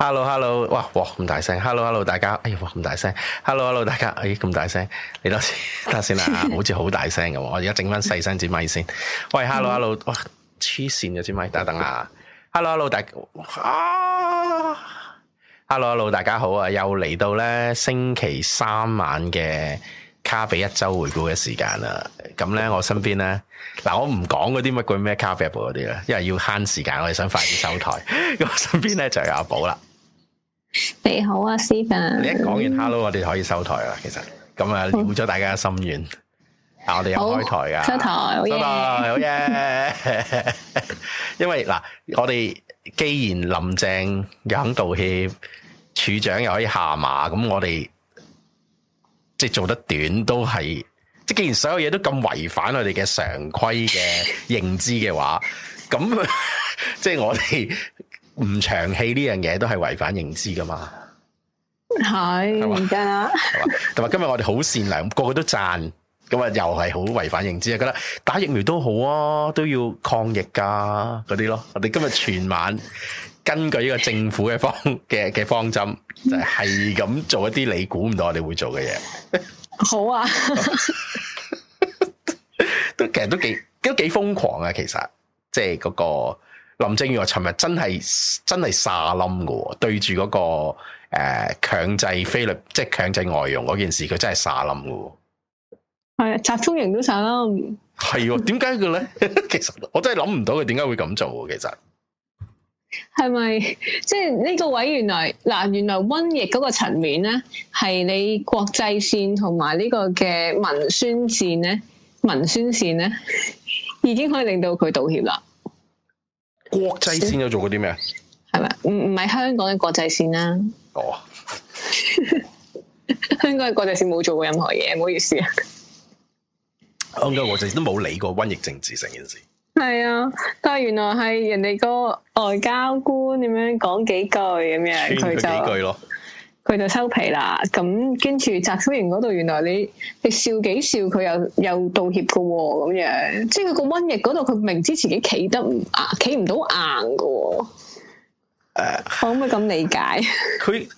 Hello，Hello，hello, 哇，哇咁大聲！Hello，Hello，大家，哎呀，哇咁大聲！Hello，Hello，大家，咦咁大聲？你多先，等先啦，好似好大聲咁。我而家整翻細聲啲咪先咪咪。喂，Hello，Hello， hello, 哇，黐線嘅支咪，等等啊 Hello，Hello，大，啊，Hello，Hello，hello, 大家好啊！又嚟到咧星期三晚嘅卡比一周回顧嘅時間啦。咁咧，我身邊咧，嗱，我唔講嗰啲乜鬼咩卡比啊嗰啲啦，因為要慳時間，我哋想快啲收台。咁 我身邊咧就有、是、阿寶啦。你好啊 Steven 你一講完 Hello，我哋可以收台啦。其實咁啊，了咗大家嘅心願。啊，但我哋又開台噶，收台，台，好嘅，好 因為嗱，我哋既然林鄭又肯道歉，處長又可以下馬，咁我哋即係做得短都係，即係既然所有嘢都咁違反我哋嘅常規嘅認知嘅話，咁即係我哋。唔長氣呢樣嘢都係違反認知噶嘛？係而家，同埋今日我哋好善良，個個都讚，咁啊又係好違反認知啊！覺得打疫苗都好啊，都要抗疫噶嗰啲咯。我哋今日全晚根據呢個政府嘅方嘅嘅方針，就係係咁做一啲你估唔到我哋會做嘅嘢。好啊 ，都其實都幾都幾瘋狂啊！其實即係嗰個。林鄭月娥尋日真係真係傻冧嘅，對住嗰、那個誒、呃、強制菲律即係強制外傭嗰件事，佢真係傻冧嘅。係啊，集中營都沙冧。係啊，點解嘅咧？ 其實我真係諗唔到佢點解會咁做。其實係咪即係呢個位置原來嗱，原來瘟疫嗰個層面咧，係你國際線同埋呢個嘅文宣線咧，文宣線咧，已經可以令到佢道歉啦。國際線有做過啲咩啊？係咪？唔唔係香港嘅國際線啦。哦，香港嘅國際線冇做過任何嘢，唔好意思啊。香港，我哋都冇理過瘟疫政治成件事。係啊，但係原來係人哋個外交官點樣講幾句咁樣，佢就。去到收皮啦，咁跟住扎夫營嗰度，原來你你笑幾笑他，佢又又道歉嘅喎、哦，咁樣，即係佢個瘟疫嗰度，佢明知自己企得唔硬，企唔到硬㗎喎、哦。Uh, 可唔可以咁理解？佢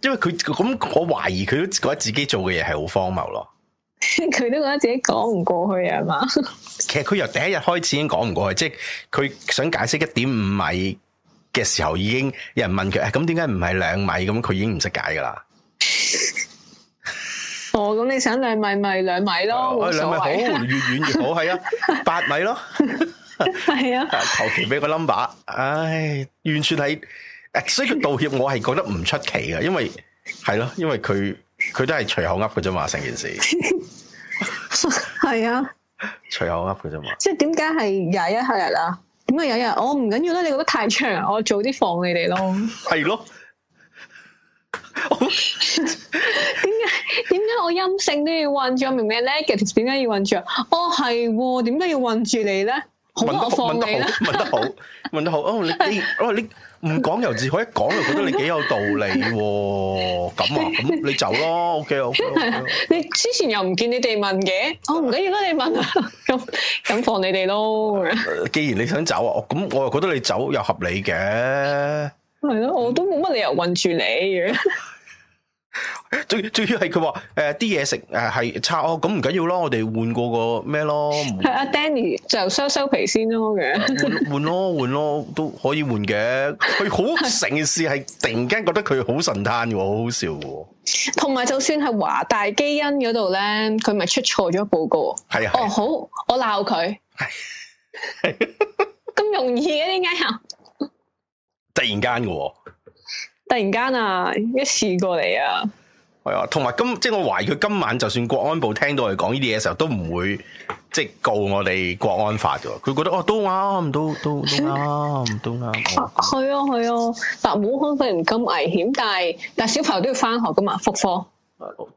因為佢咁，我懷疑佢都覺得自己做嘅嘢係好荒謬咯。佢都覺得自己講唔過去啊嘛。其實佢由第一日開始已經講唔過去，即係佢想解釋一點五米。嘅時候已經有人問佢，誒、哎，咁點解唔係兩米？咁佢已經唔識解噶啦。哦，咁你想兩米咪兩、就是、米咯，兩、啊哎、米好越遠越好，係啊，八米咯，係 啊，求其俾個 number。唉、哎，完全係，誒，所以佢道歉，我係覺得唔出奇噶，因為係咯、啊，因為佢佢都係隨口噏噶啫嘛，成件事係 啊，隨口噏噶啫嘛。即係點解係廿一日啊？咁啊！有日我唔緊要啦，你覺得太長，我早啲放你哋咯。係咯？點 解？ 點解我陰性都要混住？明明 l e g a e s 點解要混住啊？哦，係，點解要混住你咧？好啊，放問得好，問得好，問得， 得，得好。哦，你哦你。你 唔講尤自可，一講又覺得你幾有道理喎。咁 啊，咁你走咯。O K O K。你之前又唔見你哋問嘅，我唔緊要啦，你問啊。咁咁放你哋咯。 既然你想走啊，咁我又覺得你走又合理嘅。係咯，我都冇乜理由韞住你。 最最要係佢話誒啲嘢食誒係差哦，咁唔緊要咯，我哋換過個咩咯？係阿 Danny 就收收皮先咯嘅，啊，換換咯換咯都可以換嘅。佢好成件事係突然間覺得佢好神探嘅，好好笑嘅。同埋就算喺華大基因嗰度咧，佢咪出錯咗報告？係啊，哦好，我鬧佢，咁 容易嘅點解突然間嘅。突然間啊，一次過嚟啊，係啊，同埋今即係我懷疑佢今晚就算國安部聽到我講呢啲嘢嘅時候，都唔會即係告我哋國安法嘅，佢覺得哦都啱，都都都啱，都啱。係啊係啊，但係冇可唔咁危險，但係但係小朋友都要翻學噶嘛，復課，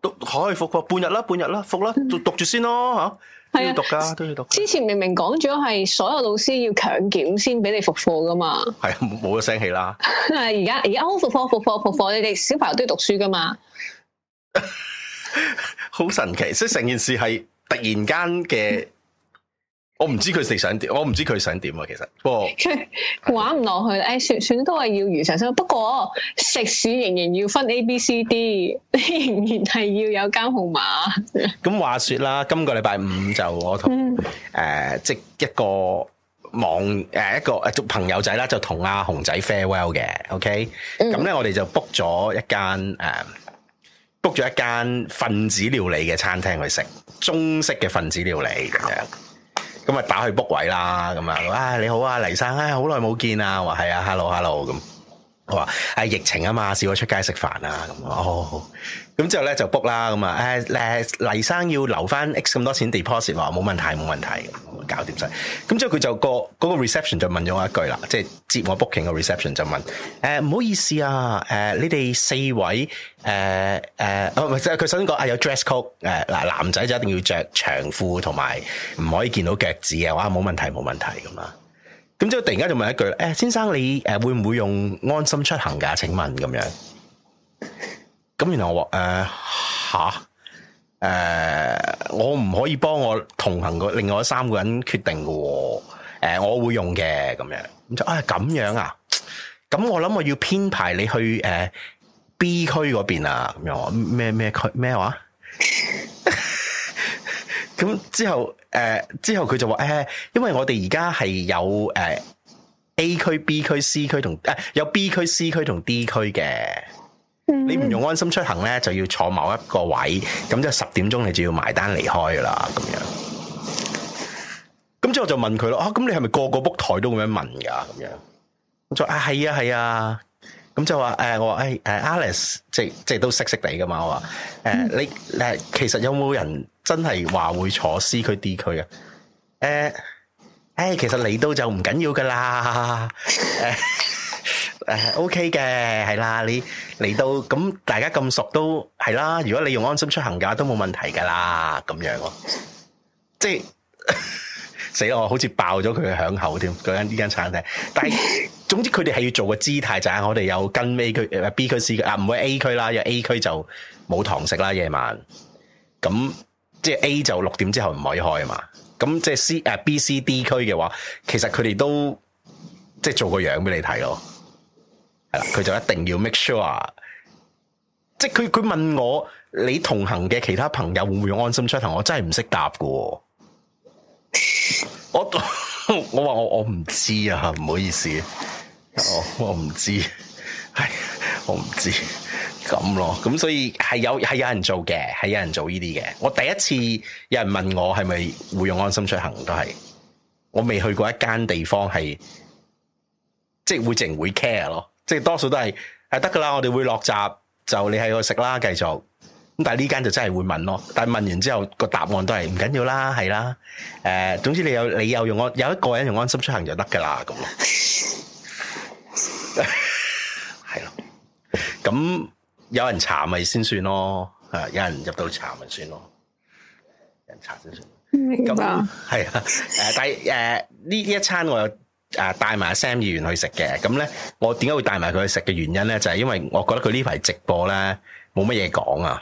都可以復課半日啦，半日啦，復啦，讀 讀住先咯、啊、吓。啊都要讀噶、啊，都要讀。之前明明講咗係所有老師要強檢先俾你復課噶嘛。係啊，冇冇咗聲氣啦。係而家而家好復課，復課復課，你哋小朋友都要讀書噶嘛。好 神奇，即係成件事係突然間嘅。 我唔知佢哋想點，我唔知佢想點啊！其實，不過佢玩唔落去誒、哎，算算都係要如常生活。不過食肆仍然要分 A、B、C、D，仍然係要有間號碼。咁、嗯、話說啦，今個禮拜五就我同誒、嗯呃、即一個網誒、呃、一個誒朋友仔啦，就同阿紅仔 farewell 嘅，OK、嗯。咁咧，我哋就 book 咗一間誒 book 咗一間分子料理嘅餐廳去食中式嘅分子料理咁樣。咁啊，打去 book 位啦，咁啊，啊你好啊，黎生，哎啊啊 hello, hello，啊，好耐冇見啊，話係啊，hello hello 咁，我話係疫情啊嘛，少咗出街食飯啊，咁啊哦。咁之後咧就 book 啦，咁啊，誒誒黎生要留翻 x 咁多錢 deposit，話冇問題冇問題，搞掂晒。咁之後佢就個嗰、個 reception 就問咗我一句啦，即、就、係、係、接我 booking 嘅 reception 就問，誒唔好意思啊，誒你哋四位誒誒，即佢首先講啊，啊，啊有 dress code 誒、啊、嗱男仔就一定要着長褲同埋唔可以見到腳趾嘅話，冇問題冇問題咁啊，咁之後突然間就問一句誒先生，你誒會唔會用安心出行㗎？請問咁樣咁然後我話誒吓誒，我唔可以幫我同行個另外三個人決定噶，誒、呃、我會用嘅咁樣，咁就啊咁樣啊，咁我諗我要編排你去誒、呃、B 區嗰邊啊，咁樣咩咩區咩話？咁、 呃、之後誒之後佢就話誒、呃，因為我哋而家係有誒、呃、A 區、B 區、C 區同誒、呃、有 B 區、C 區同 D 區嘅。你唔用安心出行咧，就要坐某一個位，咁就十點鐘你就要埋單離開噶啦，咁樣。咁之後我就問佢咯，啊，咁你係咪個個 book 台都咁樣問噶？咁樣，咁就啊，係啊係啊，咁、啊、就話，誒、呃，我話，誒、哎、誒、啊、Alice 即係即係都識識你噶嘛，我話，誒、呃，你誒，其實有冇人真係話會坐 C 區 D 區啊？誒，誒，其實嚟到就唔緊要噶啦。呃誒，O K 嘅係啦，你嚟到咁大家咁熟都係啦。如果你用安心出行嘅話都冇問題噶啦，咁樣，即係死 我好似爆咗佢嘅響口添。嗰間呢間餐廳，但係總之佢哋係要做個姿態，就係、是、我哋有跟尾區誒 B 區 C 區啊，唔會 A 區啦，因為 A 區就冇堂食啦，夜晚。咁即係 A 就六點之後唔可以開啊嘛。咁即係 C 誒 B C D 區嘅話，其實佢哋都即係做個樣俾你睇咯。佢就一定要 make sure 啊，即係佢佢問我，你同行嘅其他朋友會唔會用安心出行？我真係唔識答嘅，我我話我我唔知啊，唔好意思，我我唔知，係我唔知咁咯。咁所以係有係有人做嘅，係有人做呢啲嘅。我第一次有人問我係咪會用安心出行，都係我未去過一間地方係，即係會淨會 care 咯。即係多數都係係得噶啦，我哋會落閘，就你喺度食啦，繼續。咁但係呢間就真係會問咯，但係問完之後個答案都係唔緊要啦，係啦。誒、呃，總之你有你有用有一個人用安心出行就得噶啦，咁咯。係 咯，咁有人查咪先算咯，有人入到查咪算咯，有人查先算。咁啦係啊，誒、呃，但係誒呢一餐我又。誒，帶埋 Sam 議員去食嘅，咁咧，我點解會帶埋佢去食嘅原因咧，就係因為我覺得佢呢排直播咧冇乜嘢講啊。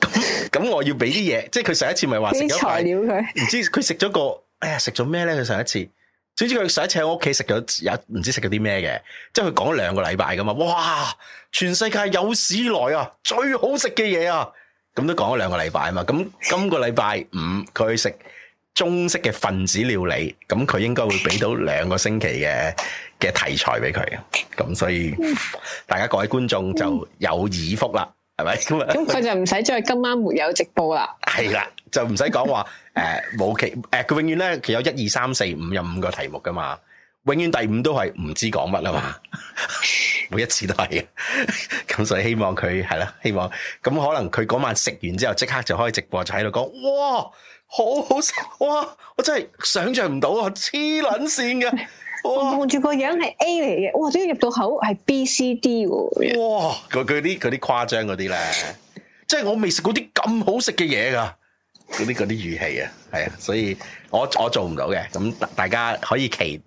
咁咁，我要俾啲嘢，即係佢上一次咪話食咗塊材料佢，唔知佢食咗個，哎呀，食咗咩咧？佢上一次，總之佢上一次喺我屋企食咗有唔知食咗啲咩嘅，即係佢講咗兩個禮拜噶嘛，哇！全世界有史以來啊最好食嘅嘢啊，咁都講咗兩個禮拜啊嘛，咁今個禮拜五佢去食。中式嘅分子料理，咁佢應該會俾到兩個星期嘅嘅題材俾佢，咁所以大家各位觀眾就有耳福啦，係、嗯、咪？咁佢、嗯、就唔使再今晚沒有直播啦。係啦，就唔使講話誒，冇其誒，佢、呃、永遠咧，佢有一二三四五有五個題目噶嘛，永遠第五都係唔知講乜啊嘛，每一次都係，咁所以希望佢係啦，希望咁可能佢嗰晚食完之後即刻就開直播，就喺度講，哇！好好食哇！我真係想象唔到啊，黐撚線嘅！我望住個樣係 A 嚟嘅，哇！點解入到口係 B、啊、C、D？哇！佢佢啲佢啲誇張嗰啲咧，即係 我未食過啲咁好食嘅嘢噶，嗰啲嗰啲語氣啊，係啊！所以我我做唔到嘅，咁大家可以期誒、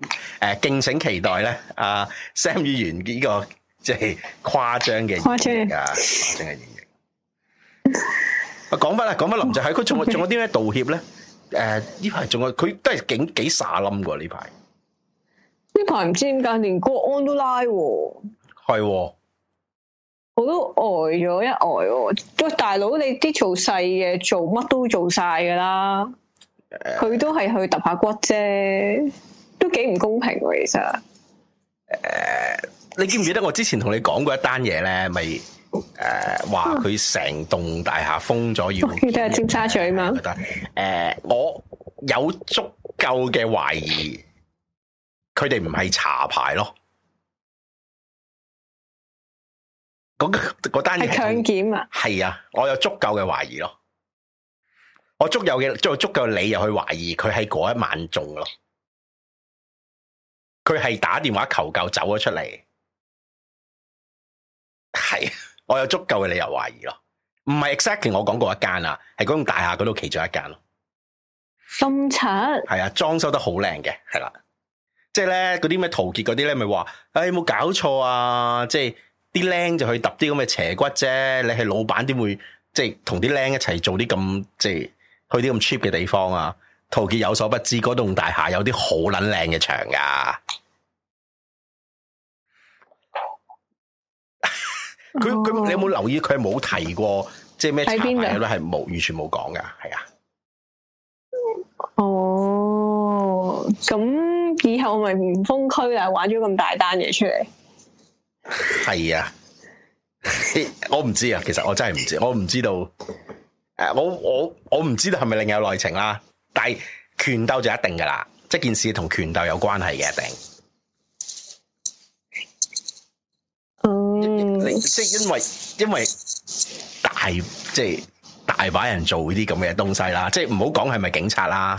啊、敬請期待咧，阿 Sam 議員呢個即係誇張嘅嘢啊，誇張嘅演繹。 講翻啦，講翻林鄭喺佢仲有仲有啲咩道歉咧？誒、呃，呢排仲有，佢都係幾幾傻冧噶呢排。呢排唔知點解連國安都拉。係。我都呆咗一呆。喂，大佬，你啲做細嘅做乜都做晒噶啦。佢、呃、都係去揼下骨啫，都幾唔公平其實。誒、呃，你記唔記得我之前同你講過一單嘢咧？咪？誒、呃，話佢成棟大廈封咗、嗯、要，佢都係尖沙咀嘛？誒，我有足夠嘅懷疑，佢哋唔係查牌咯。嗰單單係強檢啊？係啊，我有足夠嘅懷疑咯。我足有嘅，足夠理由去懷疑佢喺嗰一晚中咯。佢係打電話求救走咗出嚟，係、啊。我有足夠嘅理由懷疑咯，唔係 exactly 我講過一間啦，係嗰棟大廈嗰度其中一間咯。咁柒。係啊，裝修得好靚嘅，係啦，啊，即係咧嗰啲咩陶傑嗰啲咧，咪話，哎冇搞錯啊！即係啲靚就去揼啲咁嘅斜骨啫，你係老闆點會即係同啲靚一齊做啲咁即係去啲咁 cheap 嘅地方啊？陶傑有所不知，嗰棟大廈有啲好撚靚嘅牆噶。佢、哦、佢，你有冇留意？佢冇提過，即係咩茶嘢咧？係冇完全冇講噶，係啊。哦，咁以後咪唔封區啦，玩咗咁大單嘢出嚟。係啊，我唔知啊。其實我真係唔知，我唔知道。誒，我我我唔知道係咪另有內情啦。但係拳鬥就一定噶啦，即係件事同拳鬥有關係嘅，一定。嗯，即係因為因為大即係大把人做呢啲咁嘅東西啦，即係唔好講係咪警察啦。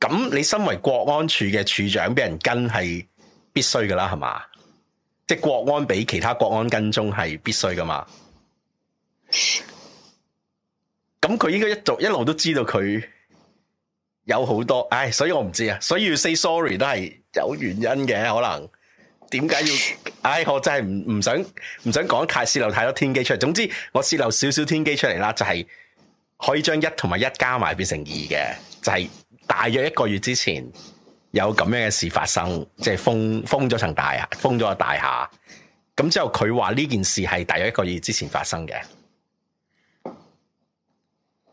咁你身為國安處嘅處長，俾人跟係必須噶啦，係嘛？即係國安俾其他國安跟蹤係必須噶嘛？咁佢應該一路一路都知道佢有好多，唉，所以我唔知啊。所以要 say sorry 都係有原因嘅，可能。點解要？唉、哎，我真係唔唔想唔想講太泄漏太多天機出嚟。總之，我泄漏少少天機出嚟啦，就係、是、可以將一同埋一加埋變成二嘅。就係、是、大約一個月之前有咁樣嘅事發生，即、就、係、是、封封咗層大廈，封咗個大廈。咁之後佢話呢件事係大約一個月之前發生嘅。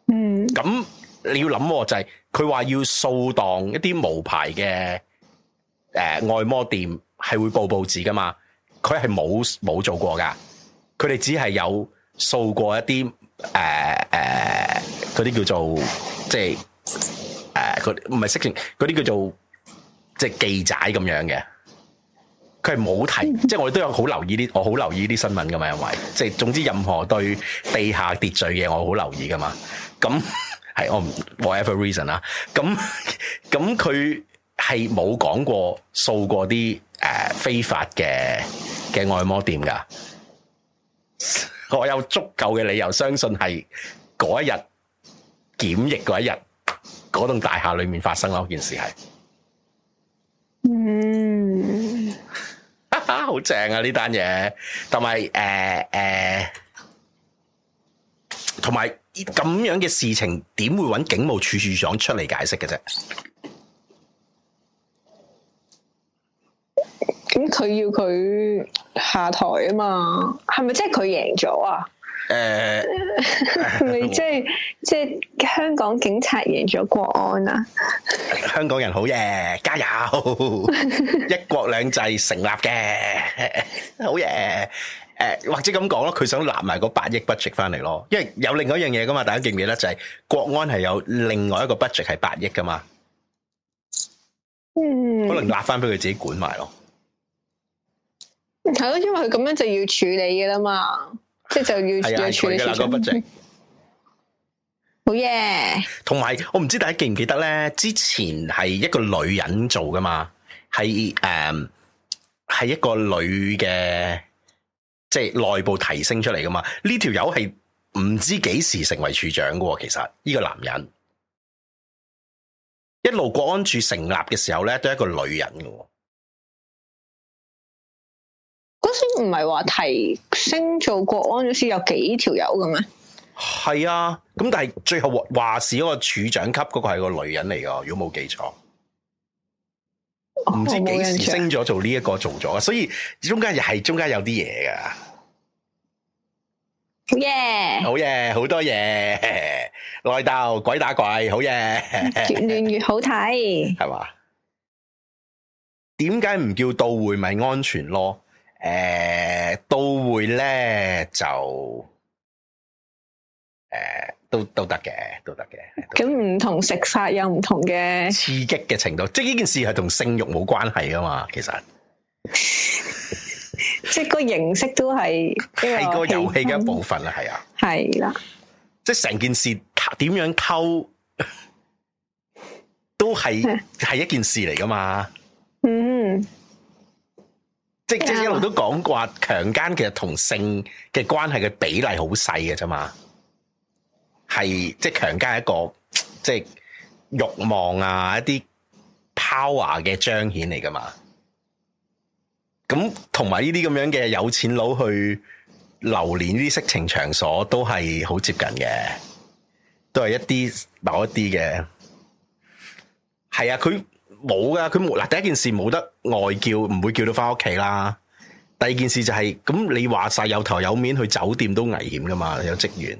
嗯，咁你要諗喎，就係佢話要掃蕩一啲無牌嘅誒、呃，按摩店。係會報報紙噶嘛，佢係冇冇做過噶。佢哋只係有掃過一啲誒誒，嗰、呃、啲、呃、叫做即係誒，佢唔係色情，嗰啲叫做即係記者咁樣嘅。佢係冇提， 即係我哋都有好留意啲，我好留意啲新聞噶嘛，因為即係總之任何對地下秩序嘢，我好留意噶嘛。咁係 我唔 whatever reason 啦。咁咁佢係冇講過掃過啲。誒、uh，非法嘅嘅按摩店㗎， 我有足夠嘅理由相信係嗰一日檢疫嗰一日，嗰棟大廈裏面發生嗰件事係，嗯，哈哈，好正啊！呢單嘢，同埋誒誒，同埋咁樣嘅事情，點會揾警務處處長出嚟解釋嘅啫？咁、嗯、佢要佢下台啊嘛？係咪即係佢贏咗啊？誒、呃，咪、 就是呃？即係即係香港警察贏咗國安啊、呃？香港人好嘢，加油！ 一國兩制成立嘅，好嘢！誒、呃，或者咁講咯，佢想立埋個八億 budget 翻嚟咯，因為有另外一樣嘢噶嘛，大家記唔記得就係、是、國安係有另外一個 budget 係八億噶嘛？嗯，可能立翻俾佢自己管埋咯。係咯，因為佢咁樣就要處理㗎啦嘛，即係就要要處理。好耶！同埋， 我唔知大家記唔記得咧？之前係一個女人做噶嘛，係誒係一個女嘅，即係內部提升出嚟噶嘛。呢條友係唔知幾時成為處長噶，其實呢個男人一路國安處成立嘅時候咧，都係一個女人噶。嗰時唔係話提升做國安老師有幾條友嘅咩？係啊，咁但係最後話事嗰個處長級嗰個係個女人嚟㗎，如果冇記錯，唔、哦、知幾時升咗做呢一個做咗，所以中間又係中間有啲嘢噶。Yeah. 好嘢，好嘢！好多嘢，內 鬥鬼打鬼，好嘢，越亂越好睇，係嘛？點解唔叫倒會咪安全咯？誒、呃呃，都會咧就誒，都都得嘅，都得嘅。咁唔同食法有唔同嘅刺激嘅程度，即係呢件事係同性欲冇關係噶嘛？其實 即係個形式都係係個遊戲嘅一部分啦，係、嗯、啊，係啦。即係成件事點樣溝都係係 一件事嚟噶嘛。即即一路都講過強姦其實同性嘅關係嘅比例好細嘅啫嘛，係即強姦係一個即欲望啊一啲 power 嘅彰顯嚟噶嘛，咁同埋呢啲咁樣嘅有錢佬去流連呢啲色情場所都係好接近嘅，都係一啲某一啲嘅，係啊佢。冇噶，佢冇嗱。第一件事冇得外叫，唔會叫到返屋企啦。第二件事就係、是、咁，你話晒有頭有面去酒店都危險噶嘛？有職員，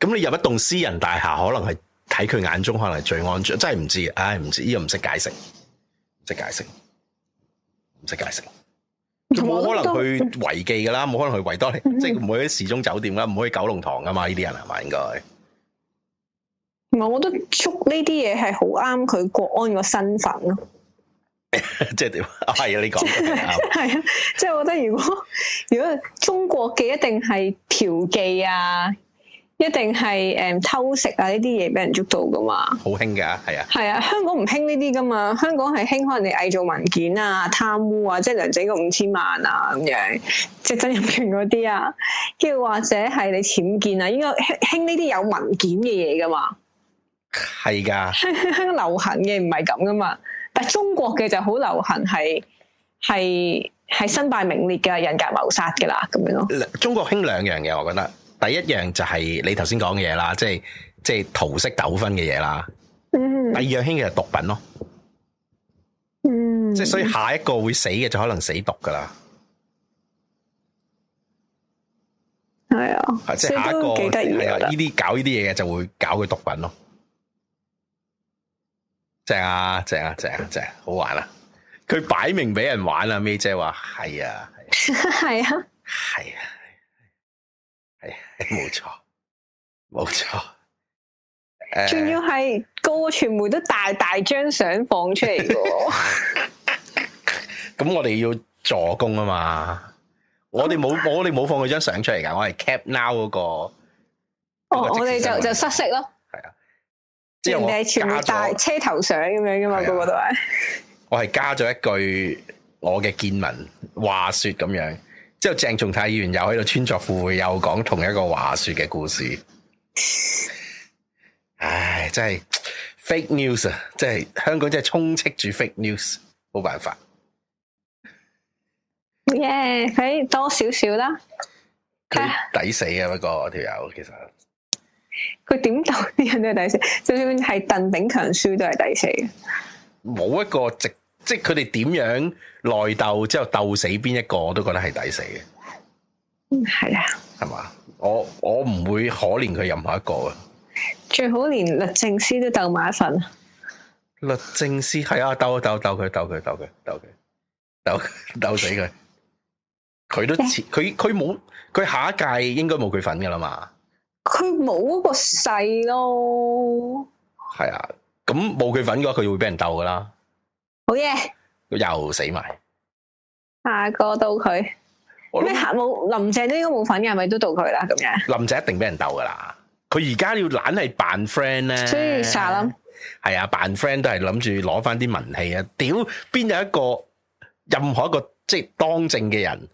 咁你入一棟私人大廈，可能係睇佢眼中，可能係最安全。真係唔知，唉，唔知呢、這個唔識解釋，唔識解釋，唔識解釋。冇可能去違記噶啦，冇可能去維多，嗯、即係唔可以去時鐘酒店啦，唔可以去九龍塘啊嘛？呢啲人係嘛應該。而且我覺得捉呢啲嘢係好啱佢國安個身份咯。即係點？係啊，你講係啊。即係我覺得，如果、啊啊啊、如果中國嘅一定係嫖妓啊，一定係誒、嗯、偷食啊呢啲嘢，俾人捉到噶嘛？好興嘅係啊，係啊、啊，香港唔興呢啲噶嘛？香港係興可能你偽造文件啊、貪污啊，即係梁振英五千萬啊咁樣，即係曾蔭權嗰啲啊，跟住或者係你僭建啊，應該興呢啲有文件嘅嘢噶嘛？係噶， 興流行嘅唔係咁噶嘛，但係中國嘅就好流行係，係係係身敗名裂嘅人格謀殺噶啦，咁樣咯。中國興兩樣嘢，我覺得第一樣就係你頭先講嘅嘢啦，即係即係桃色糾紛嘅嘢啦。嗯，第二樣興嘅係毒品咯。嗯，即係所以下一個會死嘅就可能死毒噶啦。係、嗯、啊，即係下一個係啊，呢啲搞呢啲嘢嘅就會搞佢毒品咯。正啊，正啊，正啊，正啊，好玩啦、啊！佢擺明俾人玩啦，May 姐話係啊，係啊，係 啊，係冇錯，冇錯、啊，仲要係個傳媒都大大張相放出嚟喎！咁 我哋要助攻啊嘛！Oh, 我哋冇， 我哋冇放佢張相出嚟噶，我係 cap now 嗰個，哦，我哋就就失色咯。之後人哋全部大車頭相咁樣噶嘛，個個、啊、都係。我係加咗一句我嘅見聞話說咁樣。之後鄭松泰議員又喺度穿鑿附會，又講同一個話說嘅故事。 唉，真係 fake news 啊！真係香港真係充斥住 fake news，冇辦法。耶，佢多少少啦。佢抵死啊！ 不過呢條友其實。佢點鬥啲人都係抵死，就算係鄧炳強輸都係抵死嘅。冇一個直，即係佢哋點樣內鬥之後鬥死邊一個，我都覺得係抵死嘅。嗯，係啊，係嘛，我我唔會可憐佢任何一個啊。最好連律政司都鬥埋一份。律政司係啊，鬥啊鬥鬥佢，鬥佢，鬥佢，鬥佢，鬥佢，鬥佢，鬥死佢。佢 都佢，佢冇佢下一屆應該冇佢份噶啦嘛。佢冇嗰個勢咯，係啊，咁冇佢份嘅話，佢會俾人鬥噶啦。好嘢，又死埋。下個到佢咩？冇林鄭都應該冇份嘅，係咪都到佢啦？咁樣林鄭一定俾人鬥噶啦。佢而家要懶係扮 friend 咧，所以傻諗。係啊，扮 friend 都係諗住攞翻啲文氣啊！屌、啊，邊有一個任何一個即係當政嘅人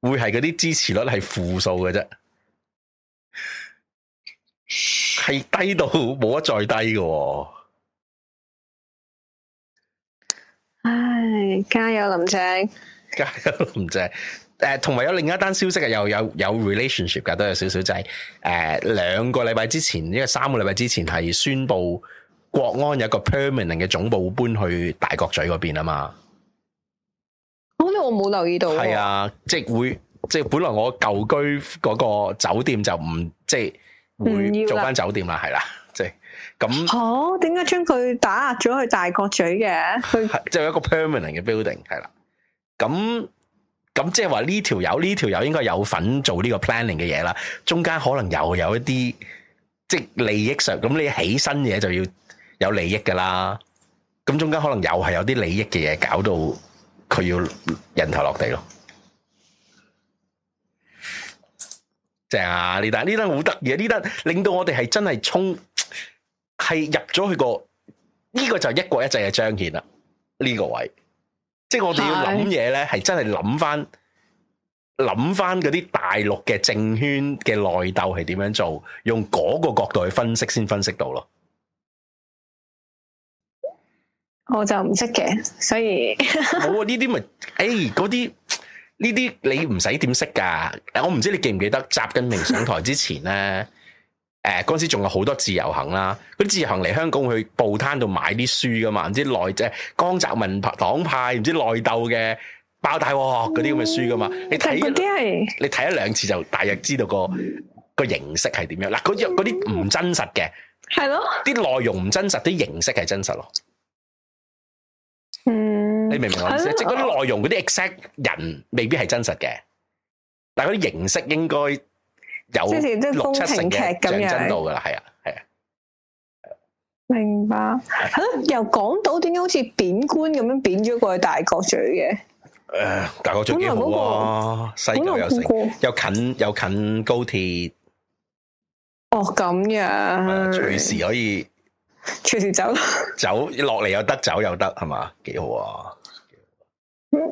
會係嗰啲支持率係負數嘅啫。係低到冇得再低嘅、哦，唉、哎，加油林鄭，加油林鄭。誒，同埋有另一單消息啊，又有有，有 relationship 嘅都有少少，就係誒兩個禮拜之前，呢個三個禮拜之前係宣布國安有一個 permanent 嘅總部搬去大角咀嗰邊啊嘛。我呢，我冇留意到、哦。係啊，即係會，即係本來我舊居嗰個酒店就唔即係。做翻酒店啦，係啦，即係咁。好、哦，點解將佢打壓咗去大角咀嘅？即 係一個 permanent 嘅 building，係啦。咁咁即係話呢條友呢條友應該有份做呢個 planning 嘅嘢啦。中間可能又有，有一啲即係利益上，咁你起身嘢就要有利益噶啦。咁中間可能又係有啲利益嘅嘢，搞到佢要人頭落地咯。正啊！呢單呢單好得意啊！呢單令到我哋係真係衝，係入咗去個呢個就係一國一制嘅彰顯啦。呢個位，即係我哋要諗嘢咧，係真係諗翻諗翻嗰啲大陸嘅政圈嘅內鬥係點樣做，用嗰個角度去分析先分析到咯。我就唔識嘅，所以冇 啊！呢啲咪誒嗰啲。哎呢啲你唔使點識噶，我唔知你記唔記得習近平上台之前咧，誒嗰陣時仲有好多自由行啦，嗰啲自由行嚟香港去報攤度買啲書噶嘛，唔知內政、江澤民派黨派，唔知內鬥嘅爆大鑊嗰啲咁嘅書噶嘛，你睇一，你睇一兩次就大約知道、嗰個、嗰個形式係點樣，嗱嗰啲啲唔真實嘅，係咯，啲內容唔真實，啲形式係真實咯，嗯。你明唔明我意思？即係嗰啲內容，嗰啲 exact 人未必係真實嘅，但係嗰啲形式應該有六七成嘅認真到噶啦，係啊，係啊。明白。吓、啊，由港島點解好似貶官咁樣扁咗過去大角咀嘅？誒，大角咀幾好啊，那個、西九、那個、又近又近高鐵。哦，咁樣，隨、啊、時可以隨時走，走落嚟又得，走又得，係嘛？幾好啊！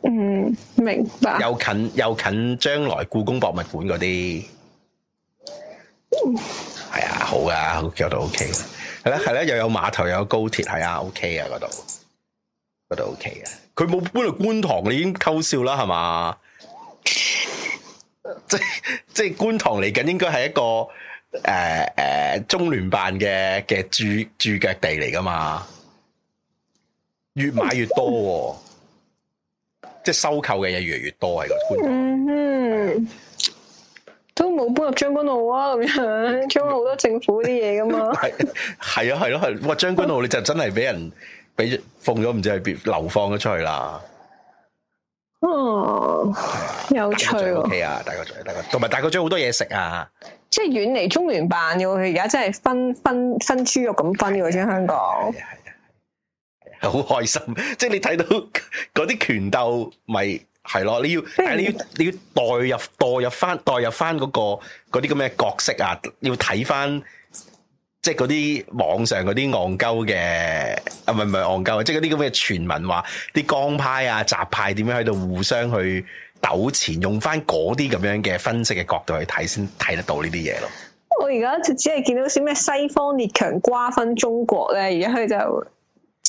嗯，明白。又近又近，將來故宮博物館嗰啲，係、哎、啊，好啊，噶，嗰度 O K 嘅，係咧係咧，又有碼頭，又有高鐵，係啊，O K 啊，嗰度，嗰度 O K 啊。佢冇搬到觀塘，你已經偷笑啦，係嘛？即 即 觀塘嚟緊，應該係一個誒誒、呃呃、中聯辦嘅嘅駐駐腳地嚟噶嘛？越買越多、啊。 即收購嘅嘢越嚟越多喺個，嗯哼、嗯哎，都冇搬入將軍澳啊咁樣，將 軍好多政府啲嘢噶嘛，係 係啊係咯、啊啊，哇將軍澳你就真係俾人俾封咗，唔知喺邊流放咗出去啦，哦，哎、有趣喎，O K 啊，大角咀，大同埋大角咀好，最好多嘢食啊，即係遠離中聯辦嘅，而家真係分分分豬肉咁分落咗香港。好開心，即係你睇到嗰啲權鬥，咪係咯？你要，你要你要代入代入翻代入翻嗰、嗰個啲咁嘅角色啊，要睇翻即係嗰啲網上嗰啲戇鳩嘅，啊唔係唔係戇鳩啊，即係嗰啲咁嘅傳聞話啲江派啊、習派點樣喺度互相去糾纏，用翻嗰啲咁樣嘅分析嘅角度去睇，先睇得到呢啲嘢咯。我而家就只係見到少咩西方列強瓜分中國咧，而家佢就。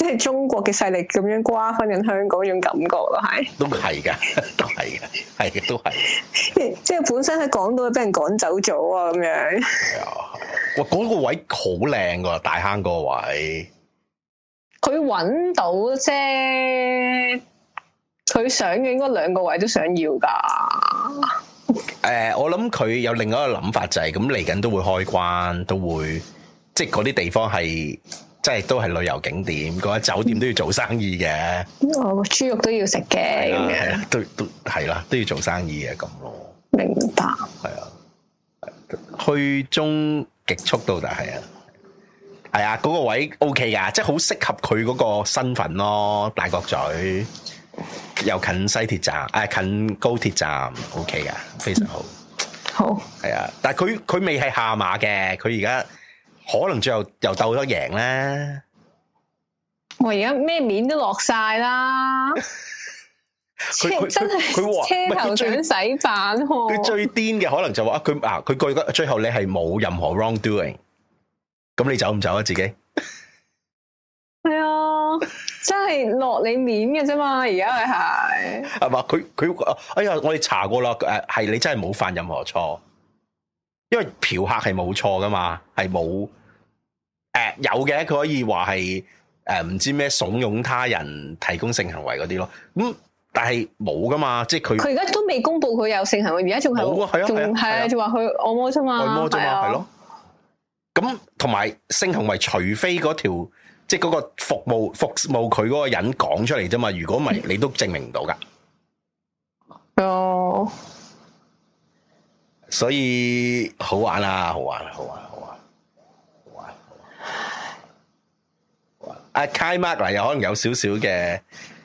即係中國嘅勢力咁樣瓜分緊香港，種感覺咯，係都係噶，都係噶，係 嘅，都係。即係本身喺港島嘅俾人趕走咗啊，咁樣、哎。係啊，哇！嗰個位好靚噶，大坑嗰個位。佢揾到啫。佢想嘅應該兩個位都想要噶。誒、呃，我諗佢有另外一個諗法就係、是，咁嚟緊都會開關，都會即係嗰啲地方係。即係都係旅遊景點，嗰、那、啲、個、酒店都要做生意嘅。我、哦、豬肉都要食嘅、啊啊，都都係啦、啊，都要做生意嘅咁咯。明白。係啊，去中極速到達係啊，係啊，嗰個位 O K 噶，即係好適合佢嗰個身份咯，大角咀又近西鐵站，誒、啊，近高鐵站 O K 噶，非常好。嗯、好係啊，但係佢佢未係下馬嘅，佢而家。可能最後又鬥得贏咧，我而家咩面都落晒啦，佢真係車頭轉洗版、啊，佢最癲嘅可能就話、是、啊，佢啊佢個最後你係冇任何 wrongdoing，咁你走唔走啊自己？係 啊、哎，真係落你面嘅啫嘛，而家係係嘛，佢 佢哎呀，我哋查過啦，誒，係你真係冇犯任何錯，因為嫖客係冇錯噶嘛，係冇。誒、呃，有嘅，佢可以話係誒，唔、呃、知咩慫恿他人提供性行為嗰啲咯。咁、嗯、但係冇噶嘛，即係佢佢而家都未公布佢有性行為，而家仲係冇啊，係啊，係啊，就話佢按摩啫嘛，按摩啫嘛，係咯、啊。咁同埋性行為，除非嗰條即係嗰個服務服務佢嗰個人講出嚟啫嘛，如果唔係，你都證明唔到噶。哦、嗯，所以好玩啊，好玩、啊，好玩、啊。阿 Kai Mark 嗱，有可能有少少嘅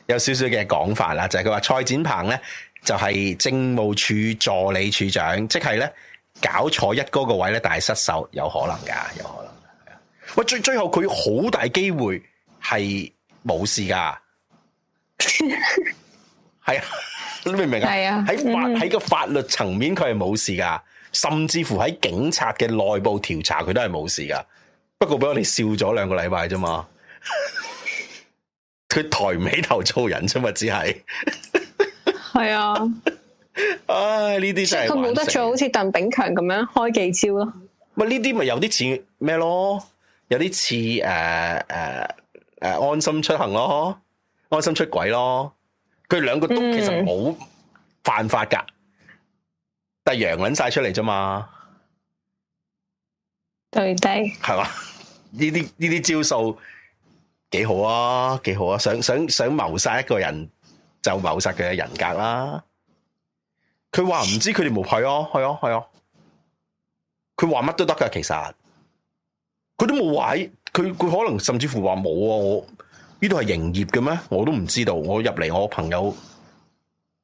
有少少嘅講法啦，就係佢話蔡展鵬咧就係、是、政務處助理處長，即係咧搞錯一哥個位咧，但係失手有可能噶，有可能係啊。喂，最最後佢好大機會係冇事噶，係啊，你明唔明啊？係 啊，喺法喺個法律層面，佢係冇事噶，甚至乎喺警察嘅內部調查，佢都係冇事噶。不過俾我哋笑咗兩個禮拜啫嘛。佢 抬唔起頭做人啫，嘛？只係係 是啊！ 唉，呢啲真係佢冇得做，好似鄧炳強咁樣開記招咯。喂，呢啲咪有啲似咩咯？有啲似誒誒誒安心出行咯，啊啊啊、安心出軌咯。佢兩個都其實冇犯法噶、嗯，但係陽捻晒出嚟啫嘛。對低係嘛？呢啲呢啲招數。幾好啊，幾好啊！想想想謀殺一個人就謀殺佢嘅人格啦。佢話唔知佢哋冇牌哦，係哦、啊，係哦、啊。佢話乜都得噶，其實佢都冇話喺佢佢可能甚至乎話冇啊！我呢度係營業嘅咩？我都唔知道。我入嚟我朋友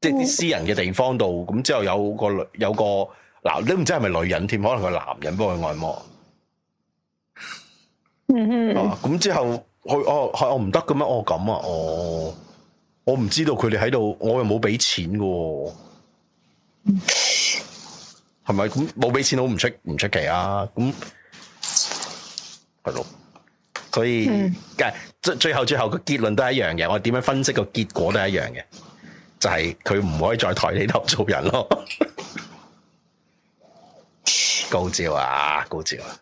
即係啲私人嘅地方度，咁之後有個女有個嗱你唔知係咪女人添，可能個男人幫佢按摩。哼、mm-hmm. 啊，咁之後。佢哦，係我唔得咁咩？哦，咁、哦、啊，哦我唔知道佢哋喺度，我又冇俾錢噶，係咪咁冇俾錢好唔出唔出奇啊？咁係咯，所以嘅最、嗯、最後最後個結論都係一樣嘅，我點樣分析個結果都係一樣嘅，就係佢唔可以再抬起頭做人咯，高招啊，高招、啊！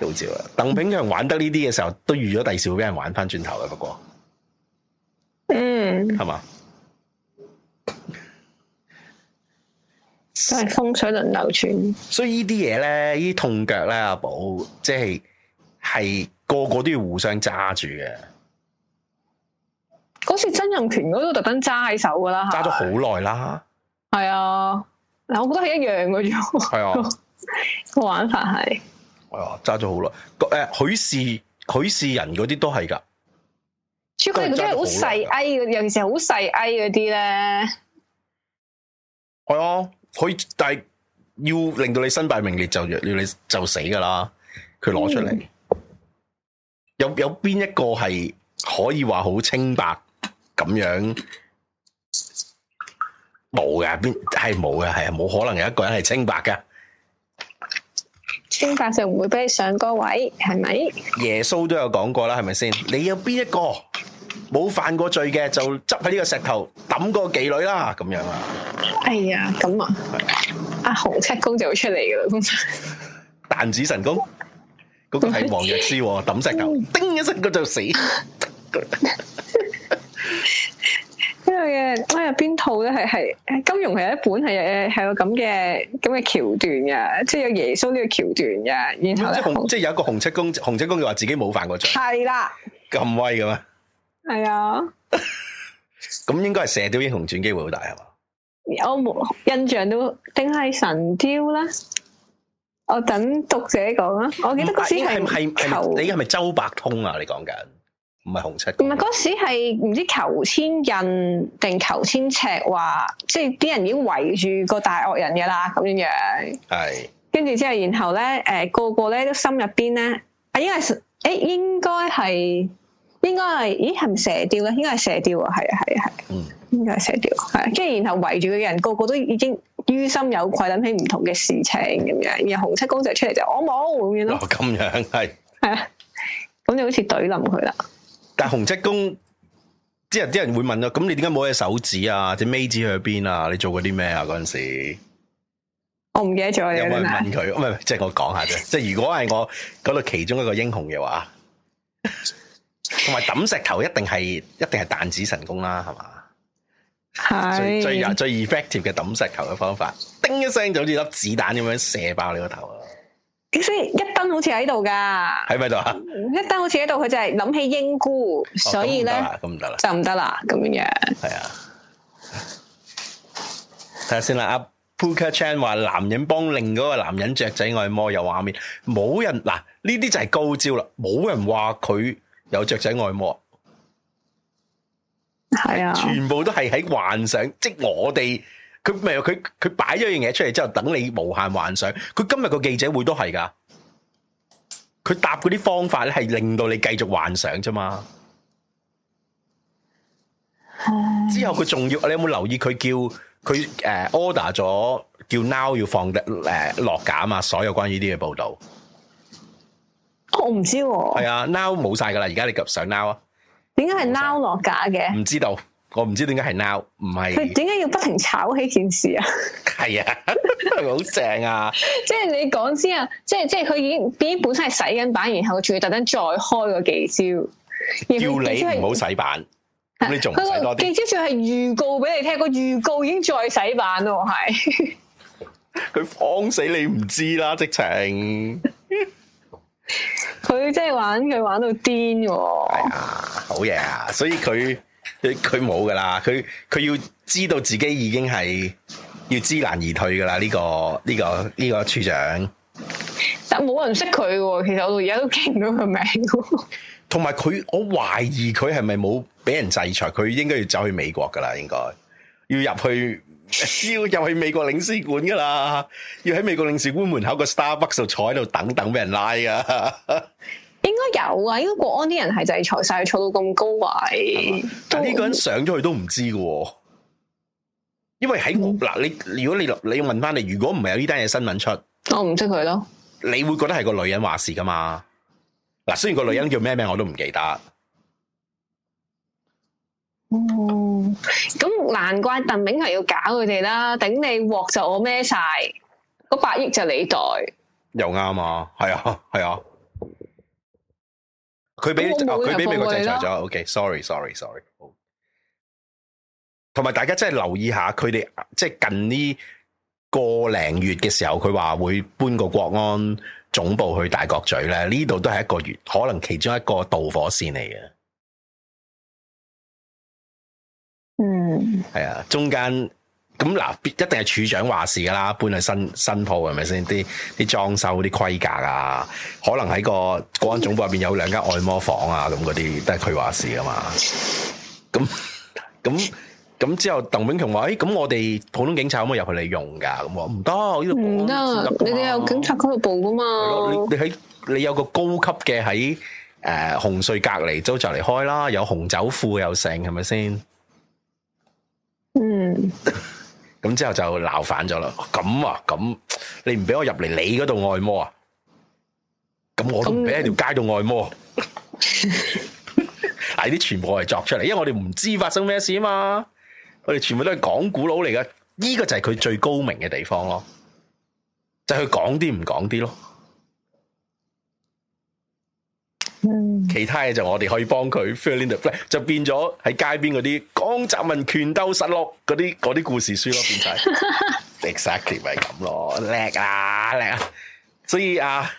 好照啦，鄧炳強玩得呢啲嘅時候，嗯、都預咗第時會俾人玩翻轉頭嘅。不過，嗯，係嘛，都係風水輪流轉。所以呢啲嘢咧，呢啲痛腳咧，阿寶即係，係個個都要互相揸住嘅。嗰次曾蔭權嗰度特登揸喺手噶啦，揸咗好耐啦。係啊，嗱，我覺得係一樣嘅啫。係啊，個 玩法係。係揸咗好耐。誒，許士許士仁嗰啲都係噶，主要佢真係好細 I 嘅，有陣時好細 I 嗰啲咧。係啊，佢但係要令到你身敗名裂，就要你就死噶啦。佢攞出嚟，嗯，有有邊一個係可以話好清白咁樣？冇嘅，邊係冇嘅，係冇可能有一個人係清白噶。天法唔會俾你上個位，係咪？耶穌都有講過啦，係咪先？你有邊一個冇犯過罪嘅，就執喺呢個石頭抌個妓女啦，咁樣啊？哎呀，咁啊，阿洪、啊、七公就會出嚟噶啦，先生彈指神功，嗰 個係黃藥師抌石頭，叮 一聲佢就死。 哪套呢度嘅，哎呀，邊套咧係係，金融係一本係誒係有咁嘅咁嘅橋段嘅，即係有耶穌呢個橋段嘅，然後呢即係有一個洪七公，洪七公就話自己冇犯過罪，係啦，咁威嘅咩？係啊，咁 應該係射雕英雄傳機會好大係嘛？我冇印象都定係神雕啦，我等讀者講啊，我記得嗰時係係你係咪周伯通啊？你講緊？唔係洪七公的，唔係嗰時係唔知道求千印定求千尺話，即係啲人已經圍住個大惡人嘅啦，咁樣樣。係，跟住之後，然後咧，誒，個個咧都心入邊咧，啊，應該誒，應該係，應該係，咦，係唔係射雕咧？應該係射雕啊，係啊，係啊，係，嗯，應該係射雕，係，跟住然後圍住佢嘅人，個個都已經於心有愧，諗起唔同嘅事情，咁樣，然後洪七公就出嚟就我冇咁樣咯。咁、哦、樣係，係啊，咁就好似懟冧佢啦。但洪七公，即係啲人，人會問咯，咁你點解冇隻手指啊？隻尾指去邊啊？你做過啲咩啊？嗰陣時，我唔記得咗有冇問佢，唔係即係我講下啫。即係如果係我嗰度其中一個英雄嘅話，同埋抌石頭一定係一定係彈指神功啦，係嘛？係最最有最 effective 嘅抌石頭嘅方法，叮一聲就好似粒子彈咁樣射爆你個頭。一燈好似喺度噶，喺咪度啊？一燈好似喺度，佢就係諗起英姑，哦，所以咧就唔得啦，咁樣。係啊，睇下先啦。阿、啊、Poker Chan 話男人幫另嗰個男人雀仔按摩有畫面，冇人。嗱，呢啲就係高招啦，冇人話佢有雀仔按摩。係啊，全部都係喺幻想，即我哋。佢咪佢佢擺咗樣嘢出嚟之後，等你無限幻想。佢今日個記者會都係噶，佢答嗰啲方法咧係令到你繼續幻想啫嘛。之後佢仲要，你有冇留意佢叫佢誒 order 咗叫 Now 要放誒落架啊嘛？所有關於呢啲嘅報道，我唔知喎。係啊，Now 冇晒噶啦，而家你及上 Now 啊？點解係 Now 落架嘅？唔知道。我唔知點解係 now 唔係，佢點解要不停炒起件事啊？係啊，好 正啊！即係你講先啊，即係即係佢已經已經本身係洗緊版，然後仲要特登再開個技招，叫你唔好洗版，咁、啊、你仲？唔佢個技招就係預告俾你聽，個預告已經再洗版咯，係佢慌死你唔知啦，直情。佢即係玩，佢玩到癲嘅。係啊，哎、呀好嘢啊！所以佢。 佢冇噶啦，佢佢要知道自己已經係要知難而退噶啦，呢個呢個呢個處長。但冇人識佢喎，其實我到而家都記唔到佢名字。同埋佢，我懷疑佢係咪冇俾人制裁？佢應該要走去美國噶啦，應該要入去 要入去美國領事館噶啦，要喺美國領事館門，門口個 Starbucks 坐喺度等等俾人拉噶。應該有啊，應該國安啲人係制裁晒，坐到咁高位。但呢個人上咗去都唔知嘅、哦，因為喺我嗱，你、嗯、如果你你問翻你，如果唔係有呢單嘢新聞出，我唔識佢咯。你會覺得係個女人話事噶嘛？嗱，雖然個女人叫咩名我都唔記得。哦、嗯，咁難怪鄧炳強要搞佢哋啦，頂你鑊就我孭晒，嗰百億就你袋，又啱啊，係啊，係啊。佢俾佢俾美國制裁咗，OK，sorry，sorry，sorry，好。同埋大家真係留意下，佢哋即係近呢個零月嘅時候，佢話會搬個國安總部去大角咀咧。呢度都係一個月，可能其中一個導火線嚟嘅。嗯。係啊，中間。咁嗱，一定係處長話事噶啦，搬係新新鋪係咪先？啲啲裝修啲規格啊，可能喺個國安總部入邊有兩間按摩房啊，咁嗰啲都係佢話事噶嘛。咁咁咁之後，鄧炳強話：，誒，咁我哋普通警察可唔可以入去嚟用噶？咁話唔得，唔得，你哋有警察俱樂部噶嘛？係咯，你你喺你有個高級嘅喺誒紅隧隔籬都就嚟開啦，有紅酒庫又盛，係咪先？嗯。咁之後就鬧反咗啦！咁、哦、啊，咁你唔俾我入嚟你嗰度按摩啊？咁我都唔俾喺條街度按摩。嗱、嗯，啲 全部係作出嚟，因為我哋唔知發生咩事啊嘛。我哋全部都係講古佬嚟㗎。呢、這個就係佢最高明嘅地方咯，就係佢講啲唔講啲咯。其他嘢就我哋可以幫佢 fill in the blank，就變咗喺街邊嗰啲江澤民拳鬥神落嗰啲啲故事書咯，變晒。Exactly 咪咁咯，叻啊叻啊！所以啊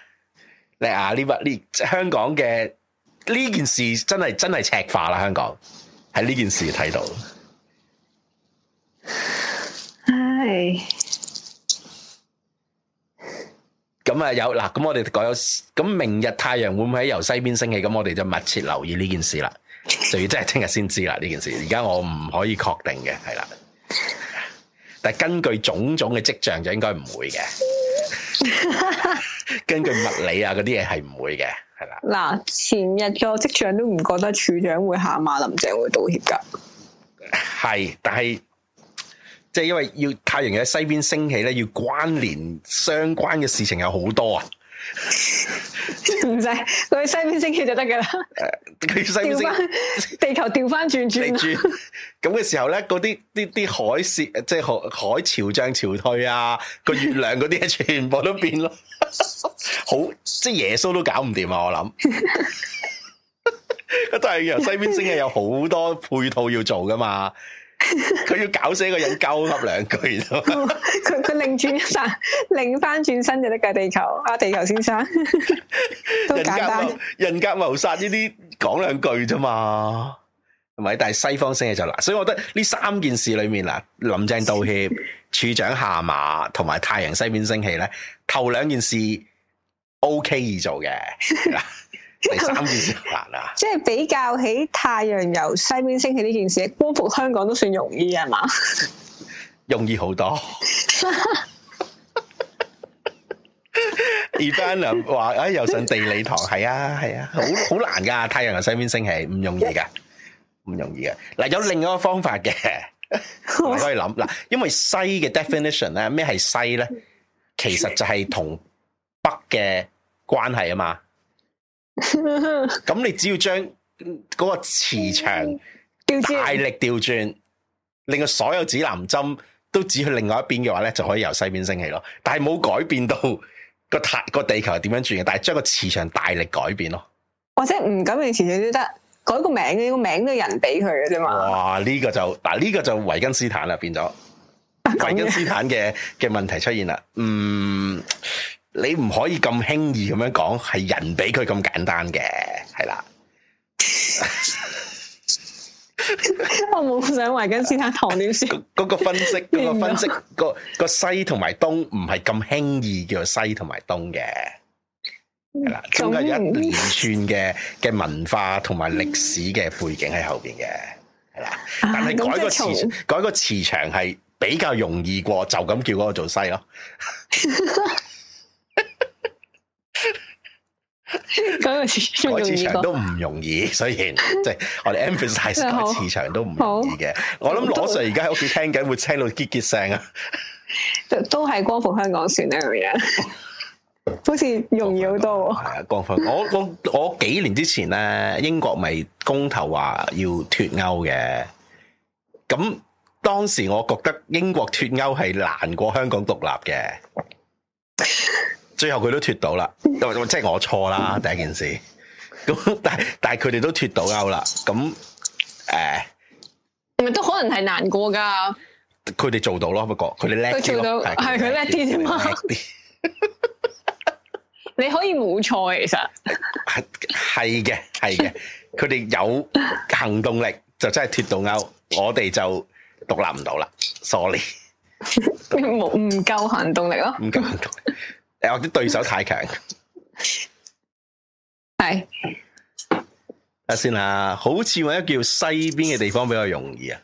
叻啊呢筆呢，香港嘅呢件事真係真係赤化啦！香港喺呢件事睇到，唉。咁啊有嗱，咁我哋講咗，咁明日太陽會唔會喺由西邊升起？咁我哋就密切留意呢件事啦，就要真係聽日先知啦呢件事。而家我唔可以確定嘅，係啦。但係根據種種嘅跡象，就應該唔會嘅。 根據物理啊，嗰啲嘢係唔會嘅，係啦。嗱，前日個迹象都唔覺得處長會下馬，林鄭會道歉噶。係，但係。即係因為要太陽喺西邊升起咧，要關聯相關嘅事情有好多啊！ 唔使佢喺西邊升起就得噶啦。佢西邊地球調翻轉轉，咁嘅時候咧，嗰啲啲啲海潮，即係海海潮漲潮退啊，個月亮嗰啲嘢，全部都變咯。 好，即係耶穌都搞唔掂啊！我諗，但係由西邊升起，有好多配套要做噶嘛。佢 要搞死一個人，鳩噏兩句都，佢佢擰轉一轉，擰翻轉身就得㗎，地球啊，地球先生，人格人格謀殺呢啲講兩句啫嘛，唔係，但係西方升起就難，所以我覺得呢三件事裏面林鄭道歉、 處長下馬同埋太陽西邊升起咧，頭兩件事 OK 易做嘅。 第三件事難啊！即係比較起太陽由西面升起呢件事，光復香港都算容易啊嘛？容易好多。Evan 話啊又上地理堂，係啊係啊，好好難噶！太陽由西面升起唔容易噶，唔容易噶。嗱，有另一個方法嘅， 我可以諗嗱，因為西嘅 definition 咧，咩係西咧？其實就係同北嘅關係啊嘛。咁 你只要將嗰個磁場大力調轉，令個所有指南針都指去另外一邊嘅話咧，就可以由西邊升起咯。但係冇改變到個太個地球係點樣轉嘅，但係將個磁場大力改變咯。或者唔改變磁場都得，改個名嘅，一個名都人俾佢嘅啫嘛。哇！呢、這個就嗱呢、這個就維根斯坦啦，變咗維、啊、根斯坦嘅嘅問題出現啦。嗯。你唔可以咁輕易咁樣講，係人俾佢咁簡單嘅，係啦。 我冇想為緊先下唐鳥書。嗰 個分析，嗰、嗰個分析，嗰個、嗰個西同埋東唔係咁輕易叫做西同埋東嘅，係啦，仲有一連串嘅嘅文化同埋歷史嘅背景喺後邊嘅，係啦。但係改個詞、啊、改個磁場係比較容易過，就咁叫嗰個做西咯。 講 個市，講場都唔容易， 所以 即係我哋 emphasize 講市場都唔容易嘅。 我諗羅 Sir 而家喺屋企聽緊，會聽到結結聲啊 都係光復香港船啦咁樣，好似容易好多。係啊，光復我我我幾年之前咧，英國咪公投話要脱歐嘅。咁當時我覺得英國脱歐係難過香港獨立嘅。 最後佢都脱到啦， 即係我錯啦第一件事。咁但係但係佢哋都脱到歐啦。咁誒，唔、欸、都可能係難過噶。佢哋做到咯，不過佢哋叻做到係佢叻啲啫嘛。 你可以冇錯，其實係嘅係嘅。佢哋有行動力就真係脱到歐， 我哋就獨立唔到啦。sorry，冇唔夠行動力咯，唔夠行動力。我啲對手太強，係 啊，先啦。好似搵一叫西邊嘅地方比較容易啊，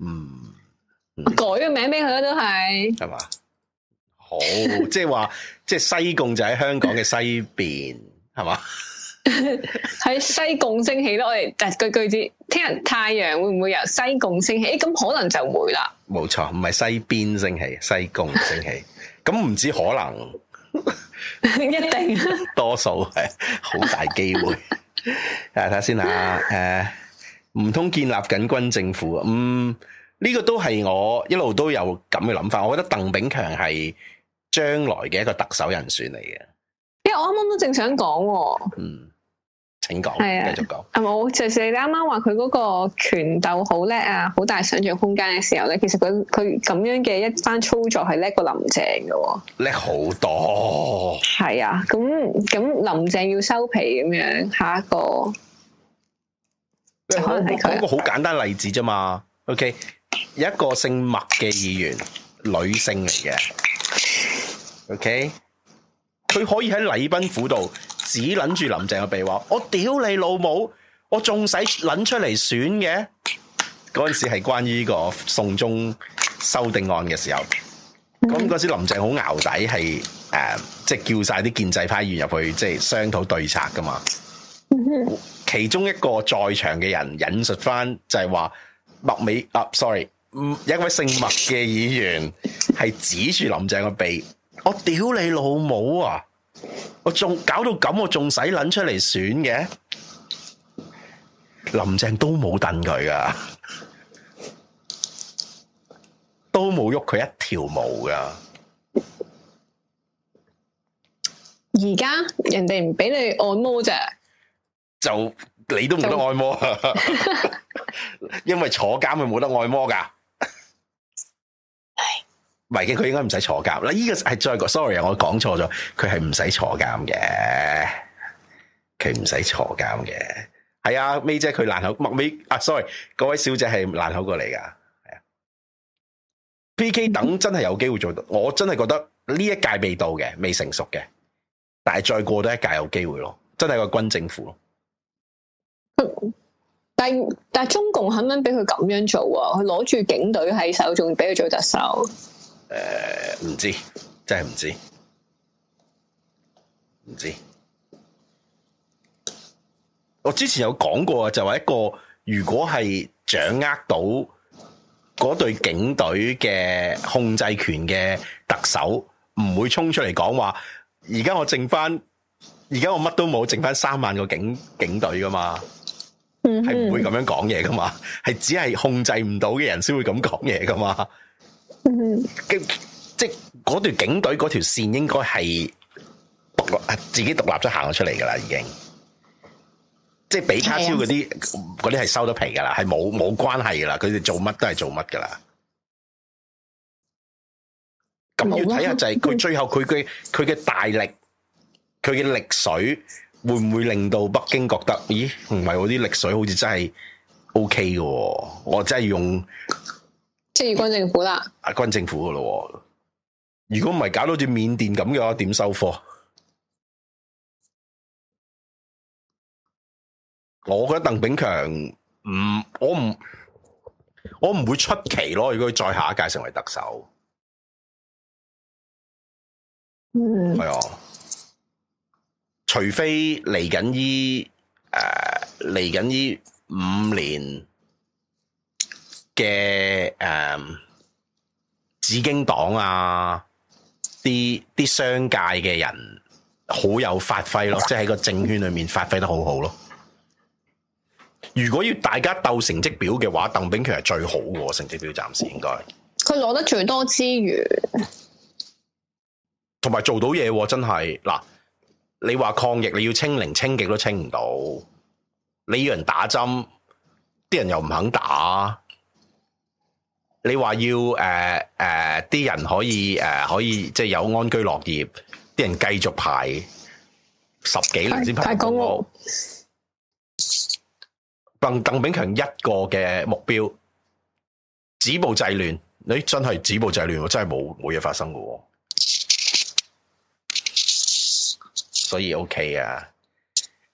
嗯，嗯，改個名俾佢都係係嘛，好， 即係話，即係西貢就喺香港嘅西邊，係嘛，喺 西貢升起咯，我哋句句子，聽日太陽會唔會由西貢升起？咁、哎、可能就會啦，冇錯，唔係西邊升起，西貢升起。 咁唔知可能，一定，多數係好大機會。誒，睇下先啊。誒，唔通建立緊軍政府啊？嗯，呢個都係我一路都有咁嘅諗法。我覺得鄧炳強係將來嘅一個特首人選嚟嘅。因為我啱啱都正想講，啊。嗯。請講。係啊，繼續講。冇，就係你啱啱話佢嗰個拳鬥好叻啊，好大想象空間嘅時候咧，其實佢佢咁樣嘅一番操作係叻過林鄭嘅喎，叻好多。係啊，咁咁林鄭要收皮咁樣，下一個。一、嗯那個好簡單的例子啫嘛，OK，有一個姓麥嘅議員，女性嚟嘅，OK，佢可以喺禮賓府度。只諗住林鄭嘅鼻話，我屌你老母，我仲使諗出嚟選嘅？嗰陣時係關於個送中修訂案嘅時候，咁嗰時林鄭好淆底，係誒、呃，即係叫晒啲建制派員入去，即係商討對策噶嘛。其中一個在場嘅人引述翻，就係話麥美啊，sorry，有一位姓麥嘅議員係指住林鄭個鼻，我屌你老母啊！我仲搞到咁，我仲使捻出嚟選嘅？林鄭都冇凳佢噶，都冇喐佢一條毛噶。而家人哋唔俾你按摩啫，就你都冇得按摩啊？因為坐監佢冇得按摩噶。唔係嘅，佢應該唔使坐監。嗱、這個，依個係再過，sorry 啊，我講錯咗，佢係唔使坐監嘅，佢唔使坐監嘅。係啊，May 姐佢爛口，麥美啊，sorry，各位小姐係爛口過嚟噶，係啊。P. K. 等真係有機會做到，我真係覺得呢一屆未到嘅，未成熟嘅，但係再過多一屆有機會咯，真係個軍政府咯。但但中共肯唔肯俾佢咁樣做啊？佢攞住警隊喺手，仲俾佢做特首？誒、呃，唔知，真係唔知，唔知。我之前有講過，就話、是、一個如果係掌握到嗰隊警隊嘅控制權嘅特首，唔會衝出嚟講話。而家我剩翻，而家我乜都冇，剩翻三萬個警警隊噶嘛，係、嗯、唔會咁樣講嘢，噶嘛係只係控制唔到嘅人先會咁講嘢噶嘛。嗯，即係嗰條警隊嗰條線應該係獨立，自己獨立咗行咗出嚟噶啦，已經。即係俾卡超嗰啲，嗰啲係收咗皮噶啦，係冇冇關係噶啦，佢哋做乜都係做乜噶啦。咁要睇下就係佢最後佢嘅佢嘅大力，佢嘅力水會唔會令到北京覺得，咦？唔係嗰啲力水好似真係 OK 噶，我真係用。即係軍政府啦，啊，軍政府噶咯。如果唔係搞到好似緬甸咁嘅話，點收科？我覺得鄧炳強唔，我唔，我唔會出奇咯。如果佢再下一屆成為特首，嗯，係啊，除非嚟緊依誒嚟緊依五年。嘅誒，um, 紫荊黨啊，啲啲商界嘅人好有發揮咯，即係喺個政圈裏面發揮得好好咯。如果要大家鬥成績表嘅話，鄧炳強係最好喎。成績表暫時應該，佢攞得最多資源，同埋做到嘢真係嗱。你話抗疫，你要清零清極都清唔到，你要人打針，啲人又唔肯打。你話要誒誒啲人可以誒、呃、可以即係、就是、有安居樂業，啲人繼續排十幾年先排到，鄧鄧炳強一個嘅目標止暴制亂，你真係止暴制亂，真係冇冇嘢發生噶，所以 OK 啊！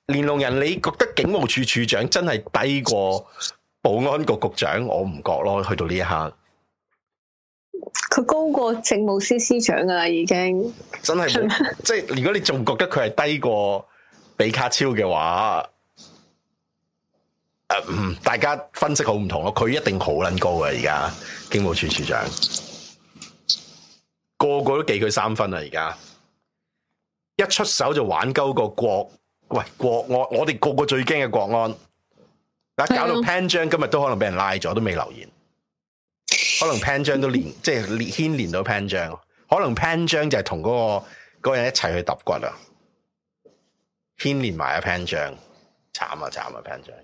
連龍人，你覺得警務處處長真係低過？保安局局長，我唔覺咯，去到呢一刻，佢高過政務司司長啊，已經真係，即係如果你仲覺得佢係低過比卡超嘅話，誒、呃，大家分析好唔同咯，佢一定好撚高嘅，而家警務處處長個個都記佢三分啊，而家一出手就玩鳩個國，喂，國我哋個個最驚嘅國安。搞到潘章今日都可能俾人拉咗，都未留言。可能潘章都連即係牽連到潘章，可能潘章就係同嗰個嗰個人一齊去揼骨啊，牽連埋阿潘章，慘啊，慘啊潘章！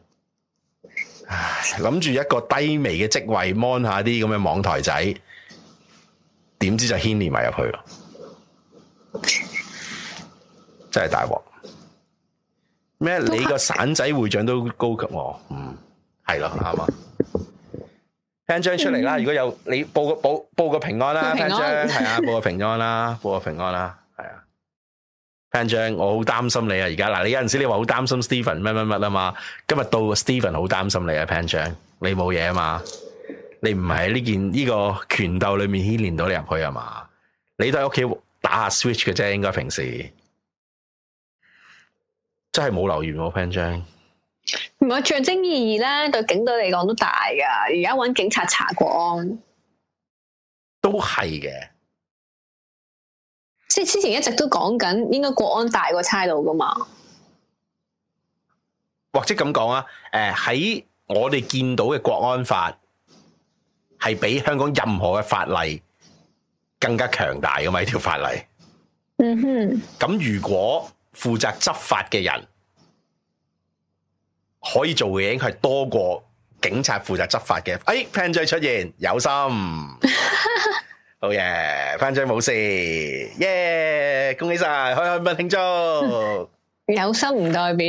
唉諗住一個低微嘅職位，mon 下啲咁嘅網台仔，點知就牽連埋入去咯，真係大鑊！咩？你個散仔會長都高級我，哦，嗯，係咯，啱嘛？潘章出嚟啦！如果有你報個保，報個平安啦，平安係啊， 報個平安啦，報個平安啦，係啊，潘章，我好擔心你啊！而家嗱，你有陣時你話好擔心 Stephen 乜乜乜啊嘛，今日到 Stephen 好擔心你啊，潘章，你冇嘢啊嘛？你唔係喺呢件呢、呢個拳鬥裏面牽連到你入去啊嘛？你都喺屋企打下 Switch 嘅啫，應該平時。真係冇留言喎，潘章。唔係象徵意義咧，對警隊嚟講都大噶。而家揾警察查國安，都係嘅。即係之前一直都講緊，應該國安大過差佬噶嘛。或者咁講啊？誒、呃，喺我哋見到嘅國安法，係比香港任何嘅法例更加強大噶嘛？呢條法例。嗯哼。咁如果，負責執法嘅人可以做嘅影響係多過警察負責執法嘅、哎。哎，潘仔出現，有心，好嘢，潘仔冇事，耶、yeah，恭喜晒，開開運慶祝， 有心唔代表。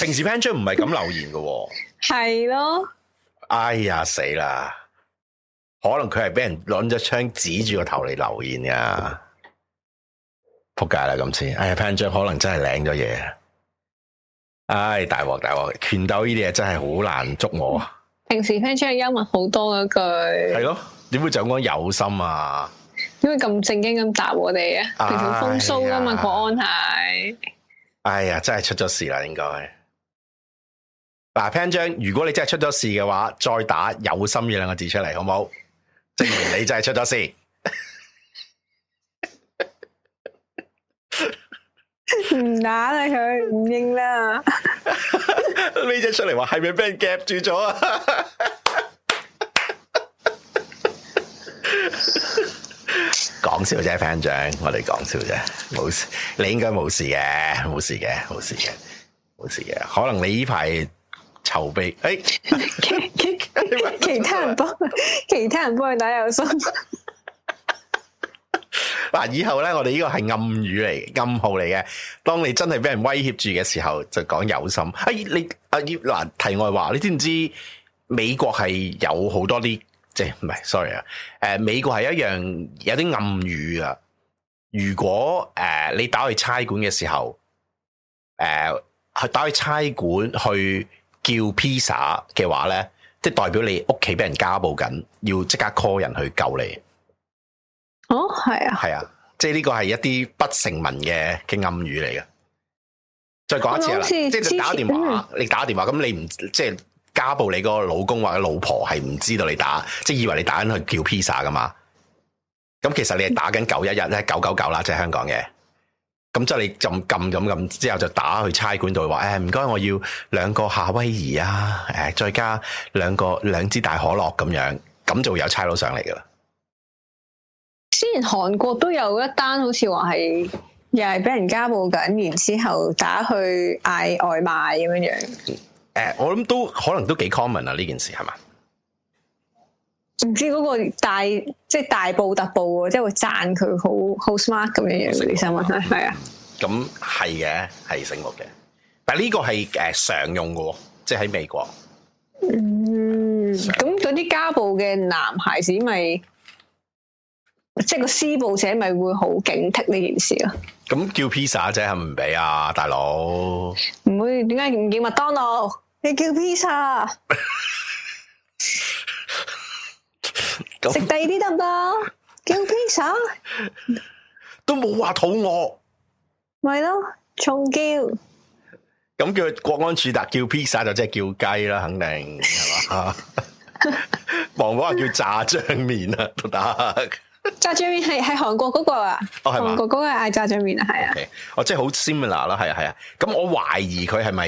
平時潘仔唔係咁留言噶、啊，係 咯？哎呀，死啦！可能佢係俾人攞咗槍指住個頭嚟留言噶。扑街啦今次，哎呀，Pan 張可能真係領咗嘢，哎，大鑊大鑊，拳鬥呢啲嘢真係好難捉我啊！平時 Pan 張幽默好多嗰句，係咯，點會就講有心啊？點會咁正經咁答我哋啊？平時風騷噶嘛，國安吓，哎呀，哎呀真係出咗事啦，應該。嗱，Pan 張，如果你真係出咗事嘅話，再打有心呢兩個字出嚟，好冇？證明你真係出咗事。 唔打啦佢，唔應啦。呢 隻出嚟話係咪俾人夾住咗啊？講笑啫，班長，我哋講笑啫，冇事。你應該冇事嘅，冇事嘅，冇事嘅，冇事嘅。可能你呢排籌備，誒、哎， 其他人幫，其他人幫佢打下手。嗱，以後咧，我哋呢個係暗語嚟，暗號嚟嘅。當你真係俾人威脅住嘅時候，就講有心。阿、哎、你阿葉，題、哎、外話，你知唔知美國係有好多啲，即係唔係？sorry 啊，誒、呃，美國係一樣有啲暗語啊。如果誒、呃、你打去差館嘅時候，誒、呃、去打去差館去叫披 a 嘅話咧，即係代表你屋企俾人家暴緊，要即刻 call 人去救你。哦，係啊，係啊，即係呢個係一啲不成文嘅嘅暗語嚟嘅。再講一次啊、嗯，即係打電話，嗯、你打電話，咁你唔即係家暴你個老公或者老婆係唔知道你打，即係以為你打緊去叫 pizza 噶嘛？咁其實你係打緊九一一咧，九九九啦，即係香港嘅。咁即係你撳撳咁撳之後就打去差館度話，誒唔該我要兩個夏威夷啊，誒再加兩個兩支大可樂咁樣，咁就會有差佬上嚟噶啦之前韓國都有一單，好似話係又係俾人家暴緊，然之後打去嗌外賣咁樣樣。誒、嗯欸，我諗都可能都幾 common 啊，呢件事係嘛？唔知嗰、那個大即係大報特報喎，即係會讚佢好好 smart 咁樣樣嗰啲新聞啊，係、嗯、啊。咁係嘅，係、嗯嗯嗯、醒目嘅。但係呢個係誒、呃、常用嘅，即係喺美國。嗯，咁嗰啲家暴嘅男孩子咪、就是？即係個施暴者咪會好警惕呢件事咯。咁叫 pizza 係唔俾啊，大佬？唔會點解唔叫麥當勞？Donald, 你叫 pizza 食地啲得唔得？叫 pizza 都冇話肚餓，咪 咯重叫。咁叫國安處達叫 pizza 就即係叫雞啦，肯定係嘛？忙話 叫炸醬麵啊都得。炸醬麵係係韓國嗰個啊，韓國嗰個嗌炸醬麵啊，係啊，哦，即係好 similar 啦，係啊係啊，咁、okay. oh, 啊啊、我懷疑佢係咪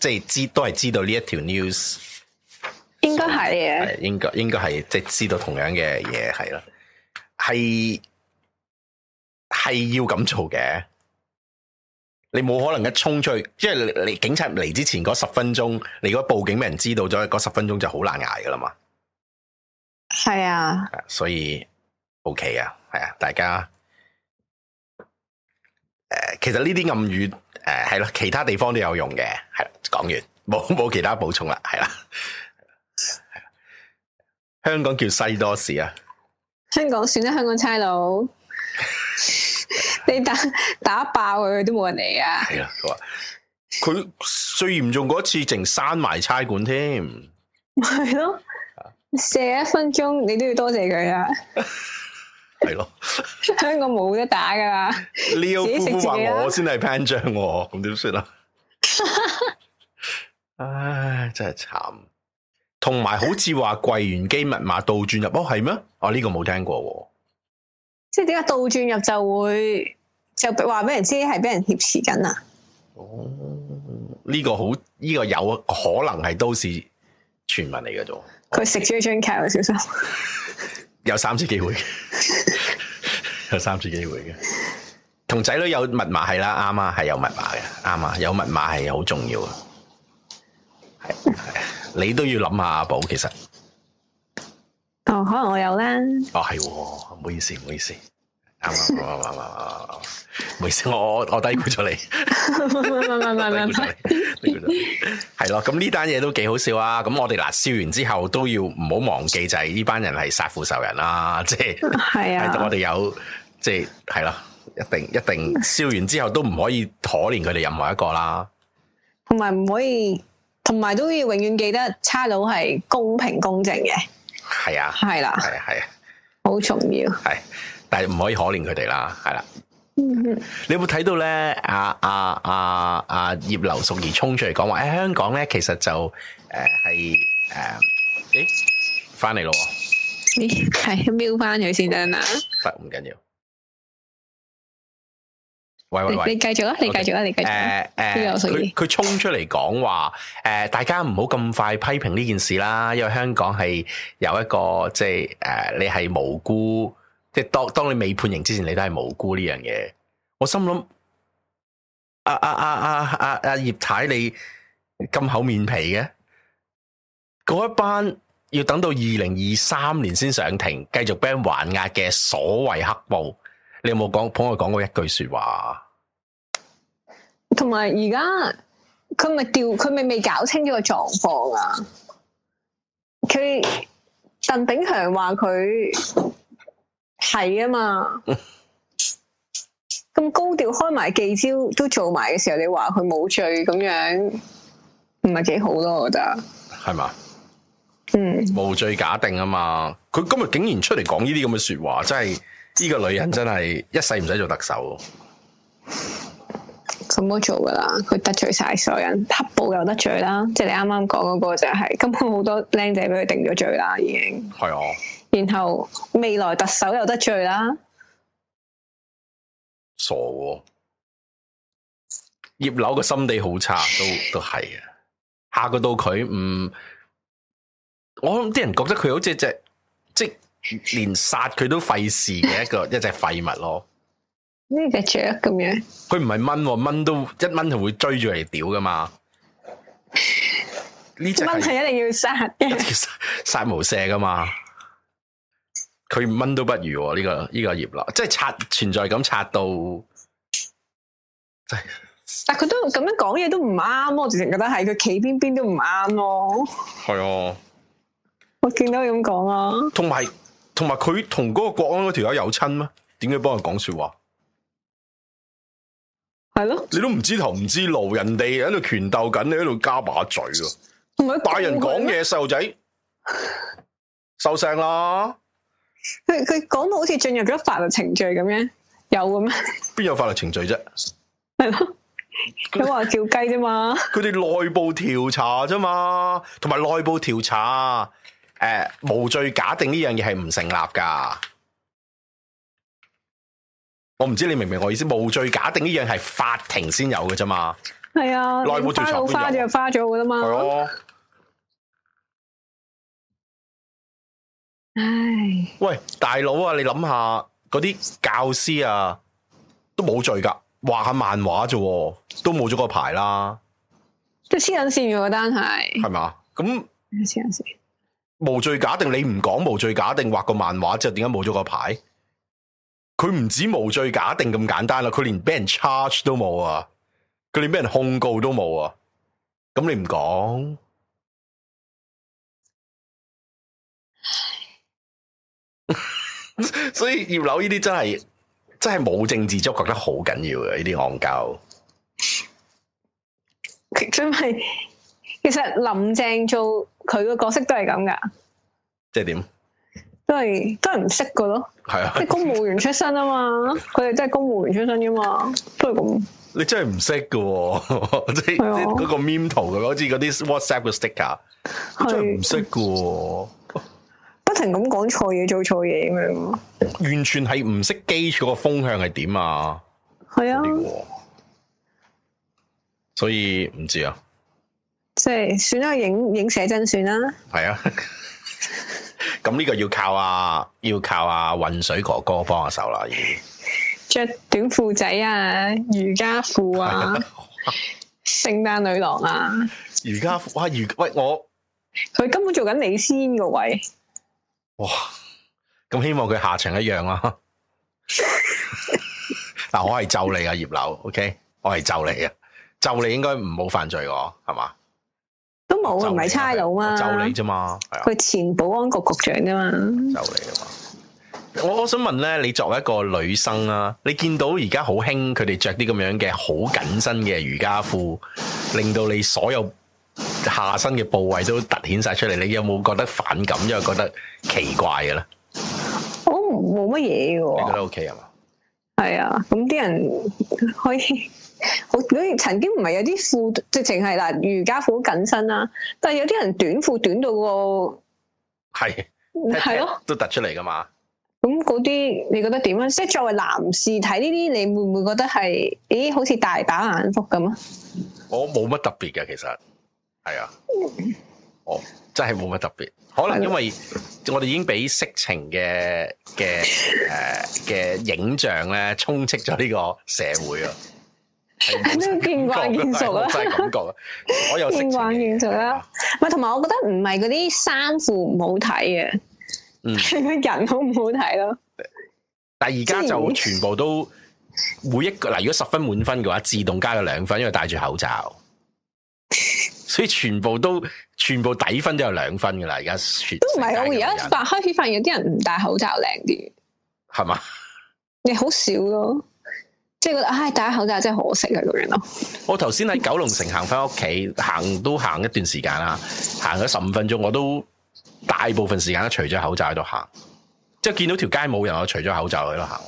即係知都係知道呢一條 news，應該係嘅，應該應該係即係知道同樣嘅嘢係咯，係係、啊、要咁做嘅，你冇可能一衝出去，即係你,你警察嚟之前嗰十分鐘，你嗰個報警俾人知道咗嗰十分鐘就好難捱噶啦嘛，係啊，所以。O K 啊，係啊，大家誒、呃，其實呢啲暗語誒係咯，其他地方都有用嘅，係啦，講完冇冇其他補充啦，係啦，香港叫西多士啊，香港算啦，香港差佬， 你打打爆佢佢都冇人嚟啊，係啦，佢最嚴重嗰次，淨閂埋差館添，係咯，射一分鐘，你都要多謝佢啊。係咯，香港冇得打噶啦。你歐夫話我先係潘璋，咁點算啊？ 唉，真係慘。同埋好似話櫃員機密碼倒轉入，哦係咩？哦呢個冇聽過。即係點解倒轉入就會就話俾人知係俾人挾持緊啊？哦，呢個好，呢個有可能係都市傳聞嚟嘅啫。佢食咗一張卡，小心。有三次機會。有三次機會嘅，同仔女有密碼係啦，啱啊，係有密碼嘅，啱啊，有密碼係好重要啊，係係，你都要諗下阿寶，其實，哦，可能我有啦，哦係，唔好意思，唔好意思，啱啱啱啱啱，唔好意思，我我低估咗你， 你， 低估咗，係 咯，咁呢單嘢都幾好笑啊，咁我哋嗱笑完之後都要唔好忘記就係呢班人係殺父仇人啦，即 係是的，係 啊，我哋有。即係係啦，一定一定燒、嗯、完之後都唔可以可憐佢哋任何一個啦，同埋唔可以，同埋都要永遠記得差佬係公平公正嘅，係啊，係啦，係啊，係啊，好重要，係，但係唔可以可憐佢哋啦，係啦、嗯，你有冇睇到咧？阿阿阿阿葉劉淑儀衝出嚟講話，誒香港咧，其實就誒係誒，誒、呃，翻嚟咯，誒、呃，係瞄翻佢先得嗱，不唔緊要。喂喂喂，你繼續啦，你繼續啦，okay, 你繼續啦。佢、呃、佢、呃、衝出嚟講話，誒、呃，大家唔好咁快批評呢件事啦，因為香港係有一個即係誒，你係無辜，即係當當你未判刑之前，你都係無辜呢樣嘢。我心諗，阿啊啊啊啊阿葉太，你咁厚面皮嘅？嗰一班要等到二零二三年先上庭，繼續俾人還押嘅所謂黑暴。你有冇講幫我講過一句說話？同埋而家佢咪調佢咪未搞清咗個狀況啊？佢鄧炳強話佢係啊嘛，咁 高調開埋記招都做埋嘅時候，你話佢冇罪咁樣，唔係幾好咯？我覺得係嘛，嗯，無罪假定啊嘛，佢今日竟然出嚟講呢啲咁嘅說話，真係。呢、這個女人真係一世唔使做特首這做的，咁都做噶啦！佢得罪晒所有人，黑暴又得罪啦，即係你啱啱講嗰個就係、是，根本好多僆仔俾佢定咗罪啦，已經係啊！然後未來特首又得罪啦，傻葉劉個心地好差，都都係啊！下個到佢唔、嗯，我諗啲人覺得佢好似即連殺佢都費事嘅一個 一隻廢物咯。呢隻雀咁樣，佢唔係蚊，蚊都一蚊就會追住嚟屌噶嘛。呢隻蚊係一定要殺嘅，殺無赦噶嘛。佢蚊都不如呢、這個呢、這個葉落，即係刷存在感刷到。 但係佢都咁樣講嘢都唔啱，我直情覺得係佢企邊邊都唔啱咯。係啊，我見到佢咁講啊，同埋。同埋佢同嗰個國安嗰條友有親咩？點解幫佢講說話？係咯？你都唔知頭唔知路，人哋喺度拳鬥緊，你喺度加把嘴咯。唔係大人講嘢，細路仔收聲啦。佢佢講到好似進入咗法律程序咁樣，有嘅咩？邊有法律程序啫？係咯？佢話叫雞啫嘛？佢哋內部調查啫嘛？同埋內部調查。誒、呃，無罪假定呢樣嘢係唔成立噶，我唔知你明唔明我意思。無罪假定呢樣係法庭先有嘅啫嘛。係啊，內戶脫手花，花就花咗噶啦嘛。係啊。唉。喂，大佬啊，你諗下嗰啲教師啊，都冇罪噶，畫下漫畫啫，都冇咗個牌啦。即係黐緊線單係。係咪？咁。黐緊線無罪假定，你唔講無罪假定，畫個漫畫之後點解冇咗個牌？佢唔止無罪假定咁簡單啦，佢連俾人 charge 都冇啊，佢連俾人控告都冇啊，咁你唔講， 所以葉劉呢啲真係真係冇政治觸覺得好緊要嘅呢啲戇鳩，真係其，其實林鄭做。佢個角色都係咁噶即係點？都係都係唔識噶咯，係啊，即係公務員出身啊嘛，佢哋真係公務員出身噶嘛，都係咁。你真係唔識噶， 即係即係嗰個 meme 圖嘅，好似嗰啲 WhatsApp 嘅 sticker，啊，真係唔識噶 不停咁講錯嘢，做錯嘢咁樣，完全係唔識機嗰個風向係點啊？係啊，所以唔知啊。即係算啦，影影寫真算啦。係啊，咁呢個要靠啊，要靠啊運水哥哥幫下手啦。着短褲仔啊，瑜伽褲啊，聖誕、啊、女郎啊，瑜伽褲哇，瑜伽喂我，佢根本做緊你先個位。哇！咁希望佢下場一樣啊。嗱， 我係咒你啊，葉劉，OK，我係咒你啊，咒你應該唔好犯罪個係嘛？冇，唔係差佬嘛。就你啫嘛，係啊。佢前保安局局長啫嘛。就你啊嘛。我我想問咧，你作為一個女生啊，你見到而家好興佢哋着啲咁樣嘅好緊身嘅瑜伽褲，令到你所有下身嘅部位都凸顯晒出嚟，你有冇覺得反感，因為覺得奇怪嘅咧？我冇乜嘢噶。你覺得 OK 啊嘛？係啊，咁啲人可以。好曾經唔係有啲褲，直情係嗱瑜伽褲緊身啦，但係有啲人短褲短到個係係咯，都突出嚟噶嘛。咁嗰啲你覺得點啊？即係作為男士睇呢啲，你會唔會覺得係？咦，好似大飽眼福咁啊！我冇乜特別嘅，其實係啊，我、哦、真係冇乜特別。可能因為我哋已經俾色情嘅嘅誒嘅影像咧充斥咗呢個社會啊。都見慣見熟啦，我有同。見慣見熟啦，唔係同埋，見見見見啊、我覺得唔係嗰啲衫褲唔好睇嘅，係、嗯、人好唔好睇咯。但係而家就全部都，每一個嗱，如果十分滿分嘅話，自動加咗兩分，因為戴住口罩， 所以全部都，全部底分都有兩分噶啦。而家都唔係，我而家發開始發現有啲人唔戴口罩靚啲，係嘛？你好少咯。即係覺得唉，戴口罩真係可惜啊，咁樣咯。我頭先喺九龍城行翻屋企，行都行一段時間啦，行咗十五分鐘，我都大部分時間都除咗口罩喺度行，即係見到條街冇人，我除咗口罩喺度行。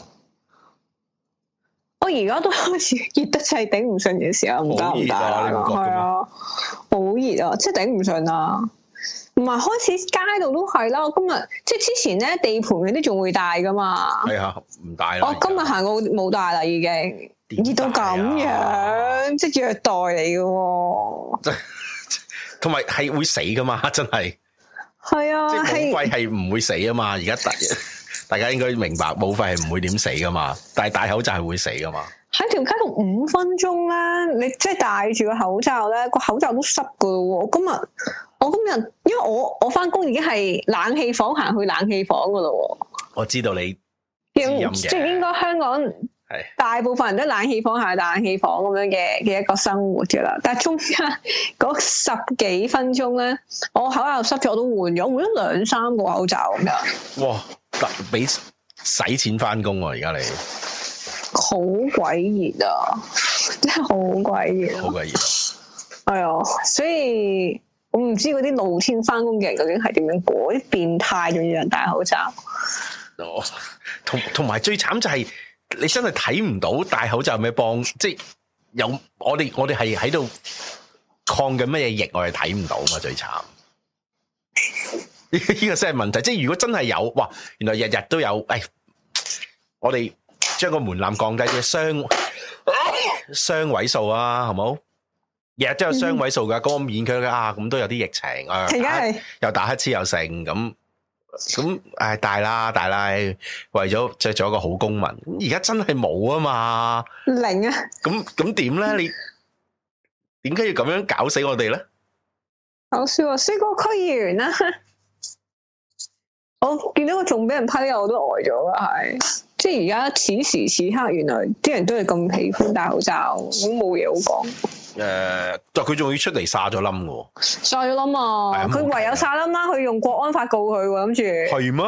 我而家都開始熱得滯，頂唔順嘅時候，唔得唔得，係啊，好熱啊，即係頂唔順啊！唔係開始街度都係啦，今日即係之前咧地盤嗰啲仲會戴噶嘛？係啊，唔戴啦。我今日行、哎、過冇戴啦，已經熱、啊、到咁樣，即係虐待嚟噶。同埋係會死噶嘛？真係係啊，即係冇肺係唔會死啊嘛。而家大大家應該明白冇肺係唔會點死噶嘛，但係戴口罩係會死噶嘛。喺條街度五分鐘咧，你即係戴住個口罩咧，個口罩都濕噶。我今日。我今日因為我我翻工，已經係冷氣房行去冷氣房噶啦，我知道你，即係應該香港係大部分人都冷氣房下冷氣房咁樣嘅嘅一個生活噶啦。但係中間嗰十幾分鐘咧，我口又濕咗都換咗，我換咗兩三個口罩咁樣。哇！得俾使錢翻工啊！而家你好鬼熱啊！真係好鬼熱啊！好鬼熱啊！哎 呦、啊，所以。我唔知嗰啲露天返工嘅人究竟係點樣改，嗰啲變態咁樣戴口罩。同同埋最慘就係你真係睇唔到戴口罩有咩幫，即係有我哋我哋係喺度抗緊乜嘢疫，我哋睇唔到嘛最慘。呢 個先係問題，即係如果真係有，哇！原來日日都有，誒、哎，我哋將個門檻降低咗雙雙位數啊，係、哎、冇？好日日都有雙位數噶，嗰、那個面佢啊，咁都有啲疫情啊，又打乞嗤又，又成，咁，咁唉、哎、大啦大啦，為咗做做一個好公民，而家真係冇啊嘛零啊，咁咁點咧？你點解要咁樣搞死我哋咧？搞笑、哦、衰過區啊！衰過區議員啦，我見到個仲俾人批啊，我都呆咗啦，係即係而家此時此刻，原來啲人都係咁喜歡戴口罩，我冇嘢好講。誒、呃，但佢仲要出嚟殺咗冧我，殺咗冧啊！佢唯有殺冧啦，佢用國安法告佢喎，諗住係咩？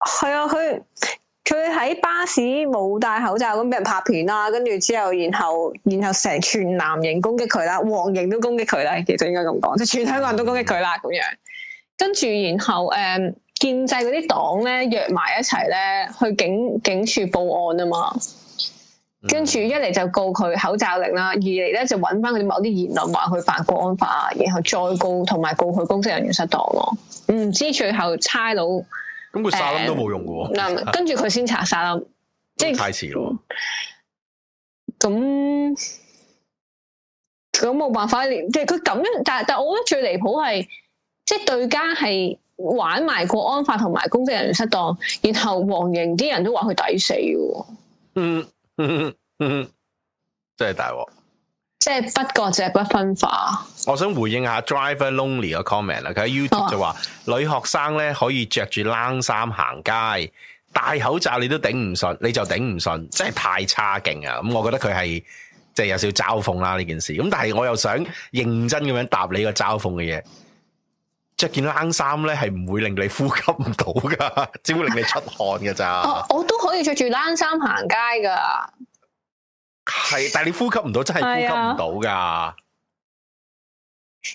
係啊，佢佢喺巴士冇戴口罩，咁俾人拍片啦，跟住之後，然後然後成全藍營攻擊佢啦，黃營都攻擊佢啦，其實應該咁講，即係全香港人都攻擊佢啦，咁樣跟住、嗯、然後誒、嗯，建制嗰啲黨咧約埋一齊咧，去警警署報案啊嘛。跟、嗯、住一嚟就告佢口罩令啦，二嚟咧就揾翻佢啲某啲言論話佢犯國安法啊，然後再告同埋告佢公職人員失當咯。唔、嗯、知最後差佬咁佢殺冧都冇用嘅喎。嗱、嗯， 跟住佢先查殺冧，即係太遲咯。咁咁冇辦法，即係佢咁樣。但係但我覺得最離譜係即係對家係玩埋國安法同埋公職人員失當，然後黃營啲人都話佢抵死嘅喎。嗯。嗯嗯嗯真係大鑊！即係不割，就係不分化。我想回應一下 Driver Lonely 嘅 comment 啦，佢喺 YouTube 就、哦、話女學生咧可以着住冷衫行街，戴口罩你都頂唔順，你就頂唔順，真係太差勁啊！咁我覺得佢係即係有少少嘲諷啦呢件事。咁但係我又想認真咁樣答你個嘲諷嘅嘢。一件冷衫咧，係唔會令你呼吸唔到噶，只會令你出汗嘅咋 。我都可以着住冷衫行街噶，係，但係你呼吸唔到，真係呼吸唔到噶。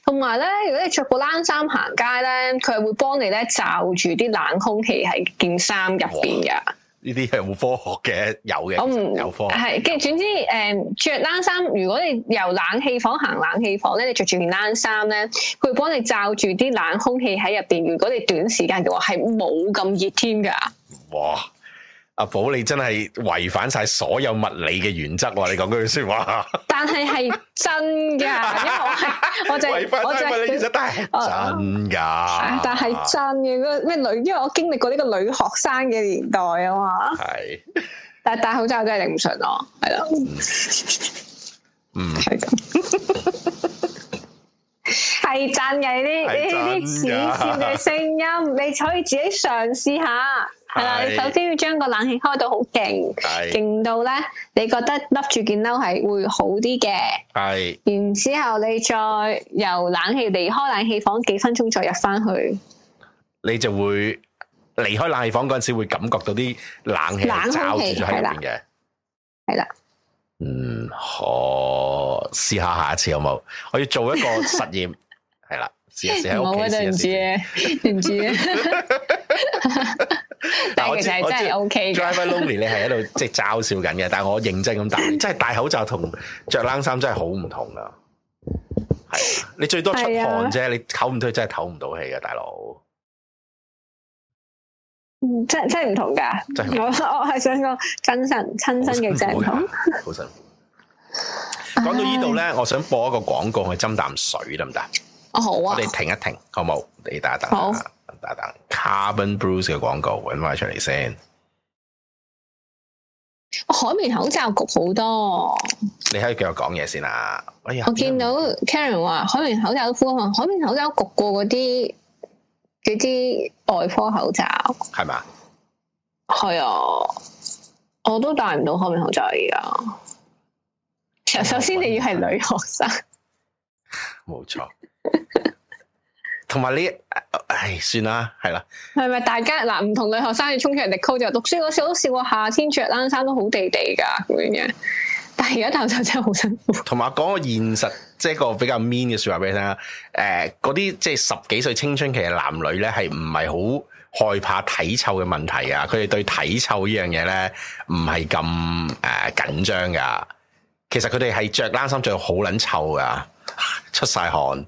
同埋咧，如果你着部冷衫行街咧，佢係會幫你咧罩住啲冷空氣喺件衫入邊噶。呢啲係冇科學嘅？有嘅，有科學。係，跟住總之誒著、呃、冷衫。如果你由冷氣房行冷氣房咧，你着住件冷衫咧，佢會幫你罩住啲冷空氣喺入邊。如果你短時間嘅話，係冇咁熱添㗎。哇阿寶，你真係違反晒所有物理嘅原則，你講句說話。但係係真噶因為我係我就係、違，反物理原則我即係佢真係真噶但係真嘅咩女，因為我經歷過呢個女學生嘅年代啊嘛。係，但係戴口罩真係頂唔順咯，係咯，嗯，係、嗯、咁，係 真嘅，呢你啲磁線，嘅聲音，你可以自己嘗試下。係啦，你首先要將個冷氣開到好勁，勁到咧你覺得笠住件褸係會好啲嘅。係，然之後你再由冷氣離開冷氣房幾分鐘再入翻去，你就會離開冷氣房嗰陣時會感覺到啲冷氣冷氣罩住咗喺入面嘅。係啦，嗯，好，試下下一次有冇？我要做一個實驗。係 啦，試下試喺屋企一試。唔住，唔住。 但我但其實真係 OK。Drive alone，你係喺度即係嘲笑緊嘅，但係我認真咁答。真係戴口罩同着冷衫真係好唔同噶。係，你最多出汗啫，你唞唔到真係唞唔到氣嘅，大佬。嗯，真係真唔同噶。我我係想講真實親身嘅經歷。好辛苦。講 到呢度咧，我想播一個廣告去斟啖水得唔得？哦好啊。我哋停一停，好冇好？你等一等。好等等，Carbon Bruce 嘅廣告搵翻出嚟先。海綿口罩焗好多，你可以繼續講嘢先啦，哎。我見到 Karen 話海綿口罩都敷啊，海綿口罩焗過嗰啲嗰啲外科口罩係嘛？係啊，我都戴唔到海綿口罩啊！而家首先你要係女學生，冇 錯沒錯。 同埋呢，唉，算啦，係啦。係咪大家嗱，唔、啊、同女學生去沖出人哋 call 就讀書嗰時都試，都試過夏天着冷衫都好地地噶咁樣。但係而家頭就真係好辛苦。同埋講個現實，即、就、係、是、一個比較 mean 嘅說話俾你聽啦。誒、呃，嗰啲即係十幾歲青春期嘅男女咧，係唔係好害怕體臭嘅問題啊？佢哋對體臭這呢樣嘢咧，唔係咁誒緊張噶。其實佢哋係着冷衫着好撚臭噶，出晒汗。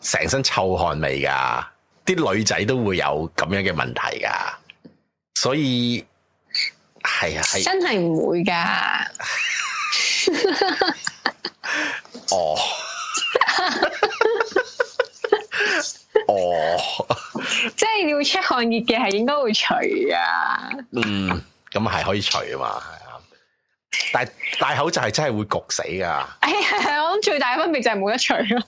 成身臭汗味噶，啲女仔都會有咁樣嘅問題噶，所以係啊，係真係唔會噶。 哦，哦，即係要出汗熱嘅係應該會除啊。嗯，咁係可以除啊嘛，係啊，但係戴口罩係真係會焗死噶。誒、哎，我諗最大嘅分別就係冇得除咯。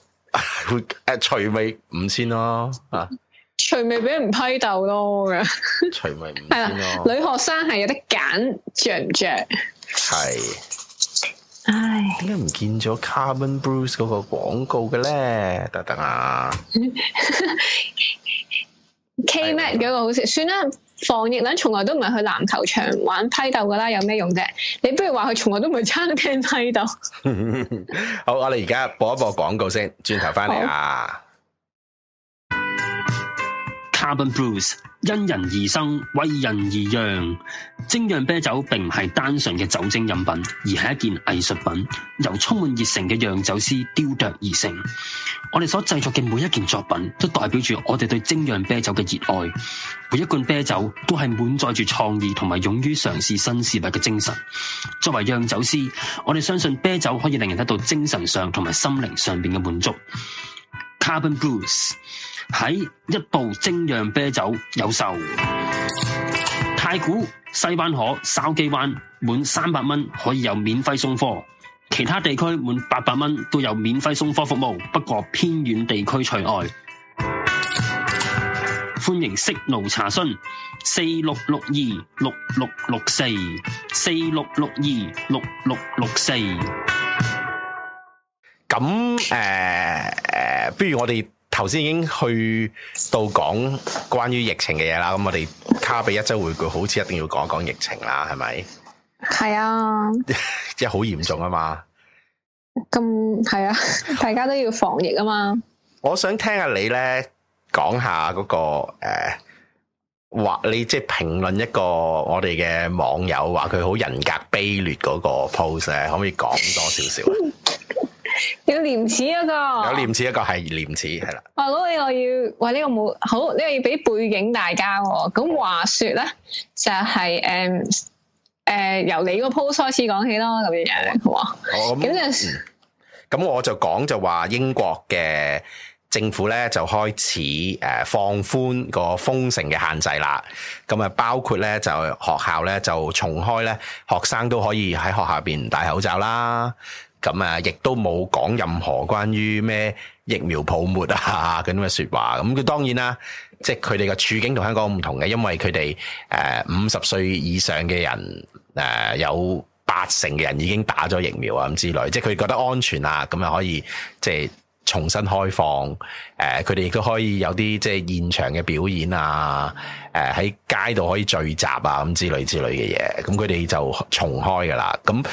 會誒，除味五千咯，吓除味俾人批鬥多嘅，除味五千咯， 咯、啊。女學生係有得揀着唔着，係。唉，點解唔見咗 Carmen Bruce 嗰個廣告嘅咧？等等啊，K matt 嗰個好笑算啦。防疫咧，從來都唔係去籃球場玩批鬥噶啦，有咩用啫？你不如話佢從來都唔係餐廳批鬥 。好，我哋而家播一播廣告先，轉頭翻嚟啊。Carbon Brews 因人而生，為人而釀。精釀啤酒並唔係單純嘅酒精飲品，而係一件藝術品，由充滿熱誠嘅釀酒師雕琢而成。我哋所製作嘅每一件作品，都代表住我哋對精釀啤酒嘅熱愛。每一罐啤酒都係滿載住創意同埋勇於嘗試新事物嘅精神。作為釀酒師，我哋相信啤酒可以令人得到精神上同埋心靈上邊嘅滿足。Carbon Brews 喺一度精釀啤酒有售，太古、西灣河、筲箕灣滿三百蚊可以有免費送貨，其他地區滿八百蚊都有免費送貨服務，不過偏遠地區除外。歡迎 Signal 查詢四六六二六六六四四六六二六六六四。咁誒、呃呃，不如我哋。頭先已經去到講關於疫情嘅嘢啦，咁我哋卡比一周回顧，好似一定要講講疫情啦，係咪？係啊， 即係好嚴重啊嘛。咁係啊，大家都要防疫啊嘛。 我想聽下你咧講下嗰、嗰個誒，話、呃、你即係評論一個我哋嘅網友話佢好人格卑劣嗰個 post，可唔可以講多少少啊？ 有廉恥一個，有廉恥一個係廉恥，係啦。我、哦、諗你我要，哇！呢、這個冇好，呢、這個要俾背景大家、哦。咁話說咧，就係誒誒，由你個 post 開始講起咯，咁樣樣好啊。咁陣時咁，我就講就話英國嘅政府咧就開始誒放寬個封城嘅限制啦。咁啊，包括咧就學校咧就重開咧，學生都可以喺學校入邊戴口罩啦。咁啊，亦都冇講任何關於咩疫苗泡沫啊咁嘅說話。咁佢當然啦，即係佢哋嘅處境同香港唔同嘅，因為佢哋誒五十歲以上嘅人誒有八成嘅人已經打咗疫苗啊咁之類，即係佢哋覺得安全啊，咁啊可以即係重新開放。誒，佢哋亦都可以有啲即係現場嘅表演啊，誒喺街度可以聚集啊咁之類之類嘅嘢。咁佢哋就重開噶啦，咁。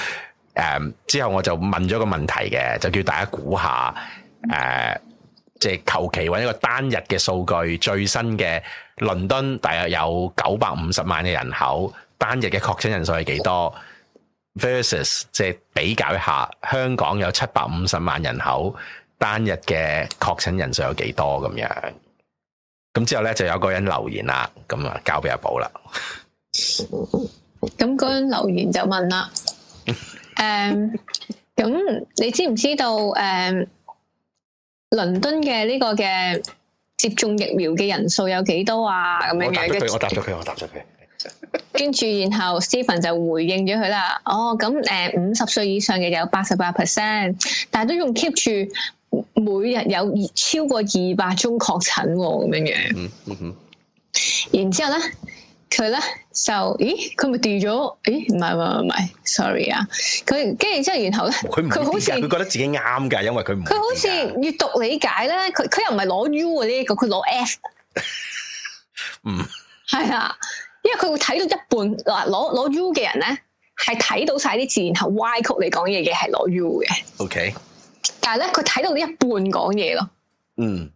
誒、嗯，之後我就問咗個問題嘅，就叫大家估下，誒、呃，即係求其搵一個單日嘅數據，最新嘅倫敦大約有九百五十萬嘅人口，單日嘅確診人數係幾多？Versus 即係比較一下，香港有七百五十萬人口，單日嘅確診人數有幾多？咁樣，咁之後咧，就有個人留言啦，咁啊交俾阿寶啦。咁嗰個人留言就問啦。 誒，咁你知唔知道誒，um, 倫敦嘅呢個嘅接種疫苗嘅人數有幾多啊？咁樣我答咗佢，我答咗佢。跟住然後 Stephen 就回應咗佢啦。 哦，咁誒，五十歲以上嘅有八十八 percent，但係都仲 keep 住每日有超過二百宗確診咁、哦、樣樣、嗯嗯嗯。然之後咧。佢咧就咦，佢咪掉咗？咦，唔係唔係，唔係，sorry 啊！佢跟住之後然後咧，佢佢好似佢覺得自己啱噶，因為佢唔佢好似閱讀理解咧，佢佢又唔係攞 U 嗰啲，呢個佢攞 F？嗯，係啊，因為佢會睇到一半嗱，攞攞 U 嘅人咧係睇到晒啲字，然後歪曲嚟講嘢嘅係攞 U 嘅。OK，但係咧佢睇到呢一半講嘢咯。嗯。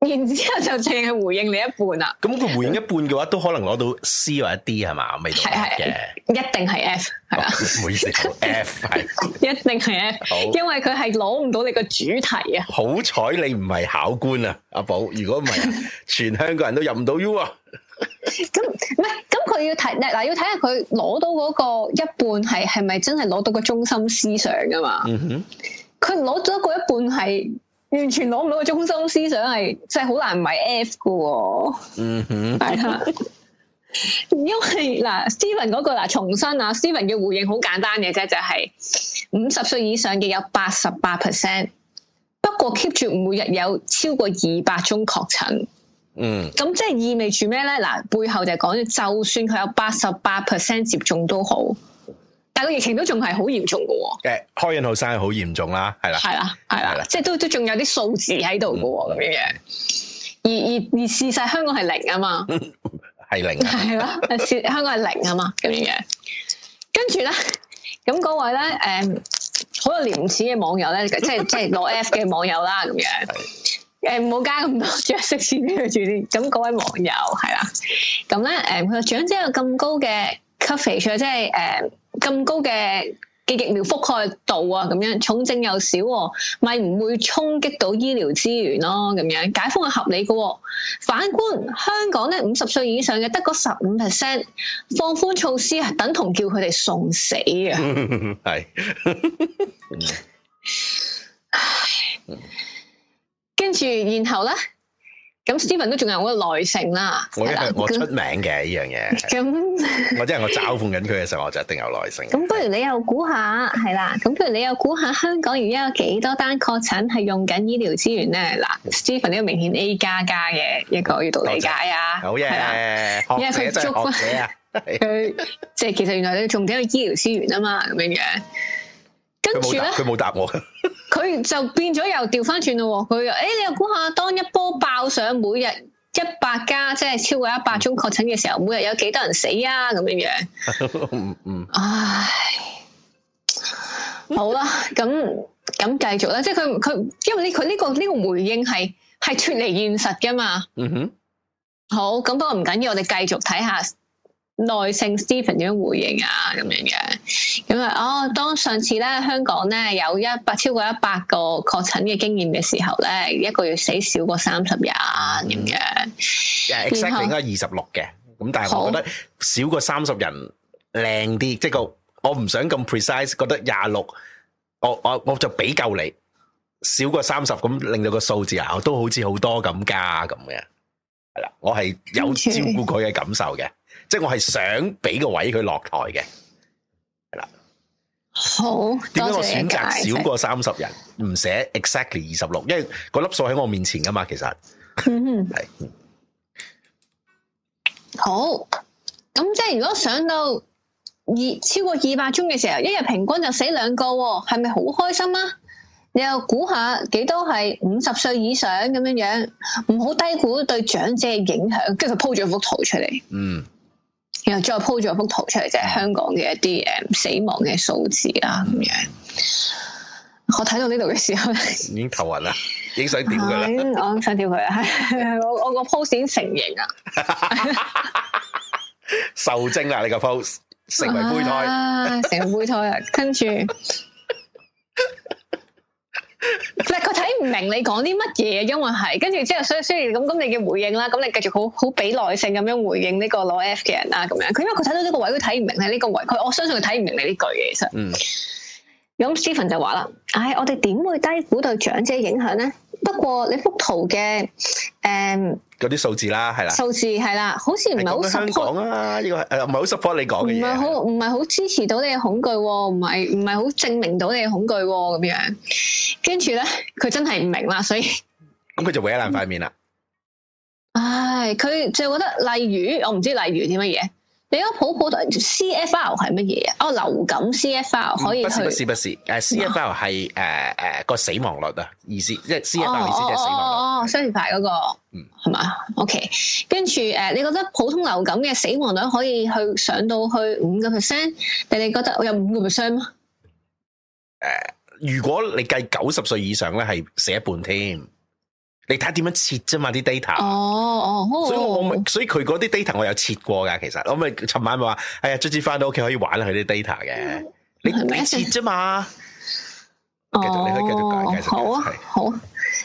然之後就淨係回應你一半啦。咁佢回應一半嘅話，都可能攞到 C 或者 D 係嘛？未到嘅，一定係 F 係啦。回、哦、應、唔好意思 F 係，一定係 F，因為佢係攞唔到你個主題啊。好彩你唔係考官啊，阿寶。如果唔係，全香港人都入唔到 U 啊。咁唔係，咁佢要睇嗱，要睇下佢攞到嗰個一半係係咪真係攞到個中心思想噶嘛？嗯、哼，佢攞咗嗰一半係。完全攞唔到個中心思想，係即係好難唔係 F 嘅喎、哦。嗯哼，係因為嗱 ，Steven 嗰、嗰個嗱，重申啊，Steven 嘅回應好簡單嘅啫，就係五十歲以上嘅有八十八 percent，不過 keep 住每日有超過二百宗確診。嗯，咁即係意味住咩咧？嗱，背後就講咗，就算佢有八十八 percent 接種都好。但個疫情都仲係好嚴重噶，誒，開印後生係好嚴重啦，係啦，係啦，係啦，即係都都仲有啲數字喺度噶，咁樣樣，而而而事實香港係零啊嘛，係零、啊，係咯， 香港係零啊嘛，咁樣樣，跟住咧，咁、那、嗰、個、位咧，誒、嗯，好多廉恥嘅網友咧，即係即係攞 F 嘅網友啦，咁 樣，誒、嗯，唔好加咁多裝飾畀佢住啲，咁、那、各、個、位網友係啦，咁咧，誒、嗯，佢話長者有咁高嘅 coverage 即係誒。嗯咁高嘅嘅疫苗覆蓋度啊，咁樣重症又少，啊，咪唔會衝擊到醫療資源咯，啊。咁樣解封係合理嘅，啊。反觀香港咧，五十歲以上嘅得嗰十五 percent，放寬措施啊，等同叫佢哋送死啊。係。跟住，然後咧。咁 Steven 都仲有個耐性啦，我出名嘅呢樣嘢，咁我即係我找控緊佢嘅時候，我就一定有耐性。咁不如你又估下，係啦，咁不如你又估下香港而家有幾多單確診係用緊醫療資源咧？嗱 ，Steven 呢個明顯 A 加加嘅一個閱讀理解啊，好嘢，因為佢捉翻佢，即係 其實原來你仲睇佢醫療資源啊嘛，咁樣樣。佢冇答，佢冇答我。 佢就變咗又調翻轉咯。佢，誒，你又估下，當一波爆上每日一百加，即係超過一百宗確診嘅時候，每日有幾多人死啊？咁樣樣。嗯 唉。好啦，咁咁繼續啦。即係佢佢，因為呢佢呢個呢個回應係係脫離現實噶嘛。嗯哼。好，咁不過唔緊要，我哋繼續睇下。耐性 Stephen 點樣回應啊？咁樣嘅。咁啊哦！當上次咧香港咧有一百超過一百個確診嘅經驗嘅時候咧，一個月死少過三十人咁樣，誒、yeah, exactly 應該二十六嘅。咁但係我覺得少過三十人靚啲，即係個我唔想咁 precise，覺得廿六，我我我就俾夠你少過三十咁，令到個數字啊都好似好多咁加咁嘅，係啦，我係有照顧佢嘅感受嘅。 即係我係想俾個位佢落台嘅，係啦。好，點解我選擇少過三十人唔寫 exactly 二十六？因為嗰粒數喺我面前噶嘛，其實係、嗯。好，咁即係如果上到二超過二百宗嘅時候，一日平均就死兩個，係咪好開心啊？你又估下幾多係五十歲以上咁樣樣，唔好低估對長者嘅影響。跟住佢鋪咗幅圖出嚟，嗯。然後再 po 咗幅圖出嚟，就係、是、香港嘅一啲誒、嗯、死亡嘅數字啊。咁樣。我睇到呢度嘅時候，已經頭暈啦，已經想掉佢啦。我想掉佢 啊！我我個 post 成型啊，受精啦！你個 post 成為胚胎，成為胚胎啊，跟住。佢睇唔明你講啲乜嘢，因為係跟住之後，所以所以咁咁你嘅回應啦，咁你繼續好好俾耐性咁樣回應呢個攞 F 嘅人啦，咁樣佢因為佢睇到呢個位，佢睇唔明喺呢個位，佢我相信佢睇唔明你呢句嘢，其實、嗯。咁 Stephen 就話啦，唉、 哎，我哋點會低估對長者影響咧？不過你幅圖嘅，誒、嗯。嗰啲數字啦，係啦，數字係啦，好似唔係好 support 啊，呢個誒，唔係好 support 你講嘅嘢，唔係好唔係好支持到你嘅恐懼，唔係唔係好證明到你嘅恐懼咁樣，跟住咧佢真係唔明啦，所以咁佢就搲爛塊面啦。唉，佢就覺得例如，我唔知例如啲乜嘢。你個普普突然 C F R 係乜嘢啊？哦，流感 C F R 可以去，唔係唔係誒，C F R 係誒誒個死亡率啊，意思即係 C F R 意思即係死亡率。哦，哦，哦，哦，哦，新冠肺炎嗰個，嗯，係嘛？O K，跟住誒，okay. uh, 你覺得普通流感嘅死亡率可以去上到去五個 percent？你哋覺得有五個 percent 誒，如果你計九十歲以上咧，係死一半添。你睇下點樣切啫嘛啲 data 哦哦，哦，所以我我所以佢嗰啲 data 我有切過噶，其實我咪尋晚咪話，哎呀，卒之返到屋企可以玩下佢啲 data 嘅、嗯，你點切啫嘛繼續、哦？你可以繼續哦，好啊，好啊，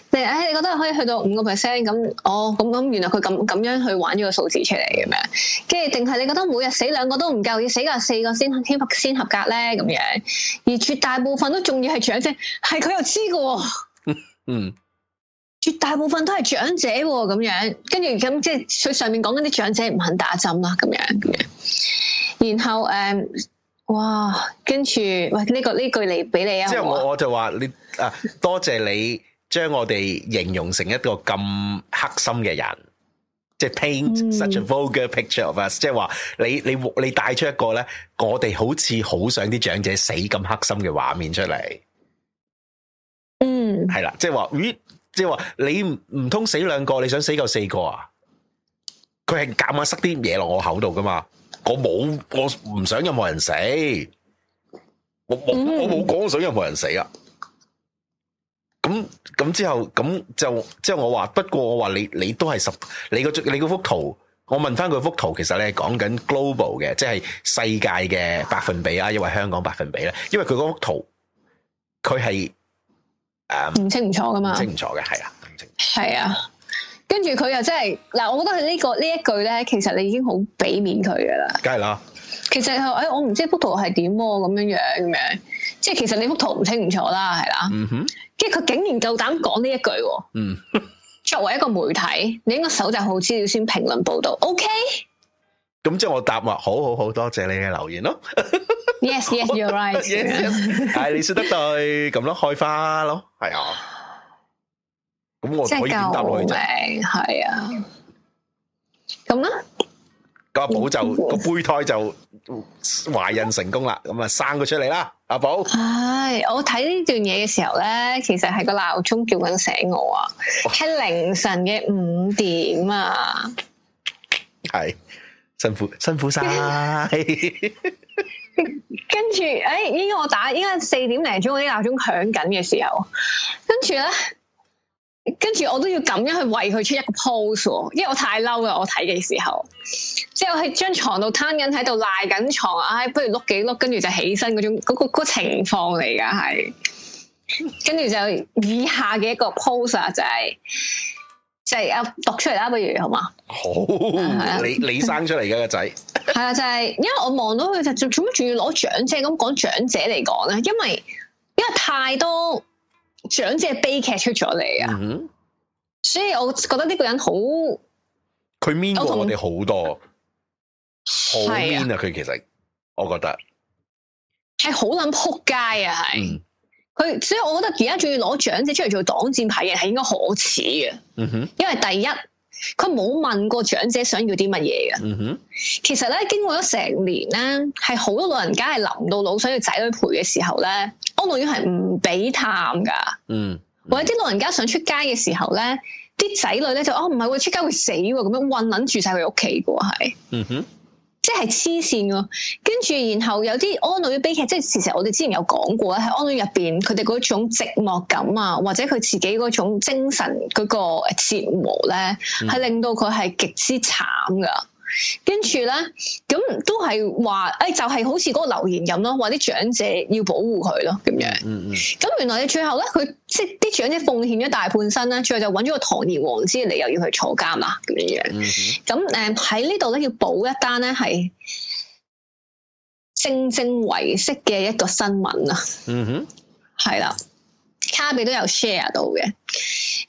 你誒，你覺得可以去到五個 percent 咁？哦，咁咁，原來佢咁咁樣去玩咗個數字出嚟咁樣，跟住定係你覺得每日死兩個都唔夠，要死個四個先合先合格咧？咁樣，而絕大部分都仲要係長者，係佢又知噶、啊，嗯。絕大部分都係長者喎，咁樣，跟住咁即係佢上面講緊啲長者唔肯打針啦，咁樣，然後誒、嗯，哇，跟住喂，呢個呢句嚟俾你啊，即係我我就話你啊，多謝你將我哋形容成一個咁黑心嘅人，即 係 paint such a vulgar picture of us、嗯，即係話你你你帶出一個咧，我哋好似好想啲長者死咁黑心嘅畫面出嚟，嗯，係啦，即係話。即係話你唔通死兩個，你想死夠四個啊？佢係夾硬塞啲嘢落我口度噶嘛？我冇，我唔想任何人死，我我我冇講，想任何人死啊！咁咁之後咁就即係我話，不過我話你你都係十，你個你幅圖，我問翻佢幅圖，其實你係講緊 global 嘅，即係世界嘅百分比啊，抑或香港百分比咧，因為佢嗰幅圖佢係。誒，唔清唔楚噶嘛？清唔楚嘅係啊，係啊，跟住佢又真係嗱，我覺得佢、這、呢個呢一句咧，其實你已經好俾面佢噶啦，梗係啦。其實係，誒、哎，我唔知幅圖係點咁樣樣，咁樣，即係其實你幅圖唔清唔楚啦，係啦、啊，嗯哼。即係佢竟然夠膽講呢一句，嗯，作為一個媒體，你應該搜集好資料先評論報道，O K。Okay? 咁即係我答話，好好好多謝你嘅留言咯。Yes, yes, you're right。係你說得對，咁咯開花咯，係啊。咁我可以點答佢啫？係啊。咁咧，阿寶就個胚胎就懷孕成功啦，咁啊生佢出嚟啦，阿寶。唉我睇呢段嘢嘅時候咧，其實係個鬧鐘叫緊醒我啊，喺凌晨嘅五點啊。係。辛苦辛苦晒， 跟住誒，依、哎、家我打依家四點零鐘啲鬧鐘響緊嘅時候，跟住咧，跟住我都要咁樣去為佢出一個 pose，因為我太嬲啦，我睇嘅時候，即係我喺張床度攤緊喺度賴緊床，唉、哎，不如碌幾碌，跟住就起身嗰種嗰、那個那個情況嚟噶，係，跟住就以下嘅一個 pose 就係、是。就係、是、啊，讀出嚟啦，不如好嘛？好，啊、你你生出嚟嘅個仔係啊，就係、是、因為我望到佢就做乜，仲要攞長者咁講長者嚟講咧，因為因為太多長者悲劇出咗嚟啊，所以我覺得呢個人好，佢 mean 過我哋好多，好 mean 啊！佢其實，我覺得係好撚撲街啊，係。嗯佢，所以我覺得而家仲要攞長者出嚟做擋箭牌嘅係應該可恥嘅。嗯哼，因為第一，佢冇問過長者想要啲乜嘢嘅。嗯哼，其實咧經過咗成年咧，係好多老人家係臨到老想要仔女陪嘅時候咧，安老院係唔俾探噶，嗯。嗯，或者啲老人家想出街嘅時候咧，啲仔女咧就哦唔係，會出街會死㗎，咁樣困捻住晒佢屋企嘅喎，係。嗯哼。即係黐線喎，跟住然後有啲安老悲劇，即係其實我哋之前有講過咧，喺安老入面，佢哋嗰種寂寞感啊，或者佢自己嗰種精神嗰個折磨咧，係、嗯、令到佢係極之慘噶。跟住咧，咁都係話，誒、哎，就係、是、好似嗰個留言咁咯，話啲長者要保護佢咯，咁樣。嗯嗯。咁原來你最後咧，佢即係啲長者奉獻咗大半身咧，最後就揾咗個堂而皇之嚟，又要去坐監啦，咁樣樣。咁、嗯、誒，喺、呃、呢度咧要補一單咧係正正維色嘅一個新聞啊。嗯哼。係啦。卡比都有 share 到嘅，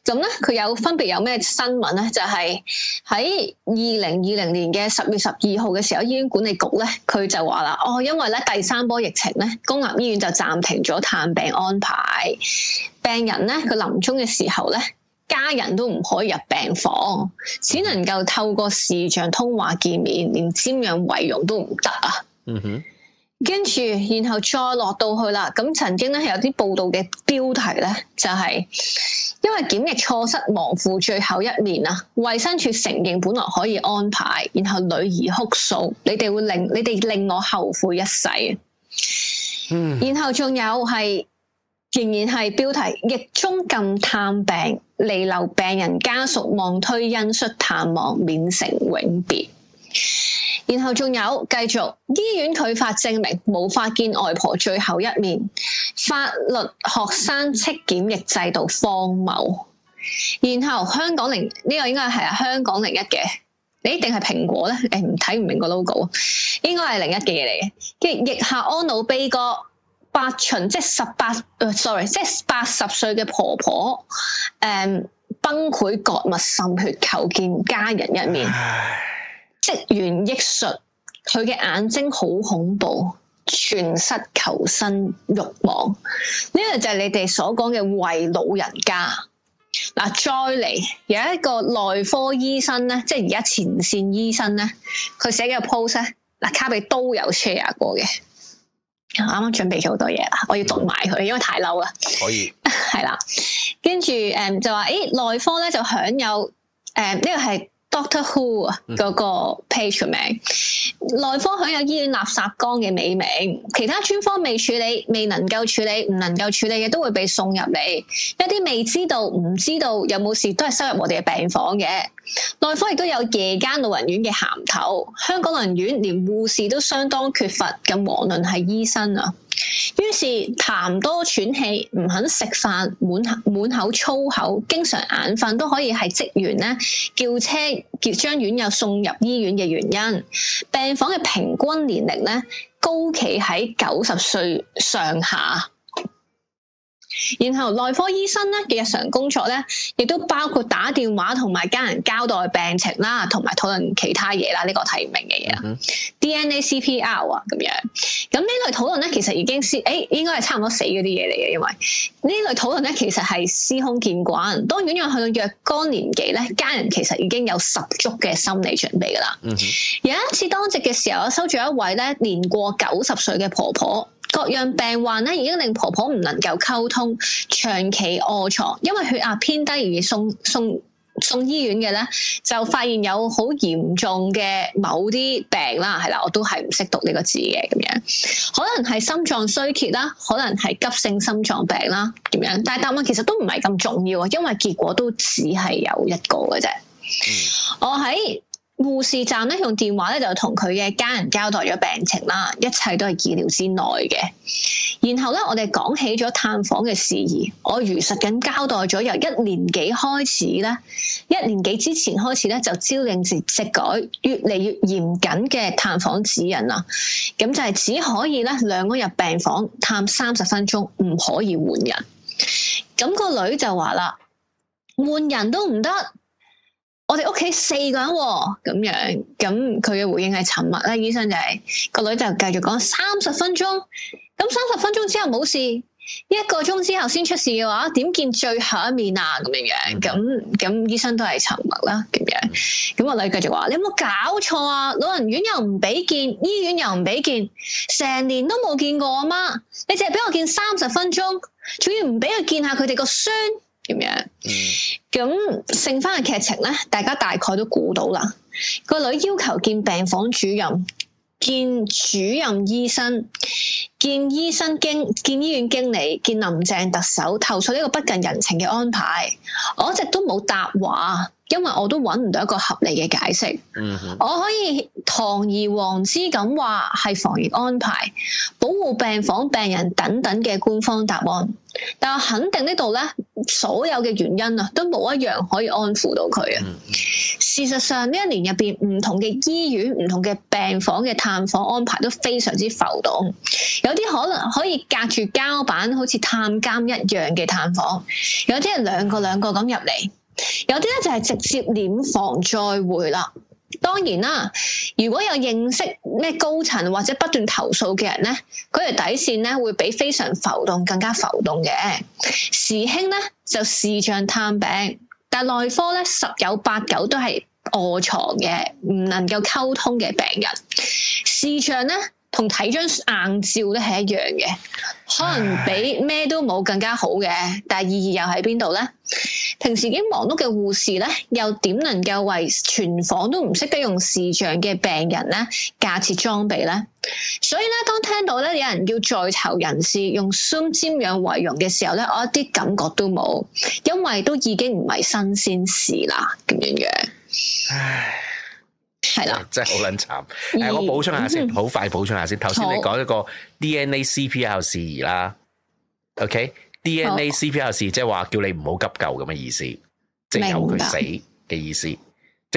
咁咧佢有分別有咩新聞咧？就係喺二零二零年嘅十月十二號嘅時候，醫院管理局咧佢就話啦：哦，因為咧第三波疫情咧，公立醫院就暫停咗探病安排，病人咧佢臨終嘅時候咧，家人都唔可以入病房，只能夠透過視像通話見面，連瞻仰遺容都唔得啊！嗯哼跟住，然後再落到去啦。咁曾經咧，係有啲報道嘅標題咧，就是，就係因為檢疫錯失亡父最後一年啊。衛生署承認本來可以安排，然後女兒哭訴：你哋會令你哋令我後悔一世。嗯。然後仲有係仍然係標題，疫中禁探病，彌留病人家屬望推恩恤探望，免成永別。然後仲有，繼續醫院拒發證明，冇法見外婆最後一面。法律學生斥檢疫制度荒謬。然後香港零呢、呢個應該係香港零一嘅，誒，定係蘋果咧？誒，唔睇唔明個 logo，應該係零一嘅嘢嚟嘅。跟住疫下安老悲歌，八旬即係十八，sorry，即係八十歲嘅婆婆，嗯，崩潰割脈，滲血求見家人一面。積怨益術，佢嘅眼睛好恐怖，全失求生欲望。呢、這個就係你哋所講嘅為老人家。嗱，再嚟有一個內科醫生咧，即係而家前線醫生咧，佢寫嘅 post 咧，嗱，卡比都有 share 過嘅。啱啱準備咗好多嘢啦，我要讀埋佢、嗯，因為太嬲啦。可以。係 啦，跟住誒就話，誒內科咧就享有誒呢、嗯這個係。Doctor Who 嗰個 page 名，內科享有醫院垃圾缸嘅美名，其他專科未處理、未能夠處理、唔能夠處理嘅都會被送入嚟，一啲未知道、唔知道有冇事都係收入我哋嘅病房嘅。內科亦都有夜間老人院嘅銜頭，香港老人院連護士都相當缺乏，更遑論係醫生啊。於是痰多喘氣，唔肯食飯，滿滿口粗口，經常眼瞓都可以係職員咧叫車叫將院友送入醫院嘅原因。病房嘅平均年齡咧高企喺九十歲上下。然後內科醫生咧嘅日常工作咧，亦都包括打電話同埋家人交代病情啦，同埋討論其他嘢啦，呢、呢個睇唔明嘅嘢 DNA CPR 啊，咁、嗯、樣咁呢類討論咧，其實已經是誒，應該係差唔多死嗰啲嘢嚟嘅。因為呢類討論咧，其實係司空見慣。當患者去到若干年紀咧，家人其實已經有十足嘅心理準備噶啦、嗯。有一次當值嘅時候，我收住一位咧年過九十歲嘅婆婆。各樣病患咧，已經令婆婆唔能夠溝通，長期臥床，因為血壓偏低而送送送醫院嘅咧，就發現有好嚴重嘅某啲病啦，係啦，我都係唔識讀呢個字嘅咁樣，可能係心臟衰竭啦，可能係急性心臟病啦，咁樣，但係答案其實都唔係咁重要啊，因為結果都只係有一個嘅啫、嗯。我喺護士站咧用電話咧就同佢嘅家人交代咗病情啦，一切都係意料之內嘅。然後咧，我哋講起咗探訪嘅事宜，我如實咁交代咗由一年幾開始咧，一年幾之前開始咧就朝令夕改越嚟越嚴謹嘅探訪指引啦。咁就係只可以咧兩個入病房探三十分鐘，唔可以換人。咁個女就話啦，換人都唔得。我哋屋企四個人咁樣，咁佢嘅回應係沉默啦。醫生就係、是、個女就繼續講三十分鐘，咁三十分鐘之後冇事，一個鐘之後先出事嘅話，點見最後一面啊？咁樣樣，咁咁醫生都係沉默啦。咁樣，咁個女繼續話：你有冇搞錯啊？老人院又唔俾見，醫院又唔俾見，成年都冇見過阿媽，你淨係俾我見三十分鐘，仲要唔俾佢見下佢哋個孫？咁、嗯、樣？咁剩返嘅劇情咧，大家大概都估到啦。個女要求見病房主任，見主任醫生，見醫生經，見醫院經理，見林鄭特首，投訴呢個不近人情嘅安排。我一直都冇答話，因為我都揾唔到一個合理嘅解釋、嗯。我可以堂而皇之咁話係防疫安排，保護病房病人等等嘅官方答案。但肯定呢度咧，所有嘅原因啊，都冇一樣可以安撫到佢啊。事實上呢一年入邊，唔同嘅醫院、唔同嘅病房嘅探訪安排都非常之浮動，有啲可能可以隔住膠板，好似探監一樣嘅探訪；有啲係兩個兩個咁入嚟，有啲咧就係直接殮房再會啦。當然啦，如果有認識咩高層或者不斷投訴嘅人咧，佢哋底線咧會比非常浮動更加浮動嘅。時興咧就視像探病，但內科咧十有八九都係卧床嘅，唔能夠溝通嘅病人。視像咧。同睇張硬照咧係一樣嘅，可能比咩都冇更加好嘅，但係意義又喺邊度咧？平時已經忙碌嘅護士咧，又點能夠為全房都唔識得用視像嘅病人咧架設裝備咧？所以咧，當聽到咧有人叫在囚人士用 Zoom 瞻仰遺容嘅時候咧，我一啲感覺都冇，因為都已經唔係新鮮事啦，咁樣嘅。唉係啦，真係好撚慘！誒、啊，我補充一下先，好、嗯、快補充一下先。頭、嗯、先你講一個 DNA CPR 事宜啦，OK？DNA、okay? CPR 事即係話叫你唔好急救咁嘅意思，即係、就是、有佢死嘅意思，即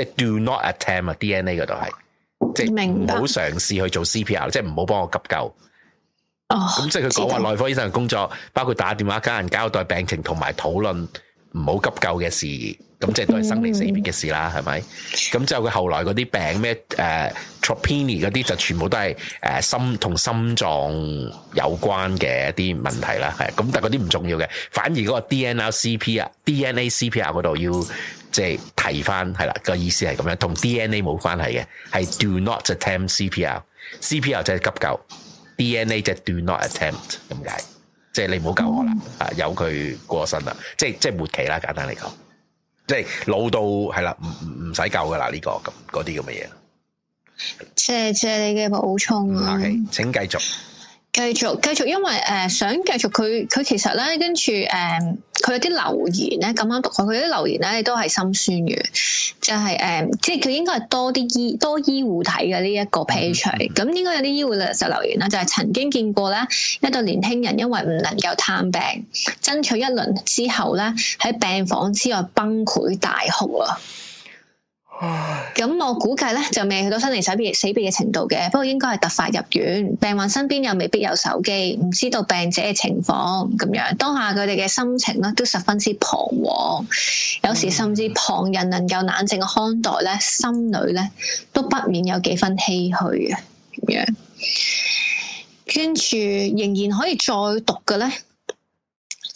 係、就是、Do not attempt 啊！DNA 嗰度係即係唔好嘗試去做 CPR，即係唔好幫我急救。哦，咁即係佢講話內科醫生嘅工作，包括打電話家人交代病情同埋討論唔好急救嘅事宜。咁、嗯、即係都係生離死別嘅事啦，係咪？咁、嗯、之後佢後來嗰啲病咩誒 troponin 嗰啲就全部都係誒、uh，心同心臟有關嘅一啲問題啦。係咁，但係嗰啲唔重要嘅，反而嗰個 DNA CPR、DNA CPR 嗰度要即係提翻係啦。個意思係咁樣，同 DNA 冇關係嘅，係 do not attempt CPR，CPR CPR 就係急救，DNA 就 do not attempt 咁解。即係你唔好救我啦，啊、嗯，由佢過身啦，即係即係末期啦，簡單嚟講。即係老到係啦，唔唔唔使教噶啦呢個咁嗰啲咁嘅嘢。謝謝你嘅補充啊！OK，請繼續。繼續繼續，因為誒、呃、想繼續佢佢其實咧跟住誒佢有啲留言咧，咁啱讀開佢啲留言咧，也都係心酸嘅，就係、是、誒、呃、即係佢應該係多啲醫多醫護睇嘅呢一個 page，咁應該有啲醫護咧就留言啦，就係、是、曾經見過咧一個年輕人因為唔能夠探病，爭取一輪之後咧喺病房之外崩潰大哭。咁我估計咧就未去到生離死別死別嘅程度嘅，不過應該係突發入院，病患身邊又未必有手機，唔知道病者嘅情況咁樣，當下佢哋嘅心情咧都十分之彷徨，有時甚至旁人能夠冷靜嘅看待咧，嗯，心裏咧都不免有幾分唏嘘嘅咁樣。跟住仍然可以再讀嘅咧。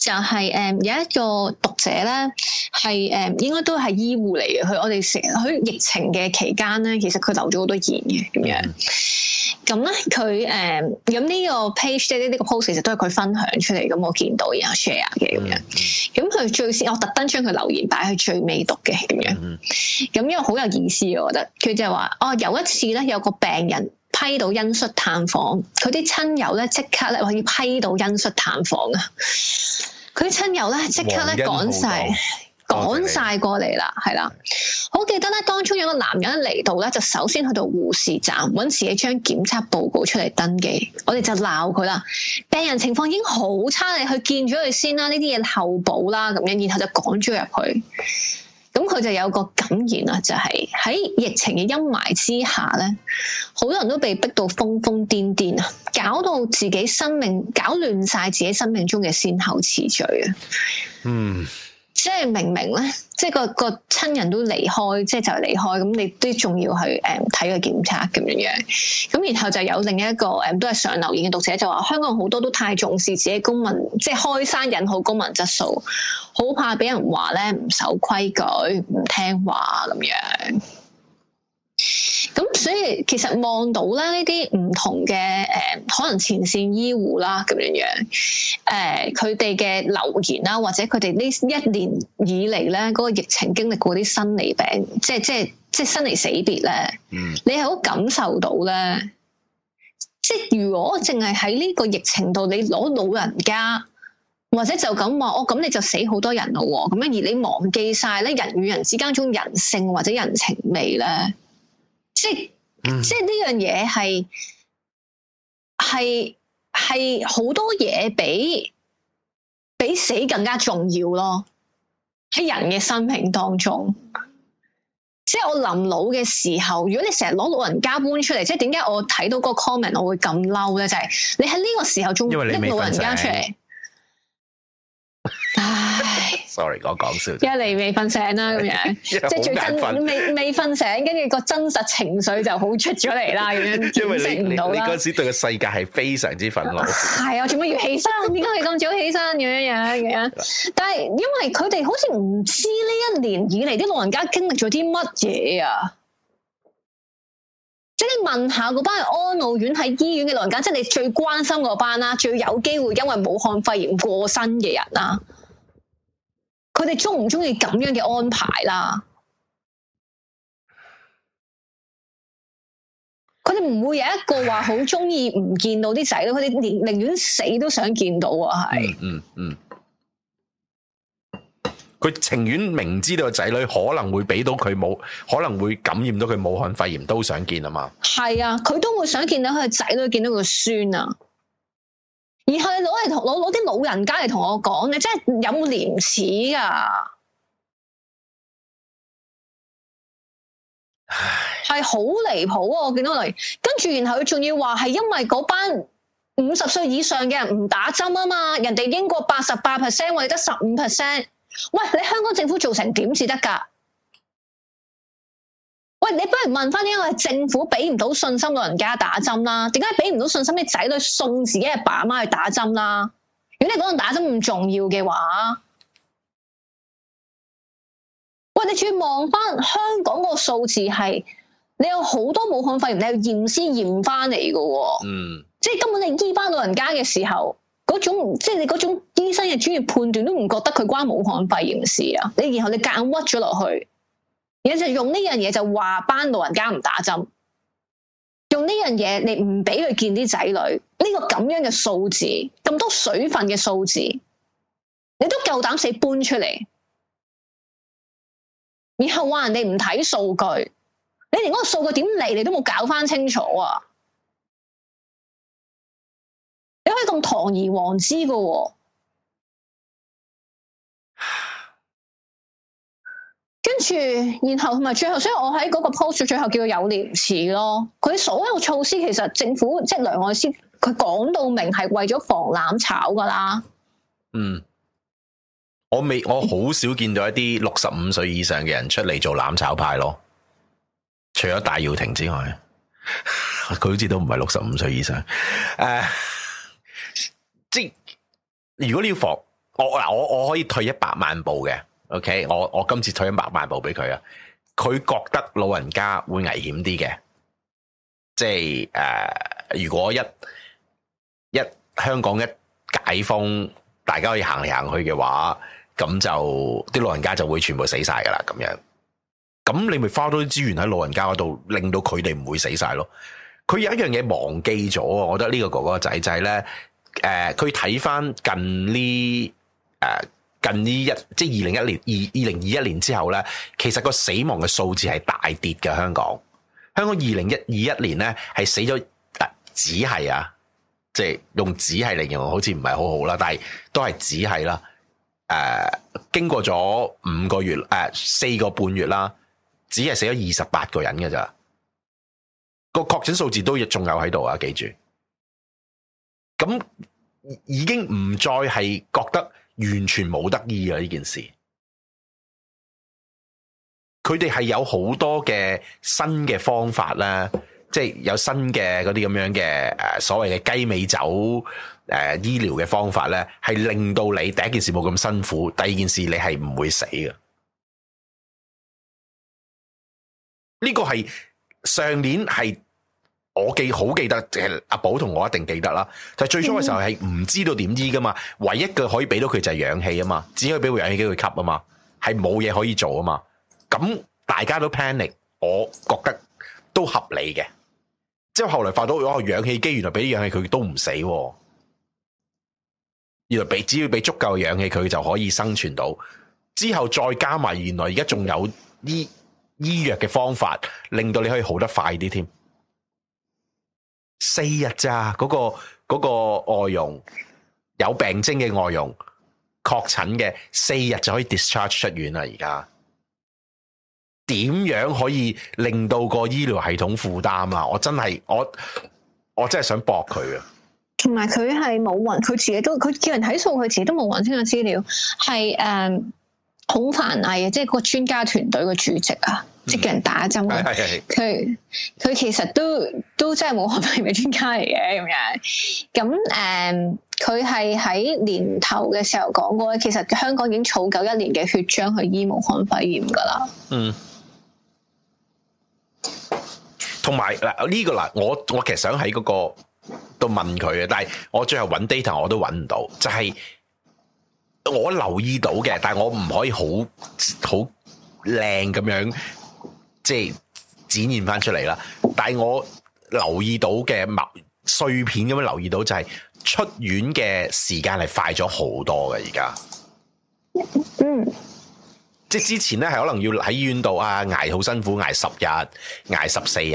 就係、是、誒、嗯、有一個讀者咧，係誒、嗯、應該都係醫護嚟嘅。佢我哋成日喺疫情嘅期間咧，其實佢留咗好多言嘅咁、mm-hmm. 樣他。咁咧佢誒咁呢個 page 咧呢個 post 其實都係佢分享出嚟咁，我見到然後 share 嘅咁樣。咁佢最先我特登將佢留言擺喺最尾讀嘅咁樣。咁因為好有意思，我覺得佢就係話哦有一次咧有個病人。批到恩卹探訪，佢啲親友咧即刻咧可以批到恩卹探訪啊！佢啲親友咧即刻咧趕晒，趕晒過嚟啦，係啦。好記得咧，當中有個男人嚟到咧，就首先去到護士站搵自己張檢測報告出嚟登記，我哋就鬧佢啦。病人情況已經好差，你去見咗佢先啦，呢啲嘢後補啦，咁樣，然後就趕咗入去。咁佢就有個感言啊，就係喺疫情嘅陰霾之下咧，好多人都被逼到瘋瘋癲癲啊，搞到自己生命，搞亂晒自己生命中嘅先後次序啊。嗯。即係明明咧，即係個個親人都離開，即係就是、離開咁，你都仲要去誒睇、嗯、個檢測咁樣樣。咁然後就有另一個誒、嗯、都係上留言嘅讀者就話：香港好多都太重視自己公民，即係開山引號公民質素，好怕俾人話咧唔守規矩、唔聽話咁樣。咁所以其實望到咧呢啲唔同嘅，誒、呃，可能前綫醫護啦咁樣樣，誒佢哋嘅留言啦，或者佢哋呢一年以嚟咧嗰個疫情經歷過啲生離病，即係即係即係生離死別咧。嗯，你係好感受到咧，即係如果淨係喺呢個疫情度，你攞老人家或者就咁話，哦咁你就死好多人咯，哦，咁樣而你忘記晒咧人與人之間種人性或者人情味咧。嗯、即係即係呢樣嘢係係係好多嘢比比死更加重要咯喺人嘅生命當中，即係我臨老嘅時候，如果你成日攞老人家搬出嚟，即係點解我睇到個 comment 我會咁嬲咧？就係、是、你喺呢個時候仲拎老人家出嚟。Sorry，我講笑。一嚟未瞓醒啦，咁 樣即係最真，未未瞓醒，跟住個真實情緒就好出咗嚟啦，咁樣完成唔到你嗰時對個世界係非常之憤怒。係 啊，做乜要起身？點解你咁早起身？咁樣樣樣，但係因為佢哋好似唔知呢一年以嚟啲老人家經歷咗啲乜嘢啊！即係你問下嗰班安老院喺醫院嘅老人家，即係你最關心嗰班啦，最有機會因為武漢肺炎過身嘅人啦。佢哋中唔中意咁樣嘅安排啦？佢哋唔會有一個話好中意唔見到啲仔女，佢哋寧寧願死都想見到啊！係，嗯嗯，佢、嗯、情願明知道個仔女可能會俾到佢冇，可能會感染到佢武漢肺炎，都想見啊嘛！係啊，佢都會想見到佢仔女，見到佢孫啊！然後你攞嚟同攞攞啲老人家嚟同我講，你真係有冇廉恥噶？係好離譜啊，我見到嚟，跟住然後佢仲要話係因為嗰班五十歲以上嘅人唔打針啊嘛，人哋英國八十八 percent，我哋得十五 percent。喂，你香港政府做成點先得噶？喂，你不如問翻呢一個政府俾唔到信心老人家打針啦？點解俾唔到信心啲仔女送自己嘅爸阿媽去打針啦？如果你講打針咁重要嘅話，喂，你仲要望翻香港個數字係，你有好多武漢肺炎，你係驗屍驗翻嚟嘅喎。嗯，即係根本你醫翻老人家嘅時候，嗰種即係你嗰種醫生嘅專業判斷都唔覺得佢關武漢肺炎事啊！你然後你夾硬屈咗落去。你就用呢樣嘢就話班老人家唔打針，用呢樣嘢你唔俾佢見啲仔女，呢個咁樣嘅數字，咁多水分嘅數字，你都夠膽死搬出嚟，然後話人哋唔睇數據，你連嗰個數據點嚟你都冇搞翻清楚啊！你可以咁堂而皇之噶？跟住，然後同埋最後，所以我喺嗰個 post 最後叫有廉恥咯。佢所有措施其實政府即係梁愛詩，佢講到明係為咗防攬炒噶啦。嗯，我未，我好少見到一啲六十五歲以上嘅人出嚟做攬炒派咯。除咗戴耀廷之外，佢 好似都唔係六十五歲以上。誒、啊，即如果你要防我嗱，我我，我可以退一百萬步嘅。OK，我我今次退一百萬步俾佢啊！佢覺得老人家會危險啲嘅，即係誒、呃，如果一一香港一解封，大家可以行嚟行去嘅話，咁就啲老人家就會全部死晒噶啦，咁樣。咁你咪花多啲資源喺老人家嗰度，令到佢哋唔會死晒咯。佢有一樣嘢忘記咗啊！我覺得呢個哥哥仔仔、就係、呢，咧、呃，誒，佢睇返近呢誒。近呢一即係二零一年二二零二一年之後咧，其實個死亡嘅數字係大跌嘅。香港，香港二零二一年咧係死咗只係啊，即係用只係嚟形容，好似唔係好好啦，但係都係只係啦。誒、呃，經過咗五個月誒四個半月啦，只係死咗二十八個人嘅咋，個確診數字都仲有喺度啊！記住，咁已經唔再係覺得。完全冇得醫啊！呢件事，佢哋係有好多嘅新嘅方法啦，即係有新嘅嗰啲咁樣嘅誒所謂嘅雞尾酒誒醫療嘅方法咧，係令到你第一件事冇咁辛苦，第二件事你係唔會死嘅。呢個係上年係。我記好記得，阿寶同我一定記得啦。但係最初嘅時候係唔知道點醫噶嘛，唯一嘅可以俾到佢就係氧氣啊嘛，只可以俾個氧氣機佢吸啊嘛，係冇嘢可以做啊嘛。咁大家都 panic，我覺得都合理嘅。之後後來發到，個氧氣機原來俾啲氧氣佢都唔死，啊，原來俾只要俾足夠嘅氧氣佢就可以生存到。之後再加埋，原來而家仲有醫醫藥嘅方法，令到你可以好得快啲添。四日咋？嗰、嗰個、嗰個外傭有病徵嘅外傭確診嘅四日就可以 discharge 出院啦！而家點樣可以令到個醫療系統負擔啊？我真係我我真係想駁佢啊！同埋佢係冇運，佢自己都佢叫人睇數，佢自己都冇揾清個資料，係誒好煩嘅，即、就、係、是、個專家團隊嘅主席啊！即人打針啊！佢、嗯、佢其實都都真係武漢肺炎專家嚟嘅咁樣。咁誒，佢係喺年頭嘅時候講過其實香港已經儲夠一年嘅血漿去醫武漢肺炎噶啦。嗯。同埋嗱，呢個嗱，我我其實想喺嗰、那個度問佢嘅，但係我最後揾 data 我都揾唔到，就係、是、我留意到嘅，但係我唔可以好好靚咁樣。即展現返出嚟啦，但係我留意到嘅碎片咁樣留意到就係、是、出院嘅時間係快咗好多嘅，而家，嗯，即之前呢，係可能要喺醫院度啊捱好辛苦，捱十日捱十四日，誒、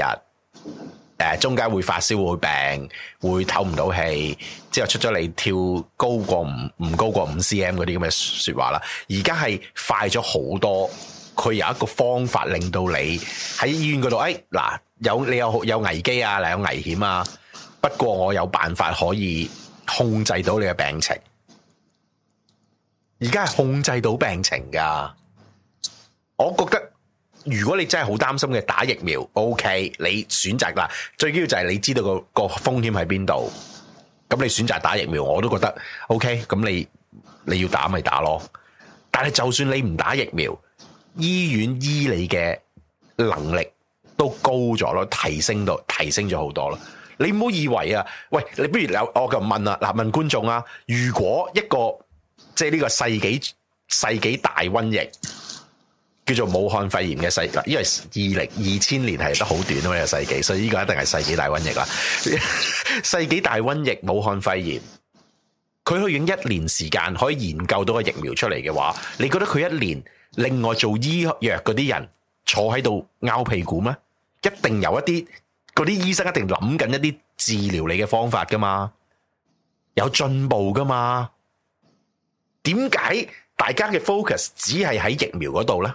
啊、中間會發燒會病會唞唔到氣，之後出咗嚟跳高過唔唔高過五 cm 嗰啲咁嘅說話啦，而家係快咗好多。佢有一個方法令到你喺醫院嗰度。哎嗱，有你有有危機啊，你有危險啊。不過我有辦法可以控制到你嘅病情。而家係控制到病情噶。我覺得如果你真係好擔心嘅，打疫苗 OK。OK，你選擇啦，最緊要就係你知道個個風險喺邊度。咁你選擇打疫苗，我都覺得 OK。咁、OK，你你要打咪打咯。但係就算你唔打疫苗。醫院醫理嘅能力都高咗咯，提升到提升咗好多咯。你唔好以為啊，喂，你不如有我就問啊嗱，問觀眾啊，如果一個即係呢個世紀世紀大瘟疫，叫做武漢肺炎嘅世，因為二零二千年係得好短啊嘛，呢個世紀，所以呢個一定係世紀大瘟疫啦。 世紀大瘟疫，武漢肺炎，佢可以用一年時間可以研究到個疫苗出嚟嘅話，你覺得佢一年？另外做醫藥嗰啲人坐喺度拗屁股咩？一定有一啲嗰啲醫生一定諗緊一啲治療你嘅方法噶嘛，有進步噶嘛？點解大家嘅 focus 只係喺疫苗嗰度呢？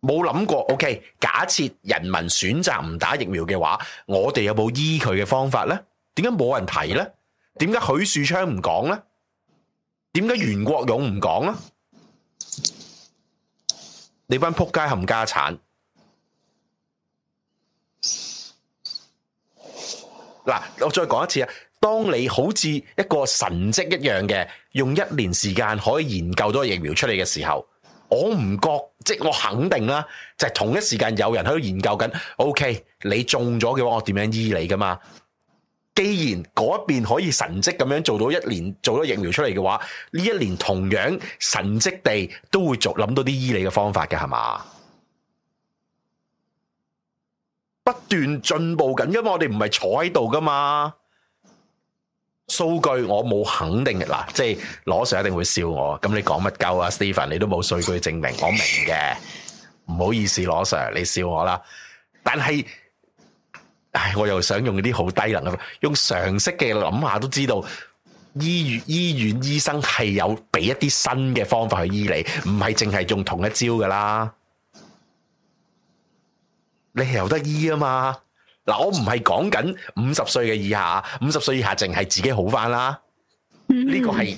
冇諗過，OK？假設人民選擇唔打疫苗嘅話，我哋有冇醫佢嘅方法呢？點解冇人提呢？點解許樹昌唔講呢？點解袁國勇唔講呢？你班扑街冚家產！嗱，我再講一次啊！當你好似一個神蹟一樣嘅，用一年時間可以研究到疫苗出嚟嘅時候，我唔覺，即我肯定啦，就係、是、同一時間有人喺度研究緊。O、OK, K，你中咗嘅話，我點樣醫你噶嘛？既然嗰邊可以神跡咁樣做到一年做咗疫苗出嚟嘅話，呢一年同樣神跡地都會做諗到啲醫理嘅方法嘅係嘛？不斷進步緊，因為我哋唔係坐喺度噶嘛。數據我冇肯定，嗱，即係羅 Sir 一定會笑我。咁你講乜鳩啊，Stephen？你都冇數據證明，我明嘅。唔好意思，羅 Sir，你笑我啦。但係。唉，我又想用啲好低能啊，用常識嘅諗下都知道，醫院醫院醫生係有俾一啲新嘅方法去醫你，唔係淨係用同一招噶啦。你係有得醫啊嘛？嗱，我唔係講緊五十歲嘅以下，五十歲以下淨係自己好翻啦。呢個係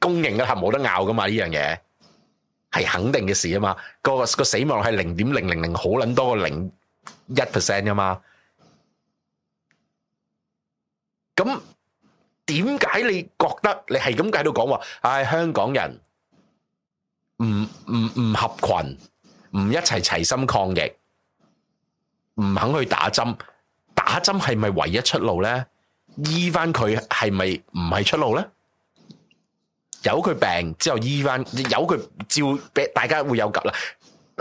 公認嘅，冇得拗噶嘛？呢樣嘢係肯定嘅事啊嘛！個個死亡率係零點零零零好捻多個零一 percent 啊嘛？咁點解你覺得你係咁喺度講話？唉，香港人唔唔唔合群，唔一齊齊心抗疫，唔肯去打針，打針係咪唯一出路咧？醫翻佢係咪唔係出路咧？由佢病之後醫翻，由佢照俾大家會有急啦。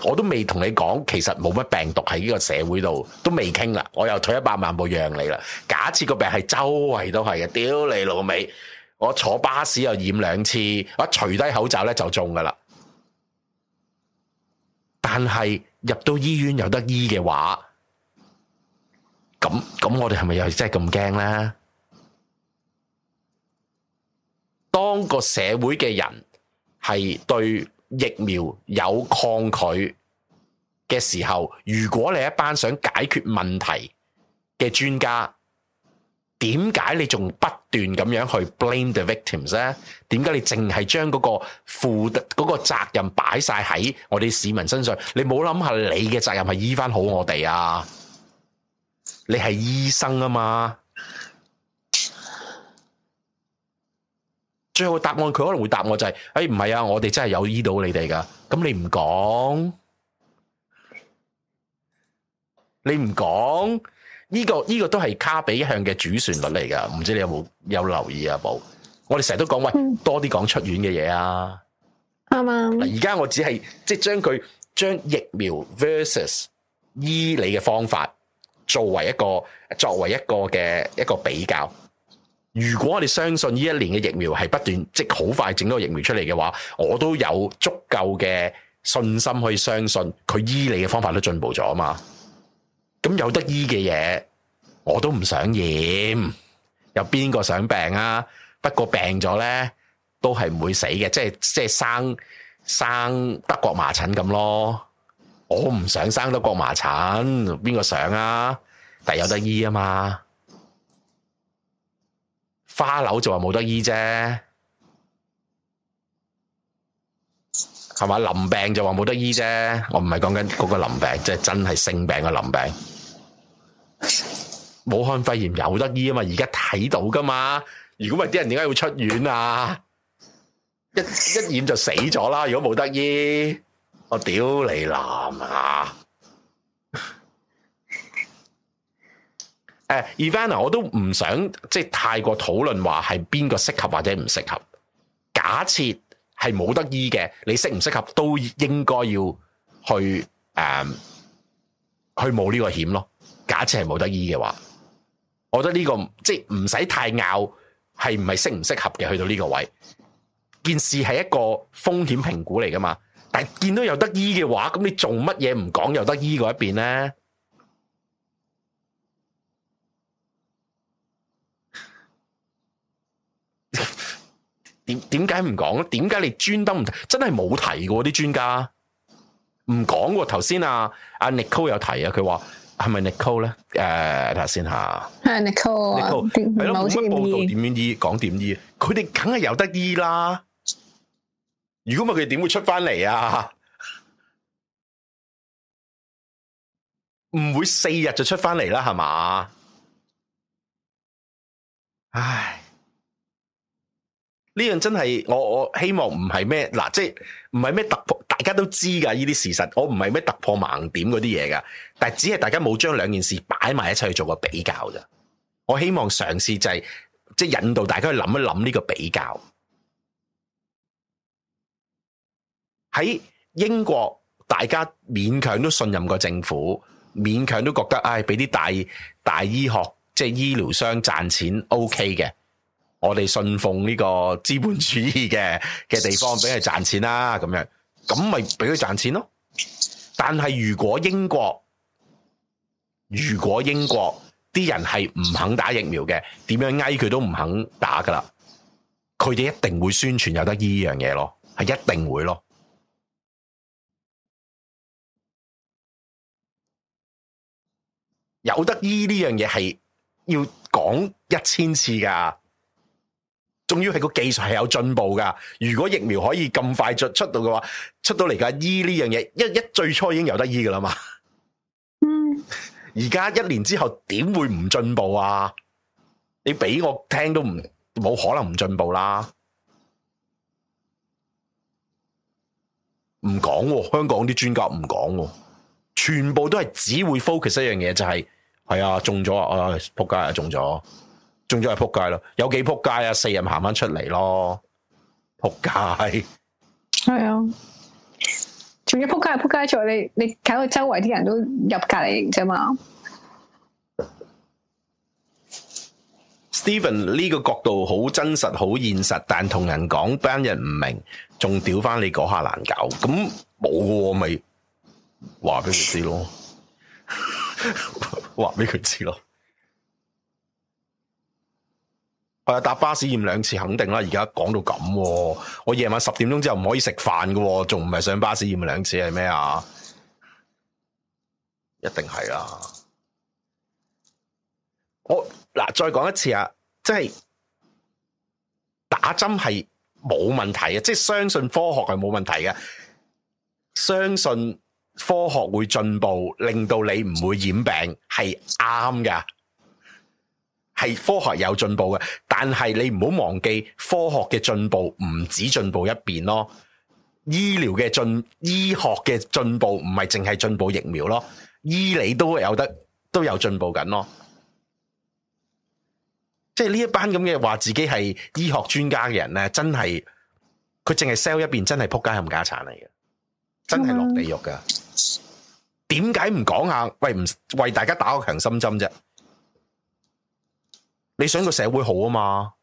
我都未同你講，其實冇乜病毒喺呢個社會度，都未傾啦。我又退一百萬步讓你啦。假設個病係周圍都係嘅，屌你老味。我坐巴士又染兩次，我除低口罩咧就中噶啦。但係入到醫院有得醫嘅話，咁咁我哋係咪又真係咁驚咧？當個社會嘅人係對疫苗有抗拒嘅時候，如果你一班想解決問題嘅專家，點解你仲不斷咁樣去 blame the victims 咧？點解你淨係將嗰個負嗰個責任擺晒喺我哋市民身上？你冇諗下你嘅責任係醫翻好我哋啊？你係醫生啊嘛？最後答案，佢可能會答我就係，哎唔係啊，我哋真係有醫到你哋噶，咁你唔講，你唔講，呢個呢個都係卡比一向嘅主旋律嚟噶，唔知你有冇有留意啊？冇，我哋成日都講喂，多啲講出院嘅嘢啊，啱唔啱？而家我只係即係將佢將疫苗 versus 醫你嘅方法作為一個作為一個嘅一個比較。如果我哋相信呢一年嘅疫苗係不斷即係好快整到個疫苗出嚟嘅話，我都有足夠嘅信心去相信佢醫你嘅方法都進步咗啊嘛。咁有得醫嘅嘢，我都唔想染。有邊個想病啊？不過病咗咧，都係唔會死嘅，即係即係生生德國麻疹咁咯。我唔想生德國麻疹，邊個想啊？但係有得醫啊嘛。花柳就話冇得醫啫，係嘛？淋病就話冇得醫啫，我唔係講緊嗰個淋病，即係真係性病嘅淋病。武漢肺炎有得醫啊嘛，而家睇到噶嘛。如果唔係啲人點解要出院啊？一一染就死咗啦。如果冇得醫，我屌你男啊！誒 Evana 啊，我都唔想即係太過討論話係邊個適合或者唔適合。假設係冇得醫嘅，你適唔適合都應該要去誒、呃、去冒呢個險咯。假設係冇得醫嘅話，我覺得呢、這個即係唔使太拗，係唔係適唔適合嘅去到呢個位。件事係一個風險評估嚟噶嘛，但係見到有得醫嘅話，咁你做乜嘢唔講有得醫嗰一邊咧？點點解唔講咧？點解你專登唔真係冇提過啲專家唔講嘅頭先啊，阿、啊、Nicole 有提係咪 Nicole，呃、睇下啊，佢話係咪 Nicole 咧，嗯？誒，睇下先吓，係 Nicole，係咯，冇乜報道點樣醫，講點醫，佢哋梗係有得醫啦。如果唔係佢哋點會出翻嚟？啊？唔 會四日就出翻嚟啦，係嘛？唉。呢樣真係我我希望唔係咩嗱，即係唔係咩突破，大家都知噶呢啲事實，我唔係咩突破盲點嗰啲嘢噶，但係只係大家冇將兩件事擺埋一齊去做個比較啫。我希望嘗試就係即係引導大家去諗一諗呢個比較。喺英國，大家勉強都信任過政府，勉強都覺得，唉，俾啲大大醫學即係醫療商賺錢 OK 嘅。我哋信奉呢個資本主義嘅嘅地方，俾佢賺錢啦，咁樣咁咪俾佢賺錢咯。但係如果英國，如果英國啲人係唔肯打疫苗嘅，點樣嗌佢都唔肯打噶啦，佢哋一定會宣傳有得醫呢樣嘢咯，係一定會咯。有得醫呢樣嘢係要講一千次噶。仲要係個技術係有進步噶，如果疫苗可以咁快出出到嘅話，出到嚟噶醫呢樣嘢，一一最初已經有得醫噶啦嘛。嗯，而家一年之後點會唔進步啊？你俾我聽都唔冇可能唔進步啦。唔講喎，香港啲專家唔講喎，全部都係只會 focus 一樣嘢，就係、是、係、哎哎、啊中咗啊扑街啊中咗。中咗係撲街咯，有幾撲街啊？四人行翻出嚟咯，撲街係 啊，仲要撲街係撲街在你，你搞到周圍啲人都入隔籬啫嘛。Stephen 呢個角度好真實，好現實，但同人講，班人唔明，仲屌翻你嗰下難搞，咁冇嘅咪話俾佢知咯，話俾佢知咯。我搭巴士驗兩次肯定啦，而家講到咁，我夜晚十點鐘之後唔可以食飯嘅，仲唔係上巴士驗兩次係咩啊？一定係啦。我嗱再講一次啊，即係打針係冇問題嘅，即係相信科學係冇問題嘅，相信科學會進步，令到你唔會染病，係啱㗎。係科學有進步嘅，但係你唔好忘記科學嘅進步唔止進步一邊咯。醫療嘅進醫學嘅進步唔係淨係進步疫苗咯，醫理都會有得都有進步緊咯。即係呢一班咁嘅話自己係醫學專家嘅人咧，真係佢淨係 sell 一邊，真係扑街冚家鏟嚟嘅，真係落地獄噶。點解唔講下？喂，唔為大家打個強心針啫。你想個社會好啊嘛？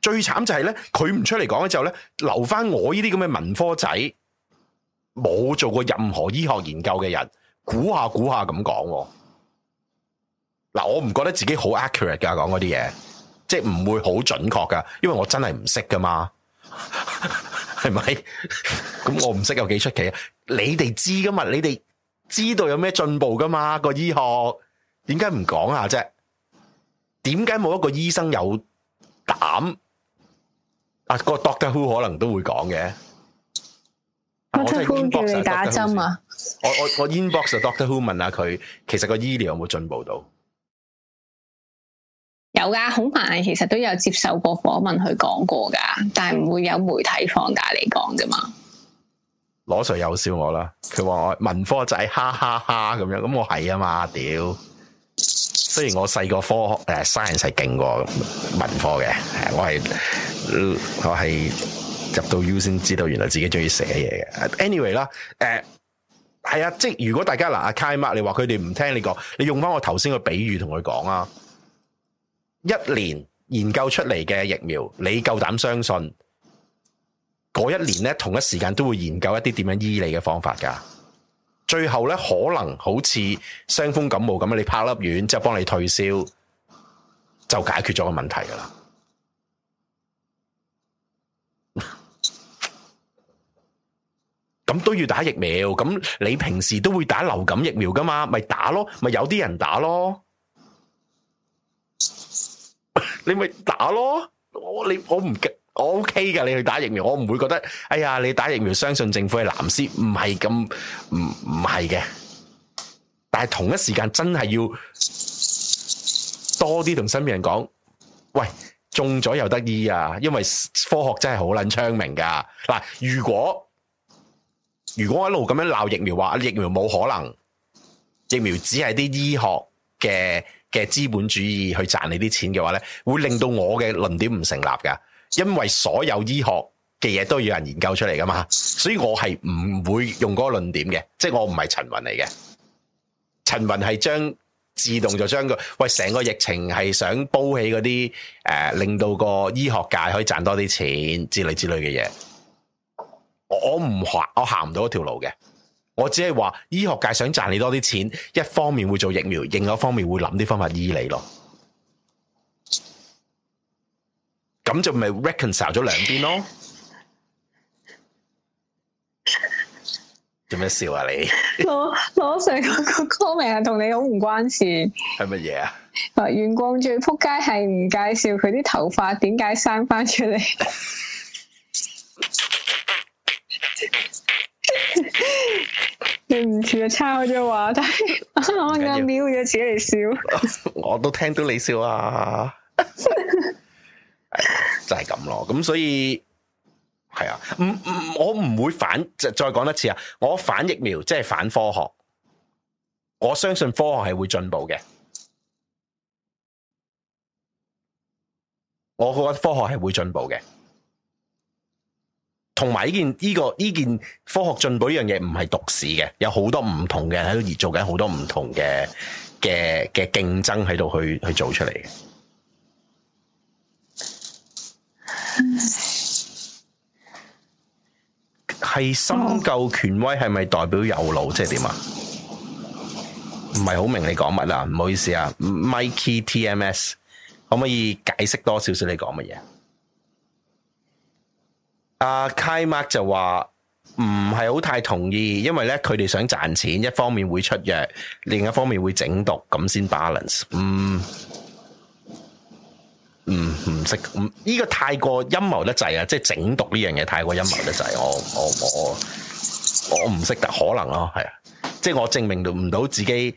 最慘就係咧，佢唔出嚟講嘅時候咧，留翻我呢啲咁嘅文科仔，冇做過任何醫學研究嘅人，估下估下咁講。嗱，我唔覺得自己好 accurate 噶，講嗰啲嘢，即係唔會好準確噶，因為我真係唔識噶嘛，係咪？咁我唔識有幾出奇啊？你哋知噶嘛？你哋。知道有咩進步噶嘛？個醫學點解唔講下啫？點解冇一個醫生有膽？啊，個 doctor who 可能都會講嘅。啊、doctor who 叫你打針啊，啊？我我我 inbox 個 doctor who 問下佢，其實個醫療有冇進步到？有噶，恐怕係，其實都有接受過訪問，去講過噶，但係唔會有媒體放假嚟講噶嘛。攞羅 Sir 又笑我啦？佢話我文科仔哈哈哈咁樣，咁我係啊嘛屌！雖然我細個科學誒 science 係勁過文科嘅，我係我係入到 U 先知道原來自己中意寫嘢嘅。Anyway 啦、呃，誒係啊，即係如果大家嗱，阿、啊、Kay Mark，你話佢哋唔聽你講，你用翻我頭先個比喻同佢講啊，一年研究出嚟嘅疫苗，你夠膽相信？嗰一年咧，同一時間都會研究一啲點樣醫你嘅方法噶。最後咧，可能好似傷風感冒咁樣，你拍粒丸之後幫你退燒，就解決咗個問題噶啦。咁都要打疫苗，咁你平時都會打流感疫苗噶嘛？咪打咯，咪有啲人打咯，你咪打咯。我你我唔我 OK 噶，你去打疫苗，我唔會覺得，哎呀，你打疫苗相信政府係藍絲，唔係咁，唔唔係嘅。但係同一時間真係要多啲同身邊人講，喂，中咗有得醫啊，因為科學真係好撚昌明噶。嗱，如果如果我一路咁樣鬧疫苗話，疫苗冇可能，疫苗只係啲醫學嘅嘅資本主義去賺你啲錢嘅話咧，會令到我嘅論點唔成立噶。因為所有醫學嘅嘢都要有人研究出嚟㗎嘛，所以我係唔會用嗰個論點嘅，即係我唔係陳雲嚟嘅。陳雲係將自動就將個喂，成個疫情係想煲起嗰啲誒，令到個醫學界可以賺多啲錢，之類之類嘅嘢。我唔行，我行唔到嗰條路嘅。我只係話醫學界想賺你多啲錢，一方面會做疫苗，另外一方面會諗啲方法醫你咯。咁就咪 reconcile 咗兩邊咯？做 咩笑啊你？攞攞成個歌名啊，同你好唔關事。係乜嘢啊？袁光最撲街係唔介紹佢啲頭髮點解生翻出嚟。 你唔住個抄啫話，但係 我啱啱瞄咗自己嚟笑。我都聽到你笑啊！ 就係咁咯，咁所以係啊，唔唔，我唔會反，就再講一次啊，我反疫苗，即係反科學。我相信科學係會進步嘅，我覺得科學係會進步嘅。同埋呢件呢個呢件科學進步呢樣嘢唔係獨市嘅，有好多唔同嘅喺度而做緊好多唔同嘅嘅嘅競爭喺度去去做出嚟嘅。系新舊權威係咪代表有腦？即係點啊？唔係好明你講乜啊？唔好意思啊，Mikey T M S，可唔可以解釋多少少你講乜嘢？阿、uh, Kay Mac 就話唔係好太同意，因為咧佢哋想賺錢，一方面會出藥，另一方面會整毒，咁先 balance。嗯、um,。唔唔識，呢、嗯，這個太過陰謀得滯啊！即係整毒呢樣嘢太過陰謀得滯，我我我我唔識，得，可能咯，係，即係我證明唔到自己，誒、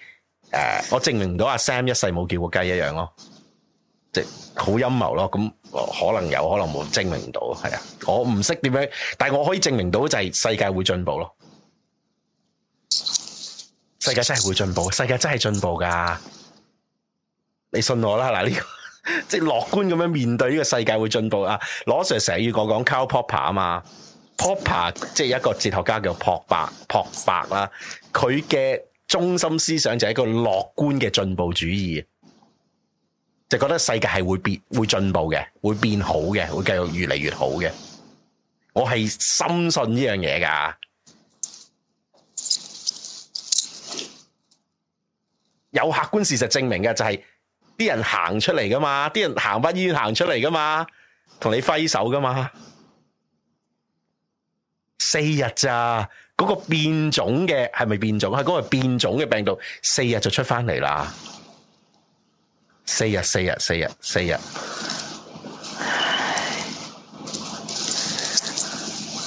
呃，我證明唔到阿 Sam 一世冇叫過雞一樣咯，即係好陰謀咯，咁可能有可能冇證明到，係啊，我唔識點樣，但係我可以證明到就係世界會進步咯，世界真係會進步，世界真係進步㗎，你信我啦，嗱、這、呢個。即係樂觀咁樣面對呢個世界會進步啊！羅 Sir 成日要講講 Karl Popper 啊嘛 Popper 即係一個哲學家叫 Popper 柏柏柏啦，佢嘅中心思想就係一個樂觀嘅進步主義，就覺得世界係會變會進步嘅，會變好嘅，會繼續越嚟越好嘅。我係深信呢樣嘢噶，有客觀事實證明嘅就係、是。啲人行出嚟噶嘛，啲人行翻醫院行出嚟噶嘛，同你揮手噶嘛。四日咋？嗰個變種嘅係咪變種？係嗰個變種嘅病毒，四日就出翻嚟啦。四日，四日，四日，四日，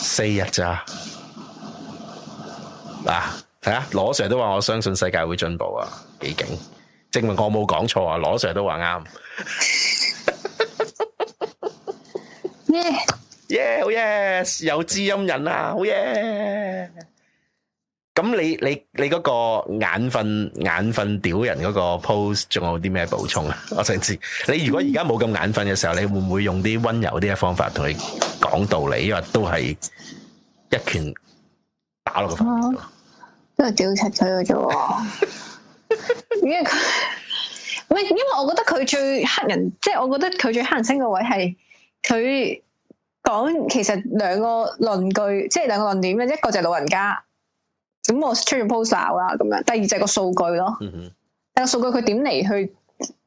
四日咋？嗱、啊，睇下羅 Sir 都話，我相信世界會進步啊，幾勁！證明我冇講錯啊！羅 Sir 都話啱。耶好耶，有知音人啊！好、oh、耶、yeah。咁你你你嗰個眼瞓眼瞓屌人嗰個 pose 仲有啲咩補充啊？我想知你如果而家冇咁眼瞓嘅時候，你會唔會用啲溫柔啲嘅方法同佢講道理？因為都係一拳打落去、哦，都係屌柒佢嘅啫。 因為佢因為我覺得佢最黑人，即係我覺得佢最黑人憎個位係佢講，其實兩個論據，即係兩個論點咧，一個就係老人家，咁我出咗 poster 啦咁樣，第二就係個數據咯。嗯哼，個數據佢點嚟去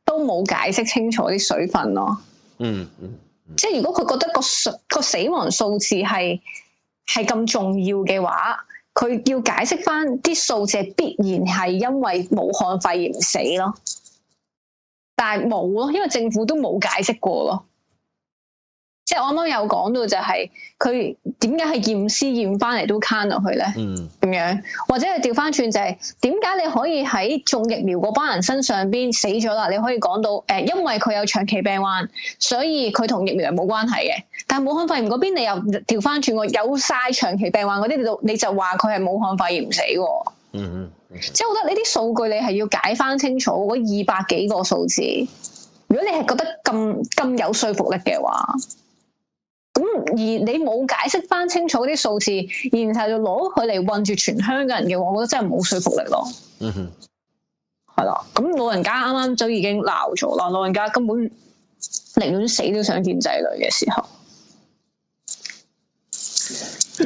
都冇解釋清楚啲水分咯。嗯嗯，即係如果佢覺得個數個死亡數字係係咁重要嘅話。佢要解釋翻啲數字必然係因為武漢肺炎死咯，但係冇咯，因為政府都冇解釋過咯。即係我啱啱有講到就係佢點解係驗屍驗翻嚟都 count 落去咧？嗯，咁樣或者係調翻轉就係點解你可以喺種疫苗嗰班人身上邊死咗啦？你可以講到誒、呃，因為佢有長期病患，所以佢同疫苗冇關係嘅。但係武漢肺炎嗰邊，你又調翻轉喎，有晒長期病患嗰啲，你就你話佢係武漢肺炎唔死喎。嗯嗯，即係我覺得呢啲數據你係要解翻清楚嗰二百幾個數字。如果你係覺得咁咁有說服力嘅話，咁而你冇解釋翻清楚啲數字，然後就攞佢嚟混住全香港人嘅，我覺得真係冇說服力咯。嗯哼，係啦。咁老人家啱啱就已經鬧咗啦，老人家根本寧願死都想見仔女嘅時候，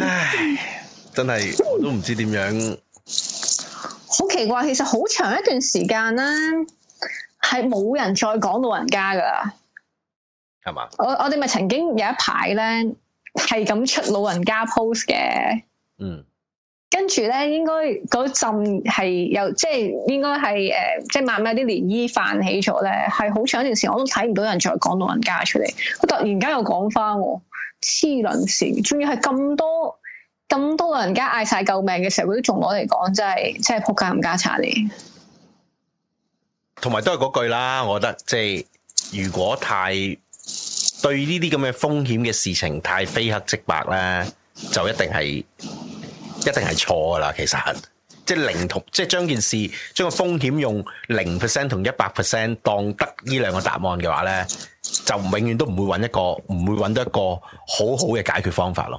唉， 真係都唔知點樣。好奇怪，其實好長一段時間啦，係冇人再講老人家噶。我我哋咪曾經有一排咧係咁出老人家 post 嘅，嗯，跟住咧應該嗰陣係又即係應該係誒，即、呃、係、就是、慢慢有啲漣漪泛起咗咧，係好長一段時間我都睇唔到人再講老人家出嚟，我突然間又講翻我黐撚線，仲、哦、要係咁多咁多老人家嗌晒救命嘅時候，佢都仲攞嚟講，真係真係仆街冚家鏟嚟。同埋都係嗰句啦，我覺得即係、就是、如果太。對呢啲咁嘅風險嘅事情太非黑即白咧，就一定係一定係錯噶啦。其實即係零同即係將件事將個風險用零 percent 同一百 percent 當得呢兩個答案嘅話咧，就永遠都唔會揾一個唔會揾到一個好好嘅解決方法咯。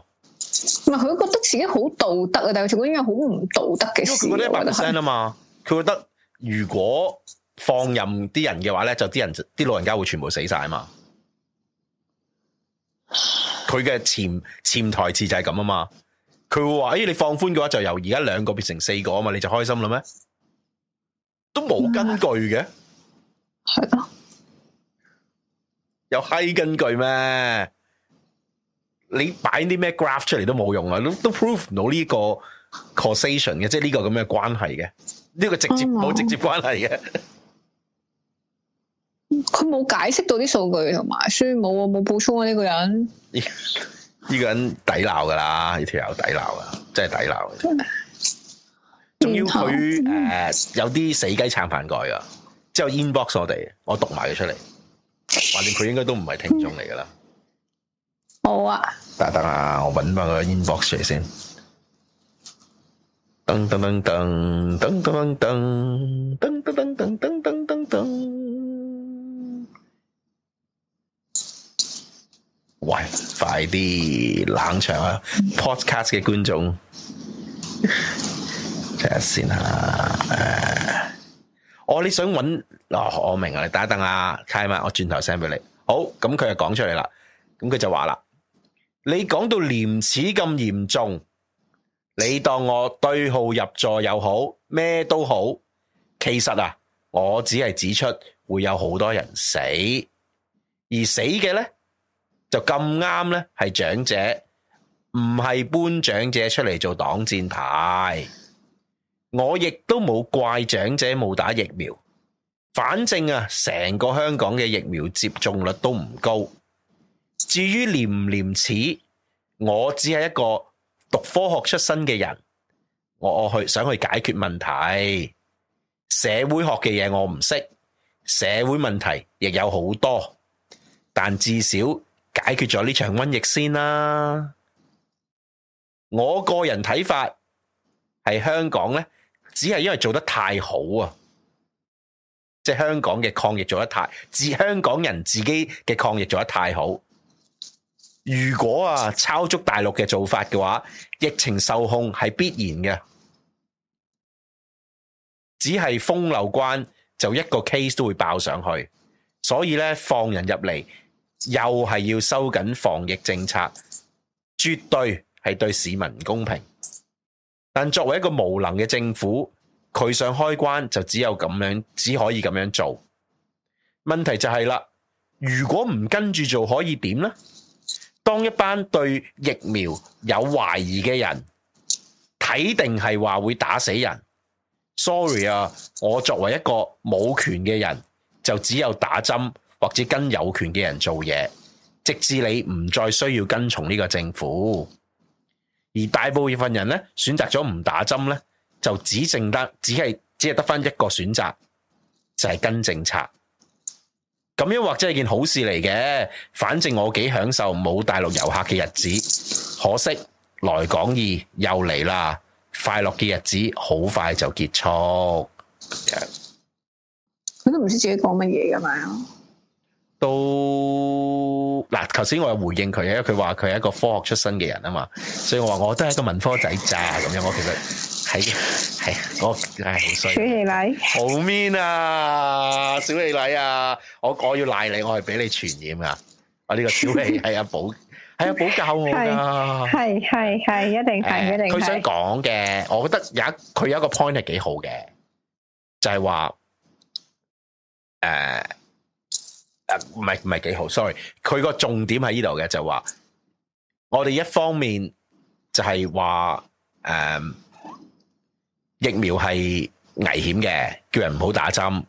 唔係佢覺得自己好道德啊，但係佢覺得應該好唔道德嘅事。佢覺得一百 percent 啊嘛，佢覺得如果放任啲人嘅話咧，就啲人啲老人家會全部死晒啊嘛。佢嘅潛潛台詞就係咁啊嘛，佢會話，誒，你放寬嘅話就由而家兩個變成四個啊嘛，你就開心啦咩？都冇根據嘅，係咯，有閪根據咩？你擺啲咩 graph 出嚟都冇用啊，都都 prove 唔到呢個 causation 嘅，即係呢個咁嘅關係嘅，呢個直接，冇直接關係嘅。佢冇解釋到啲數據同埋，所以冇啊，冇補充啊呢個人。呢 個人抵鬧噶啦，呢條友抵鬧啊，真係抵鬧。仲 要佢他誒 、呃、有啲死雞撐飯蓋啊，之後 inbox 我哋，我讀埋佢出嚟，反正佢應該都唔係聽眾嚟噶啦。 好啊，得得啊，我搵翻個 inbox 出先。噔噔噔噔噔噔噔噔噔噔噔,噔。喂，快啲冷場啊 ！Podcast 嘅觀眾，睇下先啦我、哦、你想揾嗱、哦，我明啊，你等一等啊 Calvin 我轉頭 send 俾你。好，咁佢就講出嚟啦。咁佢就話啦，你講到廉恥咁嚴重，你當我對號入座又好，咩都好，其實啊，我只係指出會有好多人死，而死嘅咧。就咁啱咧，係長者唔係搬長者出嚟做擋箭牌。我亦都冇怪長者冇打疫苗，反正啊，成個香港嘅疫苗接種率都唔高。至於廉唔廉恥，我只係一個讀科學出身嘅人，我去想去解決問題。社會學嘅嘢我唔識，社會問題亦有好多，但至少。解決咗呢場瘟疫先啦！我個人睇法係香港呢，只係因為做得太好啊！即係香港嘅抗疫做得太，自香港人自己嘅抗疫做得太好。如果啊抄足大陸嘅做法嘅話，疫情受控係必然嘅。只係封樓關，就一個 case 都會爆上去，所以呢，放人入嚟。又係要收緊防疫政策，絕對係對市民唔公平。但作為一個無能嘅政府，佢想開關就只有咁樣，只可以咁樣做。問題就係啦，如果唔跟住做，可以點呢？當一班對疫苗有懷疑嘅人睇定係話會打死人，sorry 啊！我作為一個冇權嘅人，就只有打針。或者跟有權嘅人做嘢，直至你唔再需要跟從呢個政府。而大部分人咧選擇咗唔打針咧，就只剩得只係只係得翻一個選擇，就係、是、跟政策。咁樣或者係件好事嚟嘅，反正我幾享受冇大陸遊客嘅日子。可惜來港易又嚟啦，快樂嘅日子好快就結束。你都唔知自己講乜嘢噶嘛？都嗱，頭先我有回應佢，因為佢話佢係一個科學出身嘅人啊嘛，所以我話我都係一個文科仔咋咁樣。我其實係係我係好衰。小氣奶，好、oh、mean 啊，小氣奶啊，我我要賴你，我係俾你傳染啊！我呢個小氣係阿寶，係 阿寶教我㗎。係係係，一定係、一定係佢、欸、想講嘅，我覺得有佢有一個 point 係幾好嘅，就係話誒。呃誒，唔係唔係幾好，sorry。佢個重點喺呢度嘅就話，我哋一方面就係話，誒、嗯，疫苗係危險嘅，叫人唔好打針。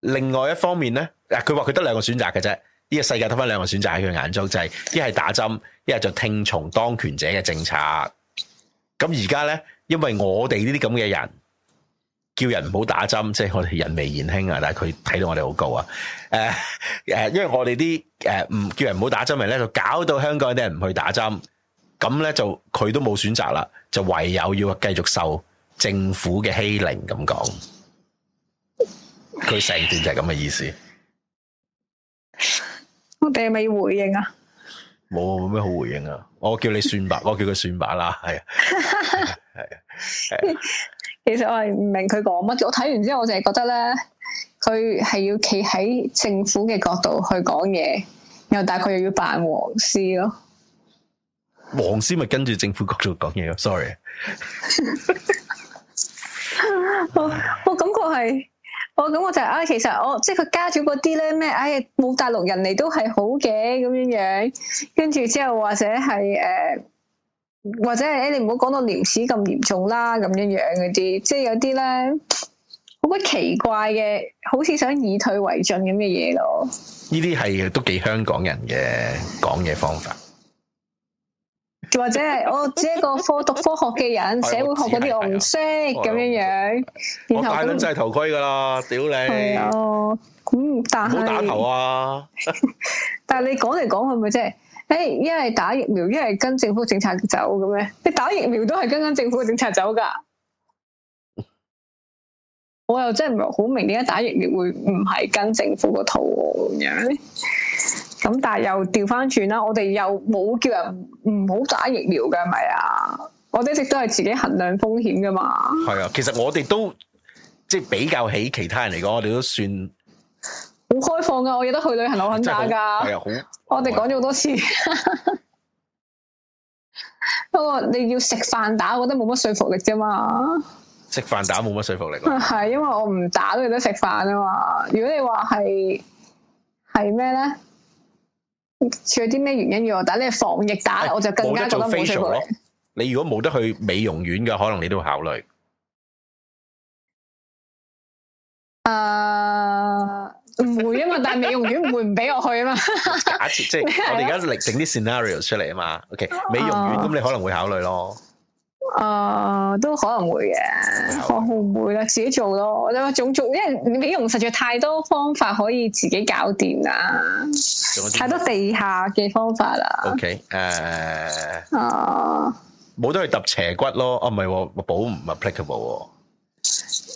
另外一方面咧，誒，佢話佢得兩個選擇嘅啫。呢個世界得返兩個選擇喺佢眼中就係，就係一係打針，一係就聽從當權者嘅政策。咁而家咧，因為我哋呢啲咁嘅人。叫人唔好打針，即係我哋人微言輕啊，但係佢睇到我哋好高啊，誒、呃、誒，因為我哋啲誒唔叫人唔好打針，咪咧就搞到香港啲人唔去打針，咁咧就佢都冇選擇啦，就唯有要繼續受政府嘅欺凌咁講，佢成段就係咁嘅意思。我哋係咪要回應啊？冇冇咩好回應啊？我叫你算吧， 我叫佢算吧啦，係啊，係啊。其實我係唔明佢講乜嘅，我睇完之後我就係覺得咧，佢係要企喺政府嘅角度去講嘢，然後大概又要扮黃絲咯，黃絲咪跟住政府角度講嘢咯。Sorry，我 我感覺係，我感覺就係、是、啊，其實我即係佢加咗嗰啲咧咩，唉，冇、哎、大陸人嚟都係好嘅咁樣樣，跟住之後或者係誒。呃或者係誒，你唔好講到廉恥咁嚴重啦，咁樣樣嗰啲，即係有啲咧好鬼奇怪嘅，好似想以退為進咁嘅嘢咯。呢啲係都幾香港人嘅講嘢方法，或者係我只係一個科讀科學嘅人， 社會學嗰啲我唔識，咁樣樣。我戴卵仔頭盔噶啦，屌你！係啊，咁唔戴。唔好打頭啊！ 但係你講嚟講去咪即係？是不是誒，因為打疫苗，因為跟政府政策走嘅咩？你打疫苗都係跟緊政府嘅政策走噶。我又真係唔係好明，點解打疫苗會唔係跟政府個套咁樣？咁但係又調翻轉啦，我哋又冇叫人唔好打疫苗嘅，係咪啊？我哋一直都係自己衡量風險噶嘛。係啊，其實我哋都即係比較起其他人嚟講，我哋都算。好開放噶，我有得去旅行，我肯打噶。我哋講咗好多次。 不過你要食飯打，我覺得冇乜說服力啫嘛。食飯打冇乜說、啊、 說，說服力。係因為我唔打都有得食飯啊嘛。如果你話係係咩咧？除咗啲咩原因要我打咧？防疫打我就更加覺得冇說服力。你如果冇得去美容院嘅，可能你都會考慮。誒、uh,。唔會啊嘛，但係美容院唔會唔俾我去啊嘛。 假設即係我哋而家嚟整啲 scenario 出嚟啊嘛。Okay，美容院咁你可能會考慮咯。誒、uh,，都可能會嘅，我唔會啦會，自己做咯。我總做，因為美容實在太多方法可以自己搞掂啦，太多地下嘅方法啦。O K，誒，哦，冇得去揼斜骨咯。哦、啊，唔係，我保唔 applicable。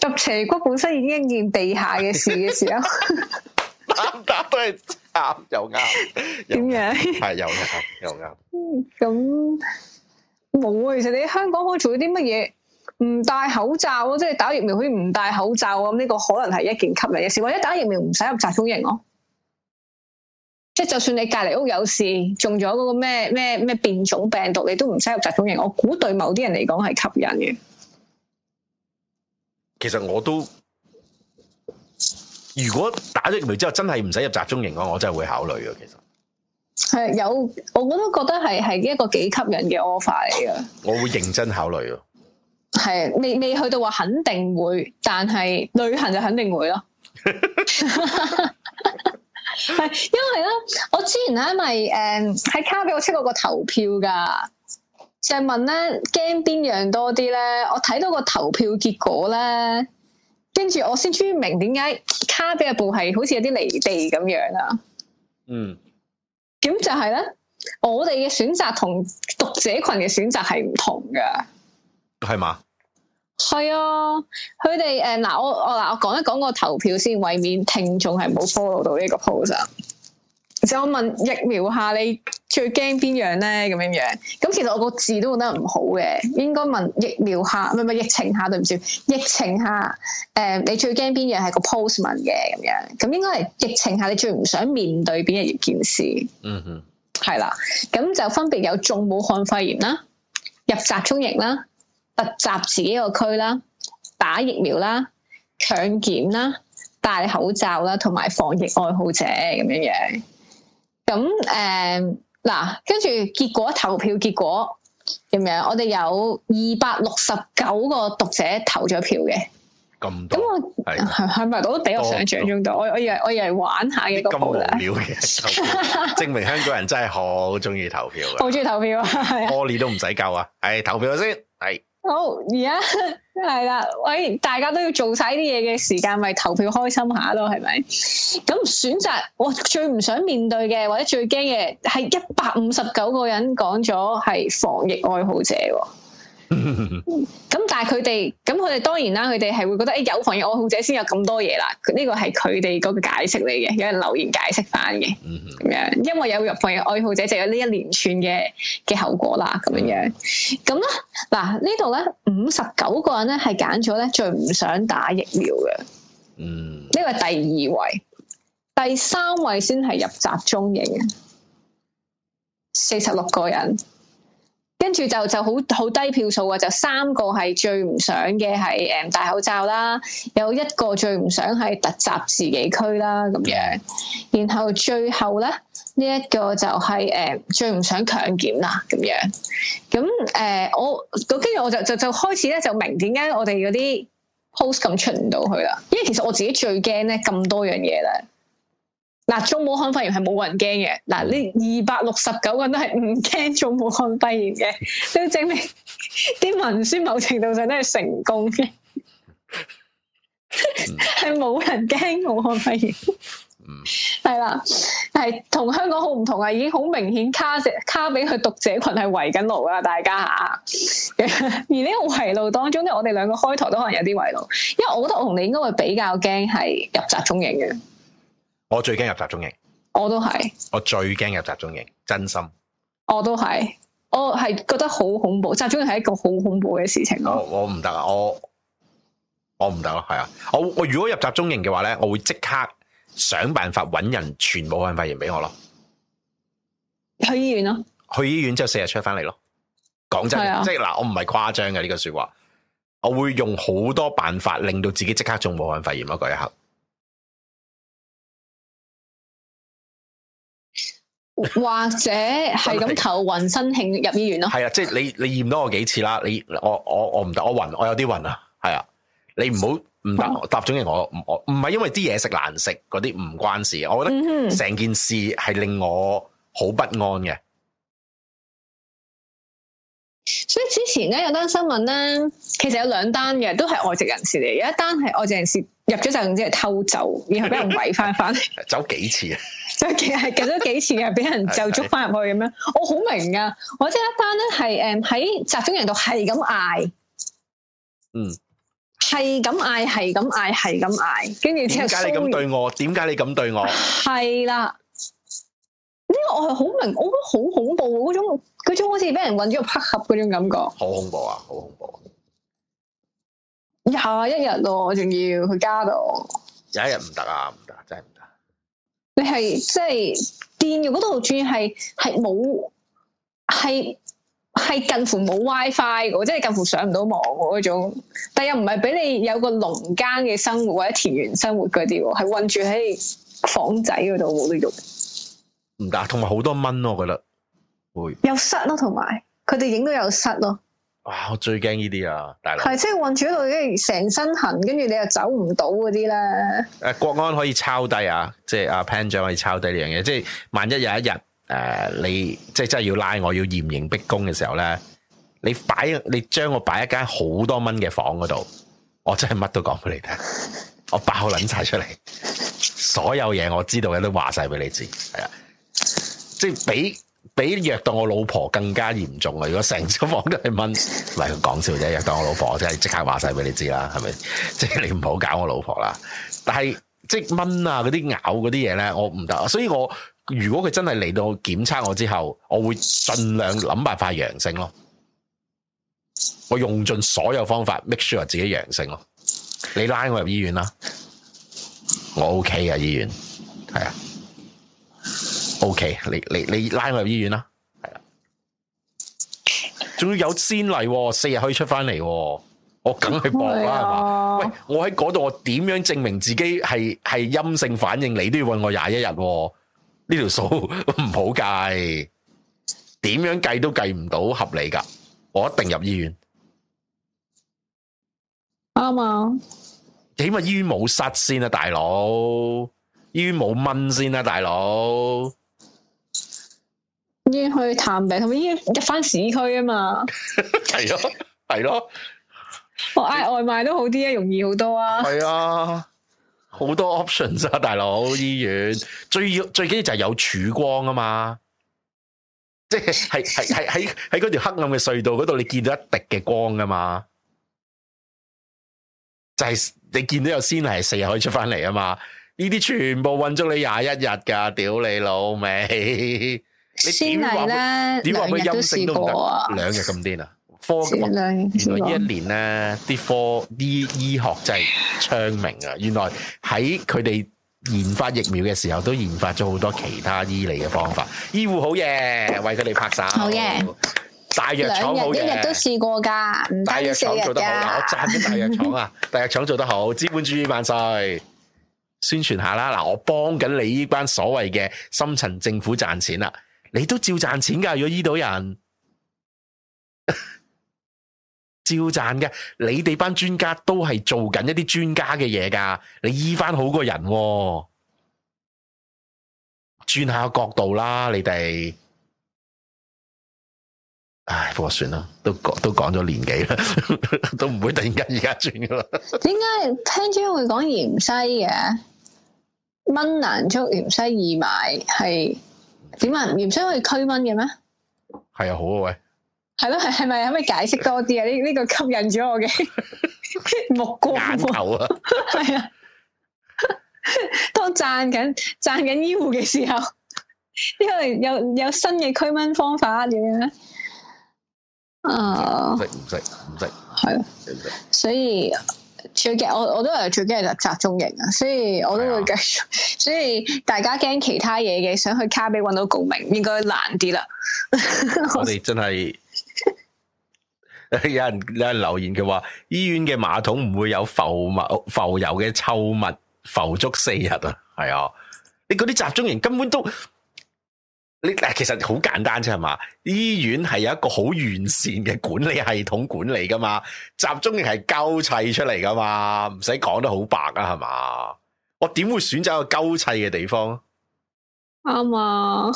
揼邪骨本身已經一件地下嘅事嘅時候 打打，啱答都係啱又啱，點、嗯、樣？係又啱又啱。咁冇其實你喺香港可以做啲乜嘢？唔戴口罩即係、就是、打疫苗可以唔戴口罩啊？咁呢個可能係一件吸引嘅事，或者打疫苗唔使入集中營咯、啊。即係就算你隔籬屋有事，中咗嗰個咩咩咩變種病毒，你都唔使入集中營。我估對某啲人嚟講係吸引嘅。其實我都，如果打咗疫苗之後真係唔使入集中營嘅，我真係會考慮嘅。其實係有，我都覺得係係一個幾吸引嘅 offer 嚟噶。我會認真考慮咯。係未未去到話肯定會，但係旅行就肯定會咯。係 因為咧，我之前咧因為誒喺卡比我出過個投票噶。就係、是、問咧，驚邊樣多啲咧？我睇到個投票結果咧，跟住我先終於明點解卡比阿部係好似有啲離地咁樣啊。嗯，咁就係咧，我哋嘅選擇同讀者群嘅選擇係唔同㗎。係嘛？係啊，佢哋誒嗱，我我嗱，我講一講個投票先，為免聽眾係冇 follow 到呢個 project 就我問疫苗下，你最驚邊樣咧？咁樣樣，咁其實我個字都用得唔好嘅，應該問疫苗下，唔係，唔係疫情下，對唔住，疫情下誒你最驚邊樣係個 post 問嘅咁樣，咁應該係疫情下、嗯、你最唔想面對邊一件事？嗯嗯，係啦，咁就分別有中武漢肺炎啦，入集中營啦，突襲自己個區啦，打疫苗啦，強檢啦，戴口罩啦，同埋防疫愛好者咁樣樣。咁、嗯、誒、嗱、啊，跟住結果投票結果點樣？我哋有二百六十九個讀者投咗票嘅，咁多，係係咪我都比我想象中多，多多我以為我亦我亦係玩下嘅咁無聊嘅。 證明香港人真係好中意投票好中意投票啊， 多年都唔使救啊，誒，投票先，係。好而家係啦，喂，大家都要做晒啲嘢嘅時間，咪投票開心下咯，係咪？咁選擇我最唔想面對嘅，或者最驚嘅係一百五十九個人講咗係防疫愛好者。咁、 嗯、但係佢哋，咁佢哋當然啦，佢哋係會覺得誒、欸，有防疫愛好者先有咁多嘢啦。呢個係佢哋嗰個解釋嚟嘅，有人留言解釋翻嘅，咁樣，因為有防疫愛好者就有呢一連串嘅嘅後果啦，咁樣。咁咧嗱，呢度咧五十九個人咧係揀咗咧最唔想打疫苗嘅，呢個係第二位，第三位先係入集中營嘅，四十六個人。跟住就就好好低票數啊，就三個係最唔想嘅，係誒戴口罩啦，有一個最唔想係突襲自己區啦，咁樣，然後最後咧呢一個就係誒最唔想強檢啦咁樣。咁誒、呃、我跟住我就就就開始咧就明點解我哋嗰啲 post 咁出唔到去啦，因為其實我自己最驚咧咁多樣嘢啦。嗱，中武漢肺炎係冇人驚嘅。嗱，呢二百六十九個人都係唔驚中武漢肺炎嘅，都證明啲文宣某程度上都係成功嘅，係 冇人驚武漢肺炎。係 啦，係同香港好唔同啊！已經好明顯卡社卡比佢讀者群係圍緊爐噶，大家啊。而呢個圍爐當中咧，我哋兩個開頭都可能有啲圍爐，因為我覺得我同你應該會比較驚係入集中營嘅。我最驚入集中營，我都係。我最驚入集中營，真心。我都係，我係覺得好恐怖。集中營係一個好恐怖嘅事情咯。Oh，我唔得啊！我我唔得咯，係啊！我我如果入集中營嘅話咧，我會即刻想辦法搵人傳武漢肺炎俾我咯。去醫院咯。啊，去醫院之後四日出翻嚟咯。講真，即係嗱，我唔係誇張嘅呢個說話，我會用好多辦法令到自己即刻中武漢肺炎咯。嗰一刻。 或者係咁頭暈身慶入醫院咯，係啊，即係你你驗到我幾次啦，你我我我唔得，我暈，我有啲暈啊，係啊，你唔好唔答。答總嘅，我我唔係因為啲嘢食難食，嗰啲唔關事，我覺得成件事係令我好不安嘅，嗯。所以之前咧有單新聞咧，其實有兩單嘅，都係外籍人士嚟，有一單係外籍人士入咗就直接偷走，然後俾人圍翻翻， 走幾次啊？其實係隔咗幾次，又俾人就捉翻入去咁樣。 我好明噶，我即係一單咧，係誒喺集中營度係咁嗌，嗯，係咁嗌，係咁嗌，係咁嗌，跟住之後點解你咁對我？點解你咁對我？係啦，呢、這個我係好明白，我覺得好恐怖，嗰種嗰種好似俾人搵咗個拍合嗰種感覺，好恐怖啊，好恐怖。廿一日咯，我仲要去加到，廿一日唔得啊！你係即係電用嗰度轉係係冇係係近乎冇 WiFi 嘅，即係近乎上唔到網嗰種。但又唔係俾你有個農耕嘅生活或者田園生活嗰啲，係困住喺房仔嗰度，呢度唔得，同埋好多蚊咯，我覺得會有室咯，同埋佢哋影到有室咯。他們哇！我最驚呢啲啊，大佬係即係困住喺度，跟住成身痕，跟住你又走唔到嗰啲咧。誒，國安可以抄低啊，即係阿 Pan 總可以抄低呢樣嘢。即係萬一有一日誒，你即係真係要拉我，要嚴刑逼供嘅時候咧，你擺你將我擺一間好多蚊嘅房嗰度，我真係乜都講俾你聽，我爆捻晒出嚟，所有嘢我知道嘅都話晒俾你知。係啊，即係俾比虐待我老婆更加嚴重啊！如果成隻房都係蚊，唔係講笑啫，虐待我老婆，我真係即刻話晒俾你知啦，係咪？即係你唔好搞我老婆啦。但係即蚊啊，嗰啲咬嗰啲嘢咧，我唔得，所以我如果佢真係嚟到我檢測我之後，我會盡量諗辦法陽性咯。我用盡所有方法，make sure 自己陽性咯。你拉我入醫院啦，我 OK 啊，醫院係啊。O、okay, K，你你你拉我入醫院啦，係啦，仲要有先例，四日可以出翻嚟，我梗係搏啦，係嘛？ 喂，我喺嗰度，我點樣證明自己係係陰性反應？你都要問我廿一日，呢條數唔好計，點 樣計都計唔到合理噶，我一定入醫院，啱啊！起 碼樂醫院冇塞先啊，大佬，醫院冇蚊先啊，大佬。願去探病，同埋依入翻市區啊嘛，係咯係咯，我嗌、啊、外賣都好啲啊，容易好多啊，係啊，好多 options 啊，大佬醫院最要最緊要就係有曙光啊嘛，即係係係喺喺嗰條黑暗嘅隧道嗰度，你見到一滴嘅光啊嘛，就係、是、你見到有先例四日可以出翻嚟啊嘛，呢啲全部運足你廿一日噶，屌你老味！你先嚟點話唔可以？陰性都唔得啊！兩日咁癲啊！科技。原來呢一年咧，啲科醫醫學真係昌明啊！原來喺佢哋研發疫苗嘅時候，都研發咗好多其他醫理嘅方法。醫護好嘢，為佢哋拍晒好嘢！大藥廠好嘢。一日都試過噶，大藥廠做得好，我讚緊大藥廠啊！ 大藥廠做得好，資本主義萬歲！宣傳下啦，嗱，我幫緊你呢班所謂嘅深層政府賺錢啦。你都照賺錢噶，如果醫到人，照賺嘅。你哋班專家都係做緊一啲專家嘅嘢噶，你醫翻好個人，啊，轉下角度啦，你哋。唉，不過算啦，都講都講咗年幾啦，都唔會突然間而家轉噶啦。點解聽朝會講芫茜嘅，蚊難捉芫茜易買係？點啊！鹽水可以驅蚊嘅咩？係啊，好啊喂！係咯係，係咪可唔可以解釋多啲啊？呢 呢個吸引咗我嘅目光啊！係啊， 當讚緊讚緊醫護嘅時候，因為有有新嘅驅蚊方法點樣呢？啊，唔識唔識唔識，係，所以。最驚我，我都係最驚係集集中營啊，所以我都會繼續。啊、 所以大家驚其他嘢嘅，想去卡比揾到共鳴，應該難啲啦。我哋真係有人有人留言嘅話， 醫院嘅馬桶唔會有浮物浮油嘅臭物浮足四日啊，係啊，你嗰啲集中營根本都。你其實好簡單啫，係嘛？醫院係有一個好完善嘅管理系統管理噶嘛，集中營係鳩砌出嚟噶嘛，唔使講得好白啊，係嘛？我點會選擇個鳩砌嘅地方？啱、嗯、啊！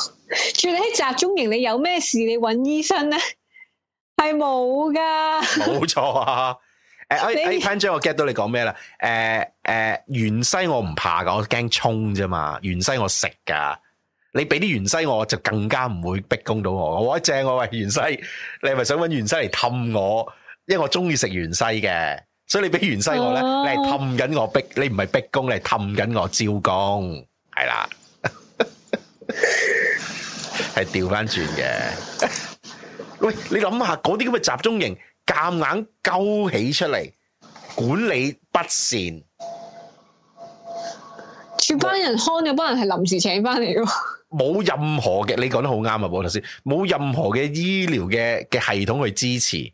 住你喺集中營，你有咩事你揾醫生咧？係冇噶，冇錯啊！誒、 哎，誒、哎，潘張，我 get 到你講咩啦？誒、哎、誒，芫、哎、西我唔怕噶，我驚冲啫嘛，芫西我食噶。你俾啲芫茜我就更加唔會逼供到我，我話正我、啊、喂，芫茜，你係咪想揾芫茜嚟氹我？因為我中意食芫茜嘅，所以你俾芫茜我咧、啊，你係氹緊我逼，你唔係逼供，你係氹緊我招供，係啦，係調翻轉嘅。喂，你諗下嗰啲咁嘅集中營夾硬，硬勾起出嚟，管理不善，住班人看嘅班人係臨時請翻嚟嘅。冇任何嘅，你講得好啱啊，頭先，冇任何嘅醫療嘅嘅系統去支持，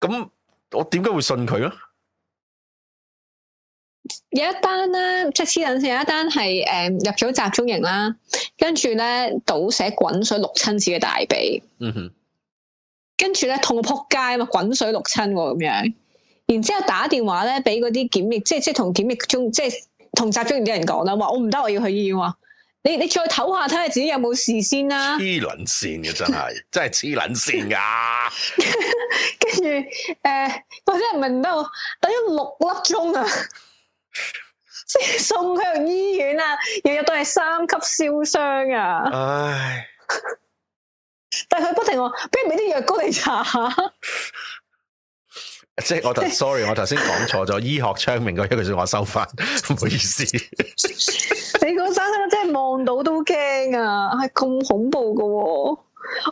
咁我點解會信佢？有一單咧，即係黐撚線有一單係誒、呃、入咗集中營啦，跟住咧倒寫滾水六親字嘅大髀，嗯哼，跟住咧痛扑街啊！嘛，滾水六親喎、哦，咁樣，然之後打電話咧，俾嗰啲檢疫，即係即係同檢疫中，即係同集中營啲人講啦，話我唔得，我要去醫院。你你再唞下睇下自己有冇事先啦！黐捻線嘅真係，真係黐捻線噶。跟住誒，或者唔明得等咗六粒鐘啊，先送去醫院啊，日日都係三級燒傷啊！唉， 但係佢不停話，不如俾啲藥膏嚟搽下。 即係我頭，sorry，我頭先講錯咗醫學昌明嗰一句說話我收翻，唔好意思。 你講生真係望到都驚啊！係、哎、咁恐怖噶、啊，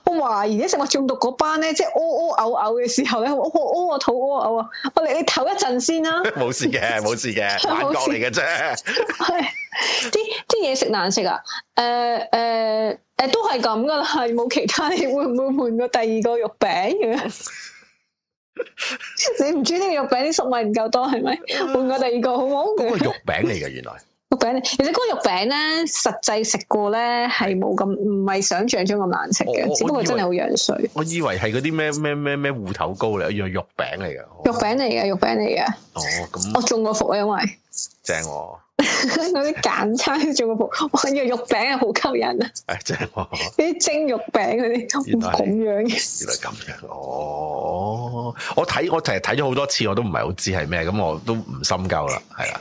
我懷疑啲、啊、食物中毒嗰班咧，即係屙屙嘔嘔嘅時候咧，屙屙屙肚屙嘔啊，我哋你唞一陣先啦。冇事嘅，冇事嘅，幻覺嚟嘅啫。係啲啲嘢食難食啊！誒誒誒，都係咁噶啦，係冇其他，你會唔會換個第二個肉餅嘅？ 你唔中意呢個肉餅啲粟米唔夠多係咪？換過第二個好唔好？嗰 個是肉餅嚟噶原來。肉餅，而且嗰個肉餅咧，實際食過咧係冇咁，唔係想象中咁難食嘅，只不過真係好樣衰。我以為係嗰啲咩咩咩咩芋頭糕嚟，一樣肉餅嚟噶。肉餅嚟嘅，肉餅嚟嘅。哦，咁、哦。我中過伏呀，因為正、哦。嗰啲簡餐做個盤，我肉餅啊，好吸引啊！即 係蒸肉餅嗰啲咁樣嘅，原來咁樣哦！我睇我其實睇咗好多次，我都唔係好知係咩，咁我都唔深究啦，係啦。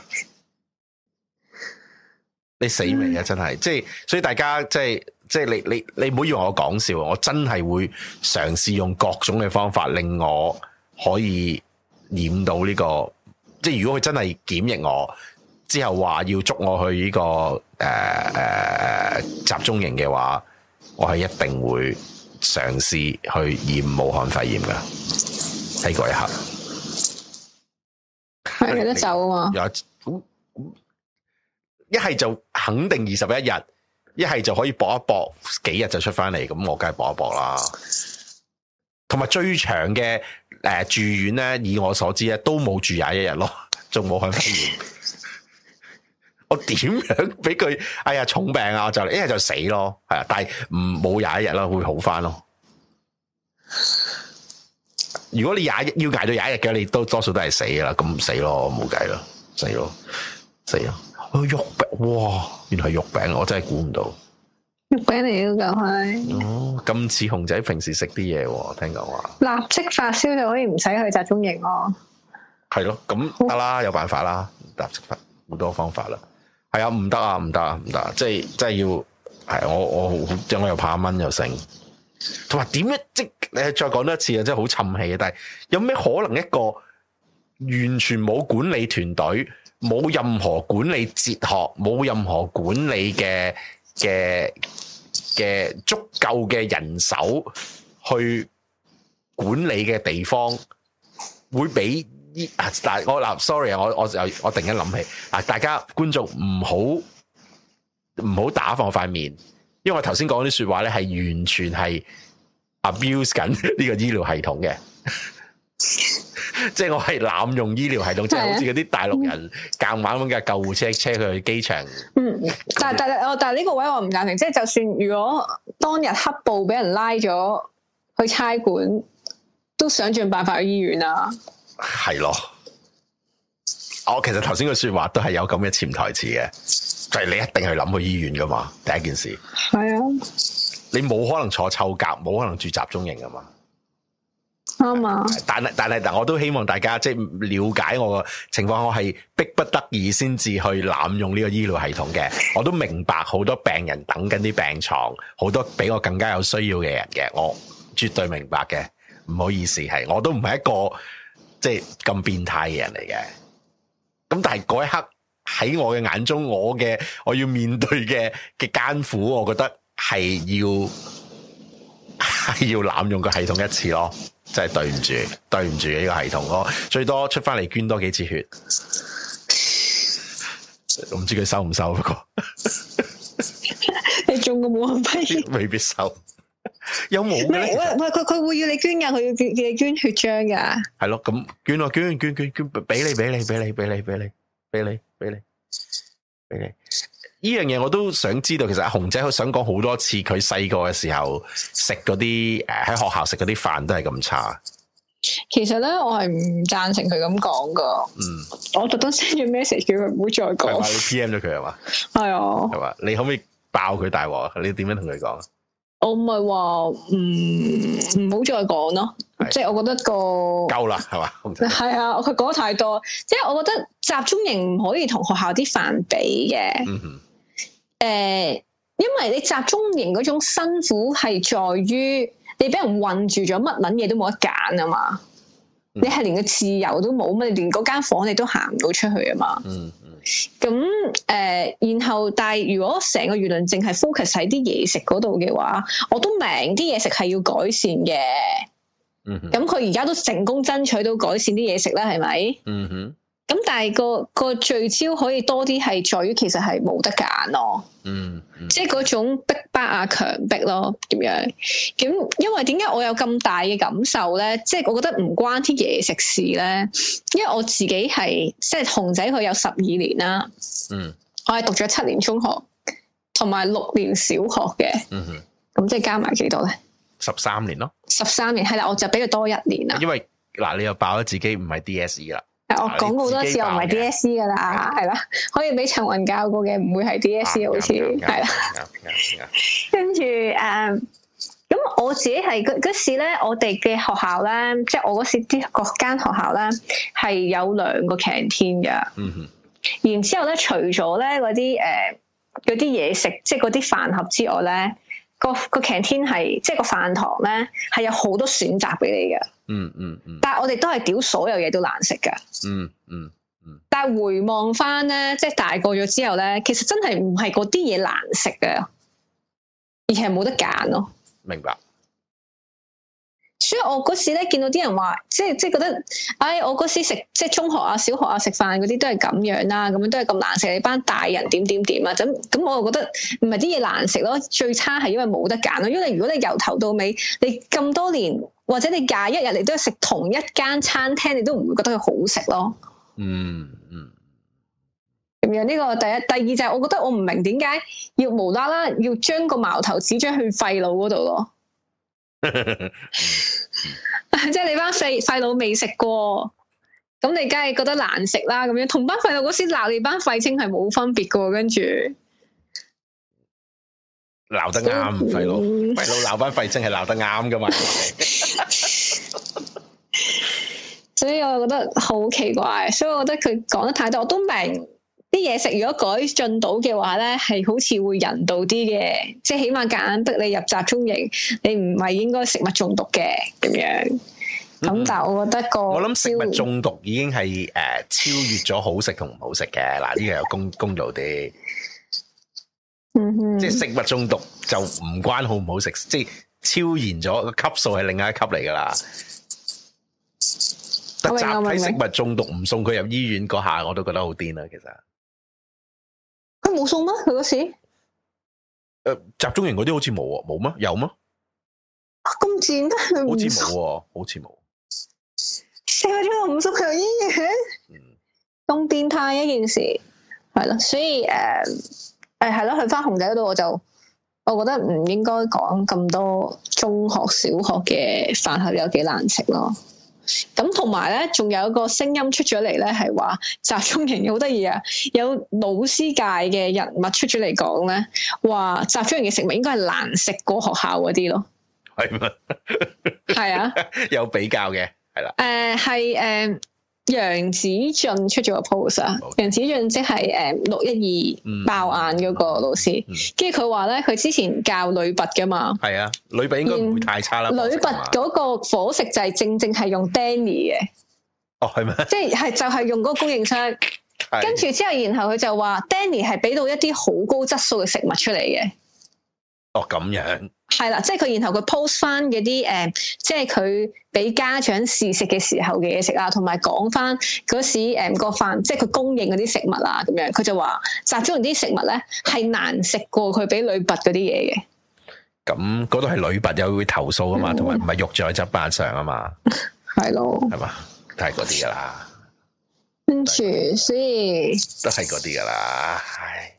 你死未啊？ 真係，即係所以大家即係即係，你你你唔好以為我講笑，我真係會嘗試用各種嘅方法，令我可以染到呢個，即係如果佢真係檢疫我。之後話要捉我去呢、這個誒誒、呃呃、集中營嘅話，我係一定會嘗試去驗武漢肺炎噶，睇過一下，係有得走啊嘛？有好一係就肯定二十一日，一係就可以搏一搏，幾日就出翻嚟，咁我梗係搏一搏啦。同埋最長嘅誒、呃、住院咧，以我所知咧，都冇住廿一日咯，仲冇武漢肺炎。 我點樣俾佢？哎呀，重病啊、哎！就一日就死咯，係啊！但係唔冇廿一日咯，會好翻咯。如果你廿要挨到廿一日嘅，你都多數都係死噶啦，咁死咯，冇計啦，死咯，死咯、哦。肉餅哇，原來係肉餅，我真係估唔到。肉餅嚟嘅就係、是，哦，咁似熊仔平時食啲嘢喎，聽講話。立即發燒就可以唔使去集中營咯、哦。係咯，咁得啦，有辦法啦，立即發好多方法啦。係啊，唔得啊，唔得啊，唔得啊！即係即係要係我我即係我又怕蚊又成，同埋點樣即係你再講多一次啊！即係好沉氣啊！但係有咩可能一個完全冇管理團隊、冇任何管理哲學、冇任何管理嘅嘅嘅足夠嘅人手去管理嘅地方，會俾？依但係我嗱，sorry 啊，我我又我突然間諗起嗱，大家觀眾唔好唔好打放塊面，因為我頭先講啲說話咧，係完全係 abuse 緊呢個醫療系統嘅， 即係我係濫用醫療系統，即 係好似嗰啲大陸人夾硬咁嘅救護車車佢去機場。嗯，但係但係我但係呢個位我唔讚成，即係就算如果當日黑暴俾人拉咗去差館，都想盡辦法去醫院啊！係咯，我其實頭先個說話都係有咁嘅潛台詞嘅，就係、是、你一定係諗去醫院噶嘛，第一件事。係啊，你冇可能坐臭格，冇可能住集中營噶嘛。啱啊！但係但係，但我都希望大家即係、就是、了解我個情況，我係迫不得已先至去濫用呢個醫療系統嘅。我都明白好多病人等緊啲病床，好多比我更加有需要嘅人嘅，我絕對明白嘅。唔好意思，係我都唔係一個。即係咁變態嘅人嚟嘅，咁但係嗰一刻喺我嘅眼中，我嘅我要面對嘅嘅艱苦，我覺得係要係要濫用個系統一次咯，真係對唔住，對唔住呢個系統咯，最多出翻嚟捐多幾次血，我唔知佢收唔收，不過， 你中個冇人批未必收。有冇咩？喂喂，佢佢會要你捐噶，佢要叫你捐血漿噶。係咯，咁捐啊，捐，捐，捐，捐，俾你，俾你，俾你，俾你，俾你，俾你，俾你，俾你。呢樣嘢我都想知道。其實阿紅仔想講好多次，佢細個嘅時候食嗰啲誒喺學校食嗰啲飯都係咁差。其實咧，我係唔贊成佢咁講噶。嗯，我特登 send 咗 message 叫佢唔好再講。你 PM 咗佢係嘛？係啊。係嘛？你可唔可以爆佢大鑊？你點樣同佢講？我唔係話唔唔好再講咯，即係我覺得個夠啦，係嘛？係啊，佢講得太多，即係我覺得集中營唔可以同學校啲飯比嘅。誒、嗯呃，因為你集中營嗰種辛苦係在於你俾人困住咗，乜捻嘢都冇得揀啊嘛！嗯、你係連個自由都冇咩？你連嗰間房你都行唔到出去啊嘛？嗯咁，呃，然後但如果成個輿論淨係 focus 喺啲嘢食嗰度嘅話，我都明啲嘢食係要改善嘅。嗯，咁佢而家都成功爭取到改善啲嘢食啦，係咪？嗯哼。咁但係個個聚焦可以多啲係在於其實係冇得揀咯，嗯，即係嗰種逼迫啊、強迫咯，點樣？咁因為點解我有咁大嘅感受咧？即係我覺得唔關啲嘢食事咧，因為我自己係，即係熊仔，佢有十二年啦，嗯，我係讀咗七年中學，同埋六年小學嘅，嗯哼，咁、嗯、即係加埋幾多咧？十三年咯，十三年係啦，我就比佢多一年啦。因為嗱，你又爆咗自己唔係 DSE 啦。我講過好多次，我唔係 DSE 噶啦，係啦，可以俾陳雲教過嘅，唔會係 DSE 好似，係啦。跟住誒，咁、um, 我自己係嗰時咧，我哋嘅學校咧，即係我嗰時啲嗰間學校咧，係有兩個 canteen 嘅、嗯哼。然之後咧，除咗咧嗰啲誒嗰啲嘢食，即係嗰啲飯盒之外咧，個個 canteen 係即係個飯堂咧，係有好多選擇俾你嘅。嗯嗯嗯，但係我哋都係屌，所有嘢都難食噶、嗯。嗯嗯嗯。但係回望翻咧，即、就、係、是、大個咗之後咧，其實真係唔係嗰啲嘢難食嘅，而係冇得揀咯。明白。所以我嗰時咧見到啲人話，即係即係覺得，唉，我嗰時食即係中學啊、小學啊食飯嗰啲都係咁樣啦、啊，咁樣都係咁難食。你班大人點點點啊？咁咁，我又覺得唔係啲嘢難食咯，最差係因為冇得揀咯。因為如果你由頭到尾，你咁多年。或者你假一日你都係食同一間餐廳，你都唔會覺得佢好食咯。嗯嗯，咁樣呢個第一、第二就係，我覺得我唔明點解要無啦啦要將個矛頭指咗去廢老嗰度咯。即 係 你班廢廢老未食過，咁你梗係覺得難食啦。咁樣同班廢老嗰時鬧你班廢青係冇分別噶，跟住。跟鬧得啱，細佬，細佬鬧翻廢青係鬧得啱噶嘛？所以我覺得好奇怪，所以我覺得佢講得太多，我都明，啲嘢食如果改進到嘅話咧，係好似會人道啲嘅，即係起碼夾硬逼你入集中營，你唔係應該食物中毒嘅咁樣。咁但係我覺得個我諗食物中毒已經係誒超越咗好食同唔好食嘅，嗱呢個有公公道啲。嗯， 即係食物中毒就唔關好唔好食，即係超然咗，個級數係另一級嚟噶啦。得集係食物中毒，唔送佢入醫院嗰下，我都覺得好癲啦。其實佢冇送咩？佢嗰時誒、呃，集中營嗰啲好似冇啊，冇咩？有咩？啊，咁賤咩？佢唔送，好似冇，好似冇。四個鐘頭唔送入醫院，咁仲變態一件事，係咯，所以誒。呃誒、哎，係咯，去翻紅仔嗰度，我就我覺得唔應該講咁多中學、小學嘅飯盒有幾難食咯。咁同埋咧，仲有一個聲音出咗嚟咧，係話集中營好得意啊，有老師界嘅人物出咗嚟講咧，話集中營嘅食物應該係難食過學校嗰啲咯。係嘛？係 啊，有比較嘅，係啦。誒、呃，係誒。呃楊子俊出咗個 post 啊，楊子俊即係誒六一二爆眼嗰個老師，跟住，佢話咧，佢，嗯嗯嗯、之前教女拔嘅嘛，係啊，女拔應該唔會太差啦。女拔嗰個伙食，就係正正係用 Danny 嘅，哦係咩？即係就係、是、用嗰個供應商，跟住之後，然後佢就話 Danny 係俾到一啲好高質素嘅食物出嚟嘅。哦，咁樣係啦、呃，即係佢然後佢 post 翻嗰啲誒，即係佢俾家長試食嘅時候嘅嘢食啊，同埋講翻嗰時誒個飯，即係佢供應嗰啲食物啊，咁樣佢就話集中啲食物咧係難食過佢俾女拔嗰啲嘢嘅。咁嗰度係女拔又會投訴啊嘛，同埋唔係肉在執法上啊嘛，係咯，係嘛，都係嗰啲噶啦。跟住，所以都係嗰啲噶啦。唉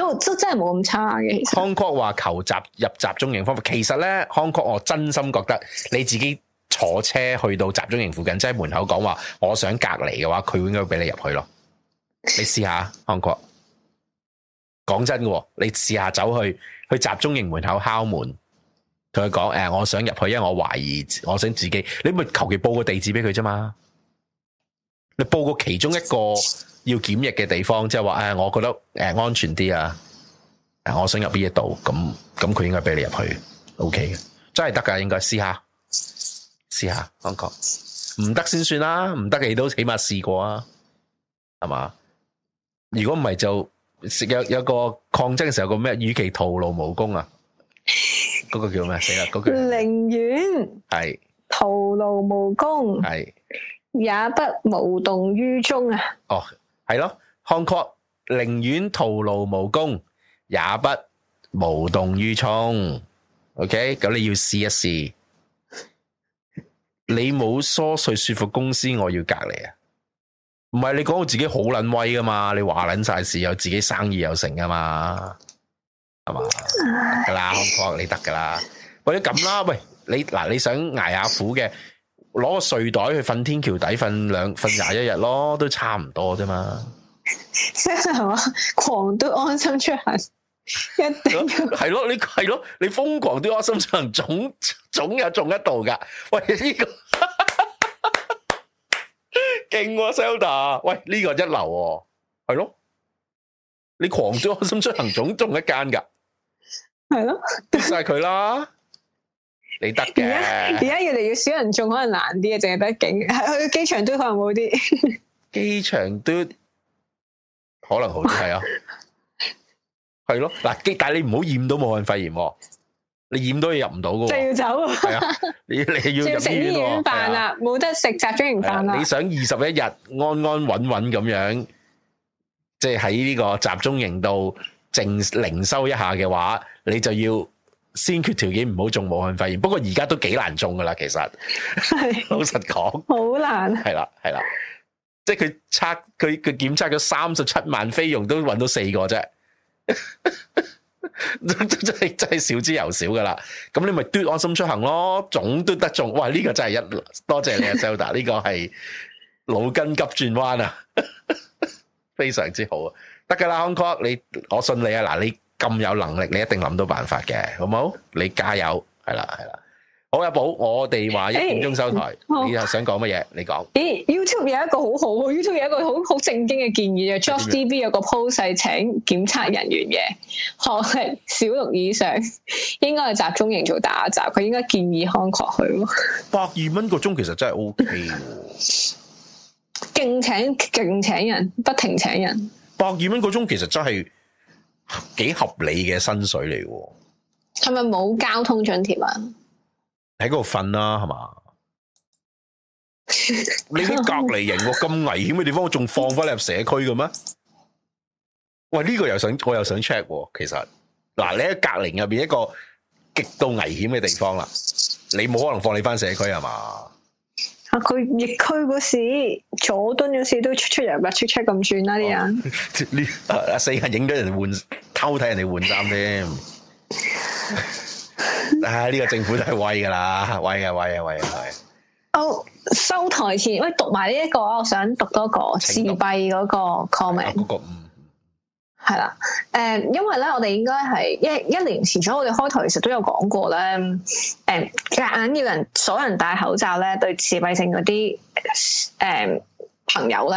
都，都真真係冇咁差嘅。香港話求集入集中營方法，其實咧，香港我真心覺得你自己坐車去到集中營附近，即係門口講話，我想隔離嘅話，佢應該俾你入去咯。你試下，香港，講真嘅，你試下走去去集中營門口敲門，同佢講誒，我想入去，因為我懷疑，我想自己，你咪求其報個地址俾佢啫嘛。你報個其中一個。要檢疫嘅地方，即係話誒，我覺得誒安全啲啊，我想入邊一度，咁咁佢應該俾你入去，O K 嘅，真係得噶，應該試下，試下，安講，唔得先算啦，唔得嘅你都起碼試過啊，係嘛？如果唔係就食有有個抗爭嘅時候有個咩，個咩？與其徒勞無功啊，嗰個叫咩？死啦，嗰句寧願係徒勞無功，係也不無動於衷啊，哦。係咯，Hong Kong 寧願徒勞無功，也不無動於衷。OK，咁你要試一試。你冇疏稅說服公司，我要隔離啊！唔係你講到自己好捻威噶嘛？你話捻晒事，有自己生意又成噶嘛？係嘛？噶啦，Hong Kong 你得噶啦，或者咁啦。喂，你嗱，你想挨下苦嘅？攞個睡袋去瞓天橋底，瞓兩瞓廿一日咯，都差唔多啫嘛。係話狂都安心出行，一定要係咯？ 你係咯？你瘋狂都安心出行，總總有中一度噶。喂，呢、這個勁 啊，Selda！喂，呢、這個一流哦、啊，係咯？你狂都安心出行，總中一間噶，係咯？跌晒佢啦！ 你得嘅，而家而家越嚟越少人種，可能難啲啊！淨係得景，去機場，場都可能好啲。機場都可能好啲，係啊，係咯。嗱，機但係你唔好染到武漢肺炎，你染到你入唔到噶，就要走。係啊，你你，你要。 食醫院飯啊，冇得食集中營飯啊。你想二十一日安安穩穩噉樣，即係喺呢個集中營度，淨零收一下嘅話，你就要。先決條件，唔好中武漢肺炎，不過而家都幾難中噶啦，其實，老實講，好難，係啦係啦，即係佢測佢佢檢測咗三十七萬菲傭都搵到四個啫， 真係真係少之又少噶啦咁你咪篤安心出行咯，總都得中。哇呢、這個真係一多謝你啊，Selda，呢個係腦筋急轉彎啊，非常之好啊，得噶啦 Hong Kong，你我信你啊，嗱你。咁有能力，你一定諗到辦法嘅，好唔好？你加油，係啦，係啦。好阿寶，我哋話一點鐘收台，你又想講乜嘢？你講。咦、欸、，YouTube 有一個好好，YouTube 有一個好好正經嘅建議啊。Job DB 有個 post 請檢測人員嘅，學歷小六以上，應該係集中營做打雜，佢應該建議康樂去咯。百二蚊個鐘其實真係 O K 喎，勁 請勁請人，不停請人。百二蚊個鐘其實真係。幾合理嘅薪水嚟？係咪冇交通津貼啊？喺嗰度瞓啦，係嘛？你啲隔離人咁危險嘅地方，仲放翻你入社區嘅咩？喂，呢個又想我又想 check，其實嗱，你喺隔離入邊一個極度危險嘅地方啦，你冇可能放你翻社區係嘛？是啊！佢疫區嗰時，佐敦嗰時都出出入入，出出咁轉啦啲人，阿四啊影咗人哋換，偷睇人哋換衫添。唉、 啊，呢、這個政府都係威噶啦，威啊威啊威啊威！我、哦、收台前，喂，讀埋呢一個，我想讀多個讀自閉嗰個 comment。啊那個係啦，誒、嗯，因為咧，我哋應該係一一年前們，咗我哋開頭其實都有講過咧，誒，夾硬要人所有人戴口罩咧，對自閉性嗰啲誒朋友咧，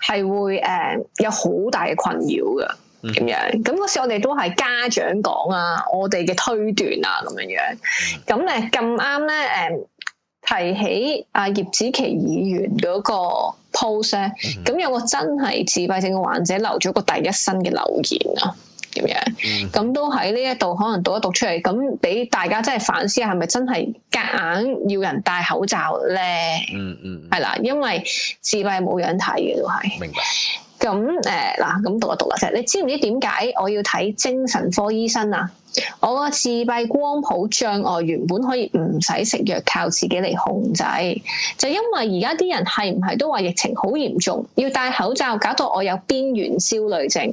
係、嗯、會誒、嗯、有好大嘅困擾㗎，咁樣。咁嗰時候我哋都係家長講啊，我哋嘅推斷啊，咁樣樣。咁咧咁啱咧，誒、嗯。提起阿葉子琪議員嗰個 post 咧，咁有個真係自閉症嘅患者留咗個第一身嘅留言啊，點樣？咁、嗯、都喺呢一度可能讀一讀出嚟，咁俾大家真係反思下，係咪真係夾硬要人戴口罩咧？嗯嗯，係啦，因為自閉冇樣睇嘅都係。明白。咁誒嗱，咁、呃、讀一讀啊，即係你知唔知點解我要睇精神科醫生啊？我個自閉光譜障礙原本可以唔使食藥，靠自己嚟控制，就因為而家啲人係唔係都話疫情好嚴重，要戴口罩，搞到我有邊緣焦慮症，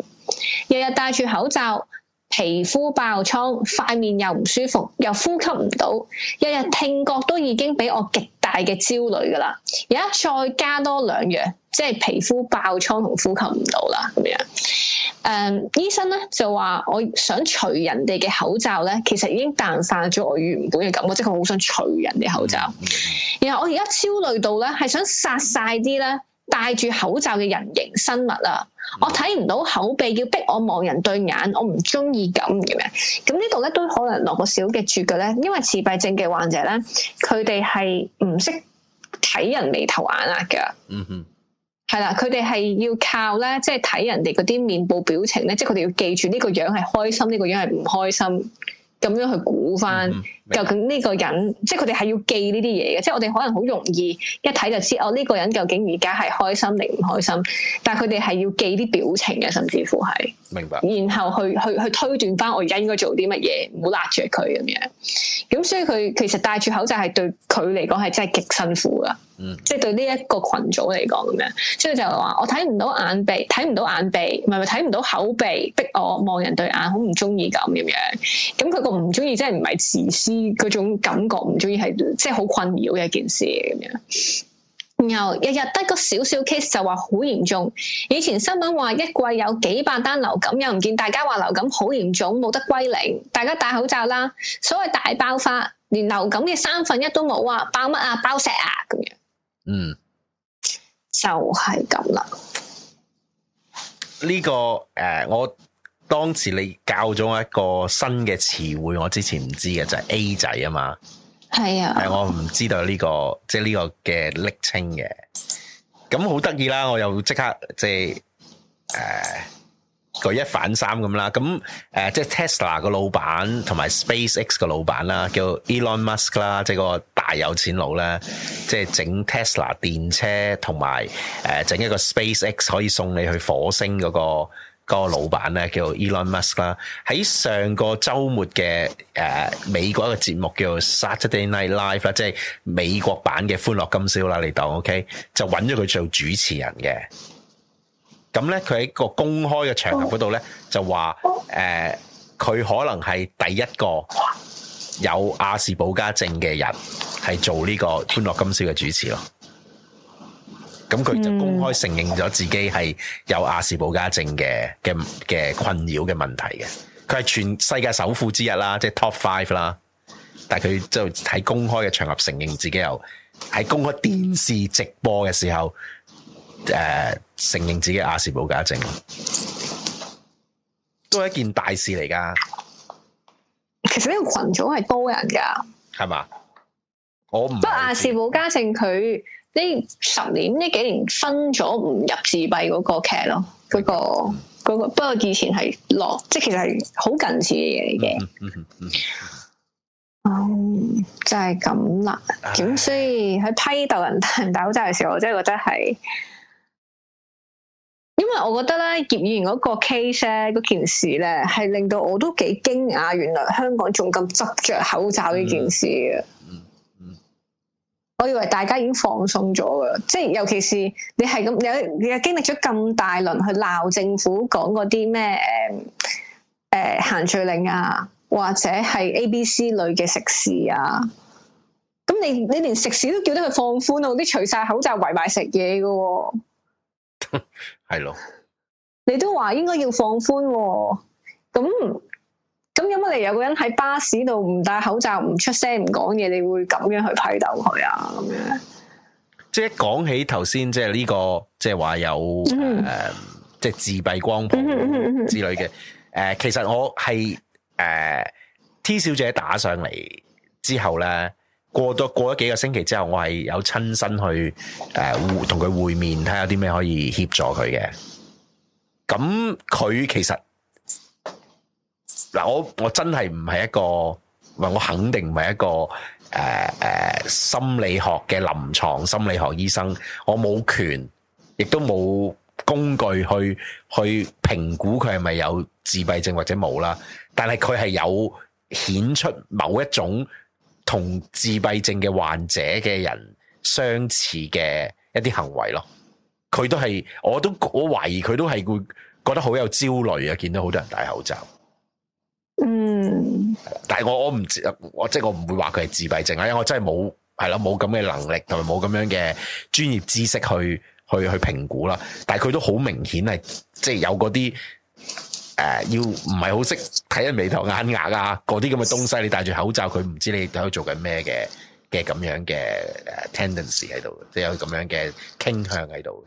日日戴住口罩，皮膚爆瘡，塊面又唔舒服，又呼吸唔到，日日聽覺都已經俾我極大嘅焦慮㗎喇，而家再加多兩樣。即係皮膚爆瘡同呼吸唔到啦咁樣，誒、嗯、醫生咧就話：我想除人哋嘅口罩咧，其實已經淡化咗我原本嘅感覺，即係我好想除人哋口罩、嗯。然後我而家焦慮到咧，係想殺晒啲咧戴住口罩嘅人形生物啊、嗯！我睇唔到口鼻，要逼我望人對眼，我唔中意咁嘅。咁、嗯嗯嗯、呢度咧都可能落個小嘅注腳咧，因為自閉症嘅患者咧，佢哋係唔識睇人眉頭眼額嘅。嗯哼。係啦，佢哋係要靠咧，即係睇人哋嗰啲面部表情咧，即係佢哋要記住呢個樣係開心，呢個樣係唔開心，咁樣去估翻。嗯嗯究竟呢個人，即係佢哋係要記呢啲嘢嘅，即係我哋可能好容易一睇就知，哦，呢、呢個人究竟而家係開心定唔開心，但係佢哋係要記啲表情嘅，甚至乎係明白，然後去去去推斷翻我而家應該做啲乜嘢，唔好拉住佢咁樣。咁所以佢其實戴住口罩係對佢嚟講係真係極辛苦㗎。嗯，即係對呢一個群組嚟講咁樣。所以就話我睇唔到眼鼻，睇唔到眼鼻，唔係咪睇唔到口鼻？逼我望人對眼，好唔中意咁樣。咁佢個唔中意真係唔係自私。嗰種感覺唔中意係，即係好困擾嘅一件事咁樣。然後日日得個少少 case 就話好嚴重。以前新聞話一季有幾百單流感，又唔見大家話流感好嚴重，冇得歸零。大家戴口罩啦。所謂大爆發，連流感嘅三分一都冇啊！爆乜啊？爆石啊？咁樣。嗯，就係咁啦。呢個誒，我。當時你教咗我一個新嘅詞彙，我之前唔知嘅就係、是、A 仔啊嘛，係啊，係我唔知道呢、這個即係呢個嘅暱稱嘅，咁好得意啦！我又即刻即係誒舉一反三咁啦，咁誒即係 Tesla 個老闆同埋 SpaceX 個老闆啦，叫 Elon Musk 啦，即、就、係、是、個大有錢佬咧，即係整 Tesla 電車同埋誒整一個 SpaceX 可以送你去火星嗰、那個。那個老闆咧叫 Elon Musk 啦，喺上個週末嘅誒、呃、美國一個節目叫 Saturday Night Live 即係美國版嘅歡樂今宵啦，你當 OK 就揾咗佢做主持人嘅。咁咧，佢喺個公開嘅場合嗰度咧就話誒，佢、呃、可能係第一個有亞氏保加症嘅人係做呢個歡樂今宵嘅主持咯。咁、嗯、佢、嗯、就公開承認咗自己係有阿士堡家症嘅嘅嘅困擾嘅問題嘅，佢係全世界首富之一啦，即、就、係、是、Top Five 啦。但係佢就喺公開嘅場合承認自己有，又喺公開電視直播嘅時候，誒、呃、承認自己阿士堡家症，都係一件大事嚟㗎。其實呢個群組係多人㗎，係嘛？我唔不過阿士保家症佢。呢十年呢幾年分咗唔入自閉嗰個劇咯，嗰個、嗰個不過以前係落，即係其實係好近似嘅嘢。嚟、嗯、嘅。哦、嗯嗯嗯，就係咁啦。咁所以喺批鬥人，人大戴口罩嘅時候，我真係覺得係，因為我覺得咧，葉議員嗰個 case 咧，嗰件事咧，係令到我都幾驚訝。原來香港仲咁執着口罩呢件事啊！嗯我以為大家已經放鬆咗㗎，即係尤其是你係咁你又經歷咗咁大輪去鬧政府講嗰啲咩誒誒限聚令啊，或者係 A、B、C 類嘅食肆啊，咁你你連食肆都叫得佢放寬喎、啊，啲除晒口罩圍埋食嘢㗎喎，係 咯，你都話應該要放寬喎、啊，咁。咁有乜理由有個人喺巴士度唔戴口罩、唔出聲、唔講嘢，你會咁樣去批鬥佢啊？咁樣即係講起頭先、這個，即係呢個即係話有誒、mm-hmm. 呃，即係自閉光譜之類嘅。誒、mm-hmm. 呃，其實我係誒、呃、T 小姐打上嚟之後咧，過多過咗幾個星期之後，我係有親身去誒同佢會面，睇下有啲咩可以協助佢嘅。咁、呃、佢其實。嗱，我我真係唔係一個，我肯定唔係一個誒誒、呃、心理學嘅臨床心理學醫生，我冇權，亦都冇工具去去評估佢係咪有自閉症或者冇啦。但係佢係有顯出某一種同自閉症嘅患者嘅人相似嘅一啲行為咯。佢都係，我都我懷疑佢都係會覺得好有焦慮啊！見到好多人戴口罩。嗯，但係我我唔知，我，我即係我唔會話佢係自閉症啊，因為我真係冇係咯，冇咁嘅能力同埋冇咁樣嘅專業知識去去去評估啦。但係佢都好明顯係即係有嗰啲誒，要唔係好識睇人眉頭眼額啊，嗰啲咁嘅東西。你戴住口罩，佢唔知你喺度做緊咩嘅嘅咁樣嘅誒、啊、，tendency 喺度，即係有咁樣嘅傾向喺度。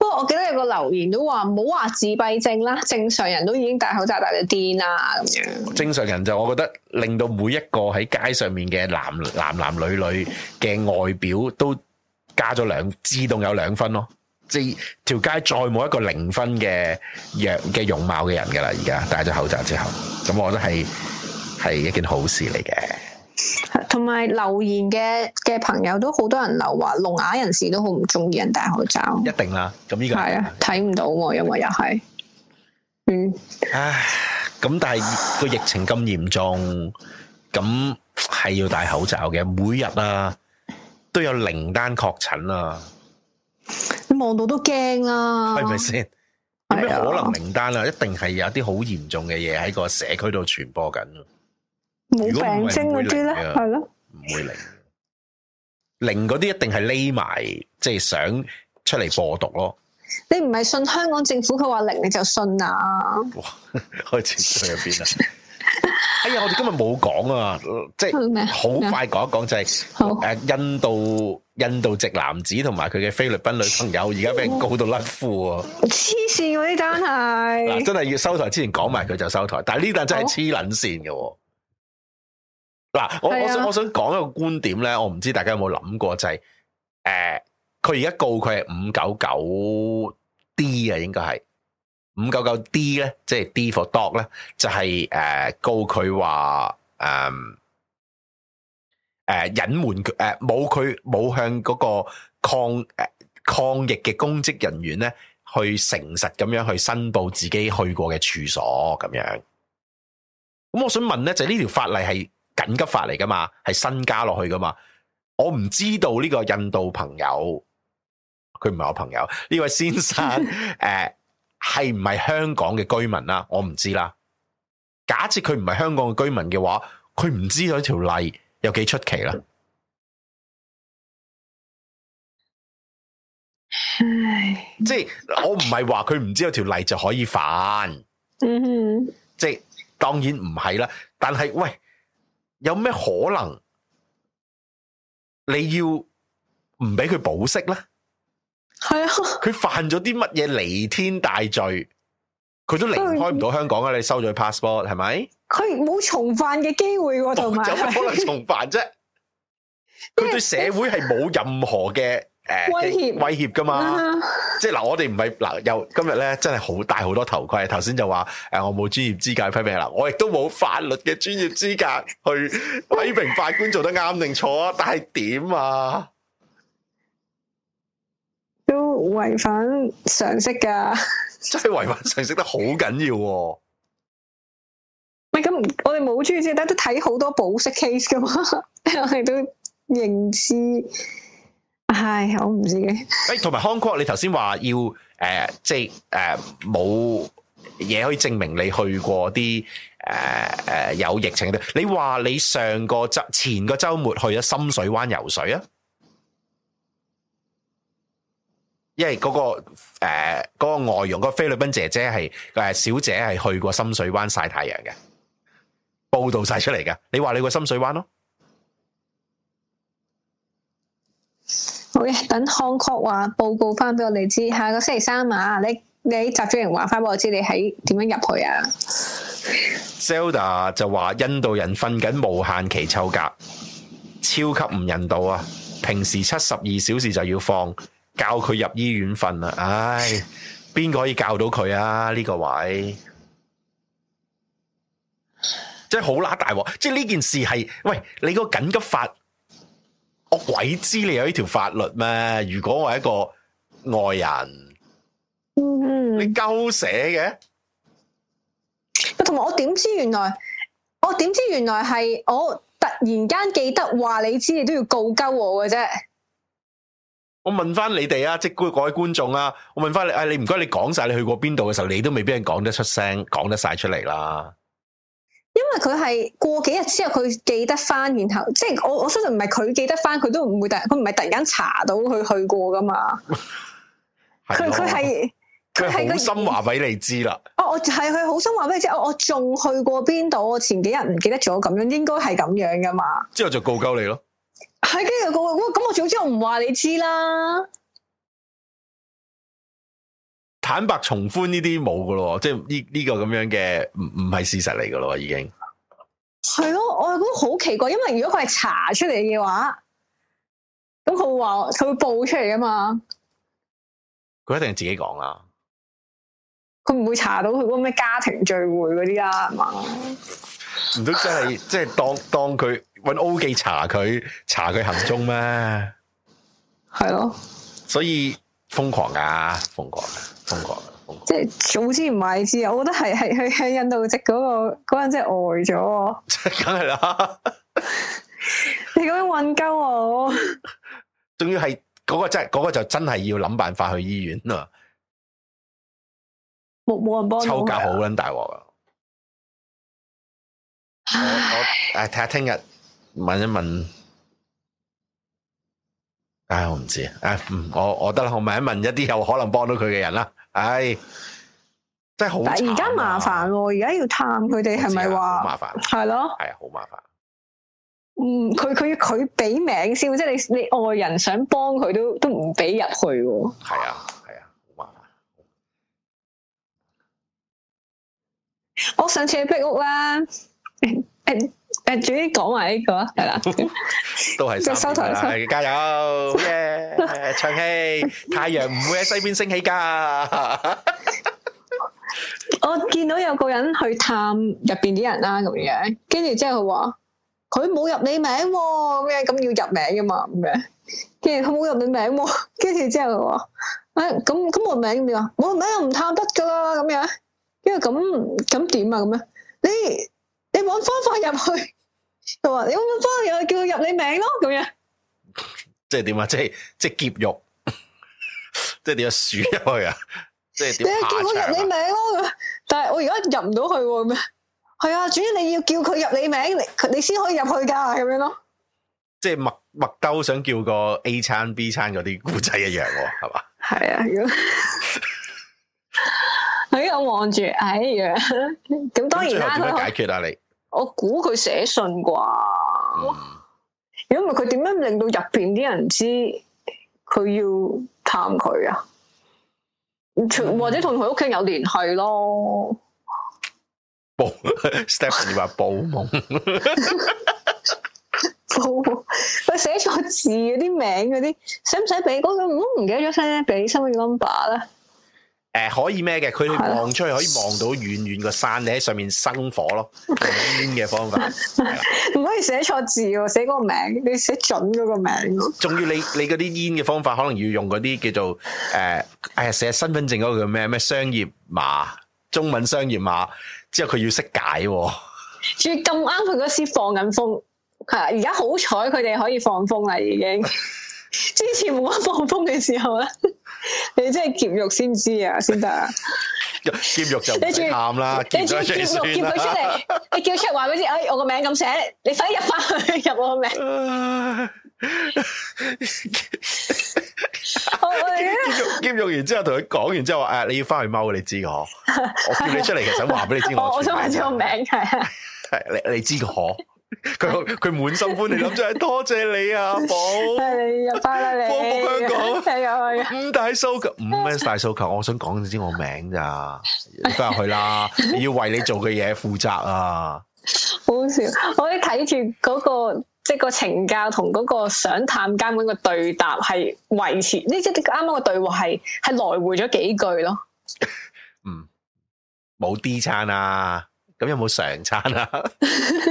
不過我記得有個留言都話唔好話自閉症啦，正常人都已經戴口罩戴到癲啦咁樣。Yeah，正常人就我覺得令到每一個喺街上面嘅男男男女女嘅外表都加咗兩自動有兩分咯，即係條街再冇一個零分嘅樣嘅容貌嘅人噶啦，而家戴咗口罩之後，咁我覺得係係一件好事嚟嘅。同埋留言嘅嘅朋友都好多人留話，聾啞人士都好唔中意人戴口罩。一定啦，咁呢個係啊，睇唔到我，因為又係，嗯，唉，咁但係個疫情咁嚴重，咁係要戴口罩嘅，每日啊都有零單確診啊，你望到都驚啦，啊，係咪先？可能零單啊？一定係有啲好嚴重嘅嘢喺個社區度傳播緊。冇病徵啲咧，係咯，唔、嗯、會零，零嗰啲一定係匿埋，即、就、係、是、想出嚟播毒咯。你唔係信香港政府，佢話零你就信啊！哇，開始去入邊啦。 哎呀，我哋今日冇講啊，即係、就是、好快講一講就係，誒、啊，印度印度籍男子同埋佢嘅菲律賓女朋友而家俾人告到甩褲啊！黐線，嗰啲真係，真係要收台之前講埋佢就收台，但係呢單真係黐捻線嘅。嗱，我、啊、我想我想講一個觀點咧，我唔知大家有冇諗過，就係、是、誒，佢而家告佢係五九九 D 啊，應該係五九九 D 咧，即係、就是、D for dog 咧，就係、是、誒、呃、告佢話誒誒隱瞞佢誒冇佢冇向嗰個抗誒、呃、抗疫嘅公職人員咧去誠實咁樣去申報自己去過嘅處所咁樣。咁我想問咧，就呢、是、條法例係？緊急法嚟噶嘛，係新加落去噶嘛。我唔知道呢個印度朋友，佢唔係我朋友呢位、這個、先生，誒、 呃，係唔係香港嘅居民啦、啊、我唔知啦。假設佢唔係香港嘅居民嘅話，佢唔知道條例有幾出奇啦。唉， 即係我唔係話佢唔知道條例就可以犯，嗯 即係當然唔係啦。但係喂。有咩可能你要唔俾佢保釋咧？係啊，佢犯咗啲乜嘢彌天大罪，佢都離開唔到香港啊！你收咗佢 passport 係咪？佢冇重犯嘅機會喎、啊，同埋有冇可能重犯啫？佢 對社會係冇任何嘅。威脅威脅噶嘛， 即係嗱，我哋唔係嗱，又今日咧真係好戴好多頭盔。頭先就話誒、呃，我冇專業資格批評啦，我亦都冇法律嘅專業資格去批評 法批評 官做得啱定錯啊。但係點啊？都違反常識噶， 真係違反常識得好緊要，啊。喂，咁我哋冇專業資格，但都睇好多保釋 case 噶嘛， 我哋都認知。係，我唔知嘅。誒，同埋康國，你頭先話要誒，即係誒，冇、呃、嘢可以證明你去過啲誒誒有疫情嘅。你話你上個周前個周末去咗深水灣游水啊？因為嗰、那個誒嗰、呃那個外傭、那個菲律賓姐姐係誒小姐係去過深水灣曬太陽嘅，報道晒出嚟嘅。你話你去深水灣咯？好嘅，等康確話報告翻俾我哋知。下個星期三啊，你你集資人話翻俾我知，你喺點樣入去啊？Selda 就話印度人瞓緊無限期臭格，超級唔人道啊！平時七十二小時就要放，教佢入醫院瞓啊。唉，邊個可以教到佢啊？呢、這個位即係好乸大鑊！即係呢件事係，喂，你個緊急法。我鬼知你有呢條法律咩？如果我係一個外人，嗯、你鳩寫嘅，同埋我點知原來？我點知原來係我突然間記得話你知，你都要告鳩我嘅啫。我問翻你哋啊，即係各位觀眾啊，我問翻你，哎，你唔該，你講晒你去過邊度嘅時候，你都未必講得出聲，講得晒出嚟啦。因為佢係過幾日之後佢記得翻，然後即係我我相信唔係佢記得翻，佢都唔會突，佢唔係突然間查到佢去過噶嘛。佢佢係佢係好心話俾你知啦 哦，我係佢好心話俾你知、哦，我我仲去過邊度？我前幾日唔記得咗，咁樣應該係咁樣噶嘛。之後就告鳩你咯。係跟住告，咁、哦、我早知我唔話你知啦。坦白從寬呢啲冇噶咯，即係呢呢個咁樣嘅唔唔係事實嚟噶咯，已經係咯，我又覺得好奇怪，因為如果佢係查出嚟嘅話，咁佢話佢會報出嚟噶嘛？佢一定係自己講啊，佢唔會查到佢嗰咩家庭聚會嗰啲啊，係嘛？唔通真係即係當當佢搵 O 記查佢查佢行蹤咩？係咯，所以瘋狂啊，瘋狂啊！即係早知唔係知啊！我覺得係係喺印度籍嗰個嗰人真係呆咗，梗係啦！你咁樣混鳩我，仲要係嗰個真嗰、嗰個就真係要諗辦法去醫院啊。冇冇人幫抽教好緊大鑊啊！我誒睇下聽日問一問，唉我唔知啊！唉我我得啦，我咪問一問一啲有可能幫到佢嘅人啦。唉、哎，真係好、啊！但係而家麻煩喎，而家要探佢哋係咪話？是是麻煩，係咯，係啊，好麻煩。嗯，佢佢佢俾名先即係你你外人想幫佢都都唔俾入去喎。係啊係啊，好麻煩。我上次去壁屋啦。 主要講埋呢個係啦，都係收台啦，加油！唱戲，太陽唔會喺西邊升起噶。我見到有個人去探入邊啲人啦，咁樣，跟住之後佢話：佢冇入你名喎，咁樣咁要入名噶嘛，咁樣。跟住佢冇入你名喎，跟住之後佢話：咁咁冇名點啊？冇名又唔探得噶啦，咁樣。因為咁咁點啊？咁樣，你你搵方法入去。佢話你會唔會幫我入去叫佢入你名咯，咁樣，樣。即係點啊？即係 即係劫獄，即係點啊？鼠入去啊？即係點，你叫我入你名咯。但係我而家入唔到去喎，咁樣。係啊，主要你要叫佢入你名，你你先可以入去噶，咁樣咯。即係麥麥兜想叫個 A 餐 B 餐嗰啲古仔一樣，哦，係 嘛是吧？係啊，咁。哎，我望住，哎呀，咁當然啦，最後點解決呀，你。 我估佢寫信啩、嗯嗯 說布 那個，如果唔係佢點樣令到入邊啲人知佢要探佢啊？或者同佢屋企人有聯繫咯。Stephanie 話報夢，報佢寫錯字嗰啲名嗰啲，使唔使俾嗰個唔唔記得咗聲俾身份 number 咧？誒、呃，可以咩嘅？佢望出去可以望到遠遠個山，你喺上面生火咯，用煙嘅方法。唔 可以寫錯字喎，寫個名，你寫準個名。仲要你你嗰啲煙嘅方法，可能要用嗰啲叫做誒，誒、呃，寫身份證嗰個叫咩咩商業碼，中文商業碼，之後佢要識解、哦。仲要咁啱佢嗰時放緊風，係而家好彩，佢哋可以放風啦，已經。之前冇得放風嘅時候咧，你真係劫獄先知啊，先得啊！劫 獄就你仲喊啦，你仲劫獄，叫佢出嚟，你，你，出 你叫出嚟話俾知，哎，我個名咁寫，你快入翻去，入我個名。我劫獄，劫獄完之後同佢講完之後話，誒、哎，你要翻去踎，你知我， 我叫你出嚟， 其實話俾你知 我，我錯個名係啊，係 你你知我。佢佢滿心歡喜諗住係多謝你啊，寶、哎，你謝你，多你，光復香港，係啊，啊！五大訴求、哎、五蚊大訴求、哎，我想講你知我的名咋？你翻入去啦， 你要為你做嘅嘢負責啊！好笑，我一睇住嗰個即係、就是、個懲教同嗰個想探監官嘅對答係維持，呢即啱啱嘅對話係係來回咗幾句咯。嗯，冇 D 餐啊，咁有冇常餐啊？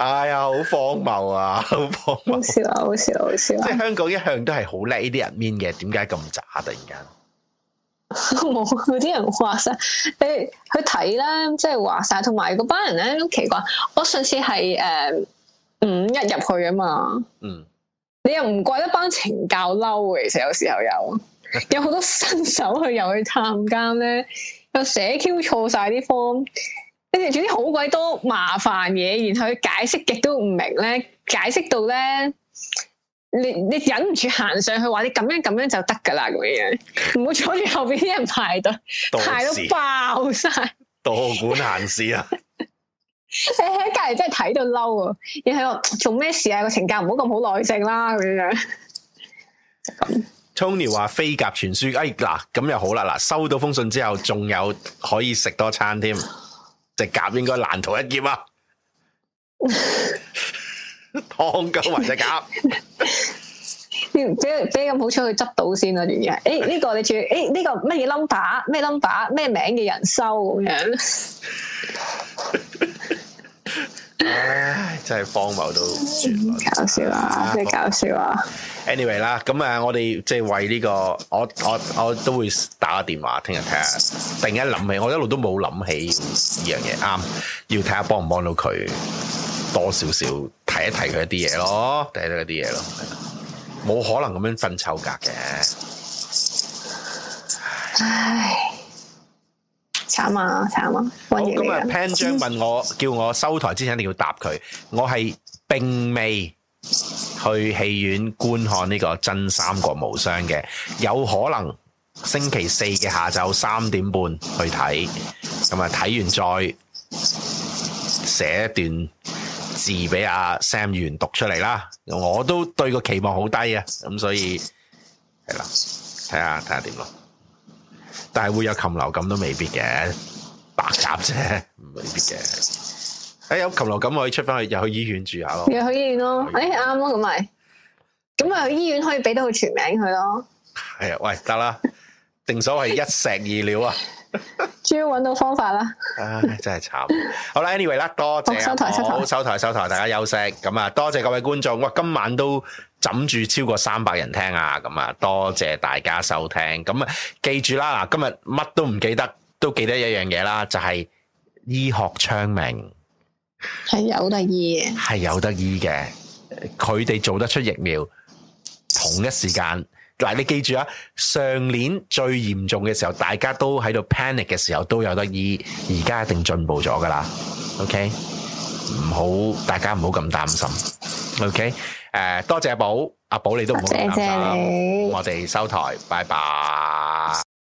哎呀、啊，好荒謬啊，好荒謬！好笑啊，好笑啊，好笑！即係香港一向都係好叻呢啲人面嘅，點解咁渣突然間？冇嗰啲人話晒，你去睇啦，即係話晒。同埋嗰班人咧奇怪，我上次係誒、呃、五一入去啊嘛，嗯，你又唔怪得班情教嬲嘅，其實有時候有， 有好多新手去又去探監咧，又寫 Q 錯晒啲 form。跟住總之好鬼多麻煩嘢，然後解釋極都唔明咧，解釋到咧，你你忍唔住行上去話你咁樣咁樣就得噶啦，咁樣，唔好阻住後邊啲人排隊，排到爆晒，多管閒事啊！你喺隔籬真係睇到嬲啊！然後做咩事啊？個情教唔好咁好耐性，啦，咁樣。Tony 話飛鴿傳書，哎嗱，咁又好啦，嗱收到封信之後，仲有可以食多餐添。隻夾應該難逃一劫啊！湯金或者夾，俾俾咁好彩去執到先啦，原、欸、嘢。誒、這、呢個你注意誒呢個乜嘢 number？咩 number？咩名嘅人收咁樣？ 啊、真係荒謬到、啊，搞笑啊！真係搞笑啊！Anyway 啦，咁啊，我哋即係為呢、這個，我我我都會打個電話，聽日睇下。突然間諗起，我一路都冇諗起呢樣嘢，啱要睇下幫唔幫到佢多少少提一提佢一啲嘢咯，睇睇佢啲嘢咯，冇可能咁樣分臭格嘅。唉唉慘啊！慘啊！好，今日，Pan 張 問我叫我收台之前一定要答佢，我係並未去戲院觀看呢、這個《真三國無雙》嘅，有可能星期四嘅下晝三點半去睇，咁啊睇完再寫一段字俾阿 Sam 原讀出嚟啦。我都對個期望好低啊，咁所以係啦，睇下睇下點咯。看看看看。但係會有禽流感都未必嘅，白鴿啫，未必嘅。哎。有禽流感我可以出翻去，又去醫院住下咯，又去醫院咯，啊。哎，啱啊，咁咪，就是，咁咪去醫院可以俾到佢全名佢咯。係啊，喂，得啦，正所謂一石二鳥啊。 終於揾到方法啦！ 唉，真係慘。好啦，anyway 啦，多謝，好收台，好收台，收台，大家休息。咁啊，多謝各位觀眾，我今晚都枕住超過三百人聽啊。咁啊，多謝大家收聽。咁啊，記住啦，嗱，今日乜都唔記得，都記得一樣嘢啦，就係、是、醫學昌明，係有得醫，係有得醫嘅。佢哋做得出疫苗，同一時間。嗱，你記住啊！上年最嚴重嘅時候，大家都喺度 panic 嘅時候都有得醫，而家一定進步咗㗎喇。OK，唔好，大家唔好咁擔心。OK，誒，多謝阿寶，阿寶你都唔好咁擔心。我哋收台，拜拜。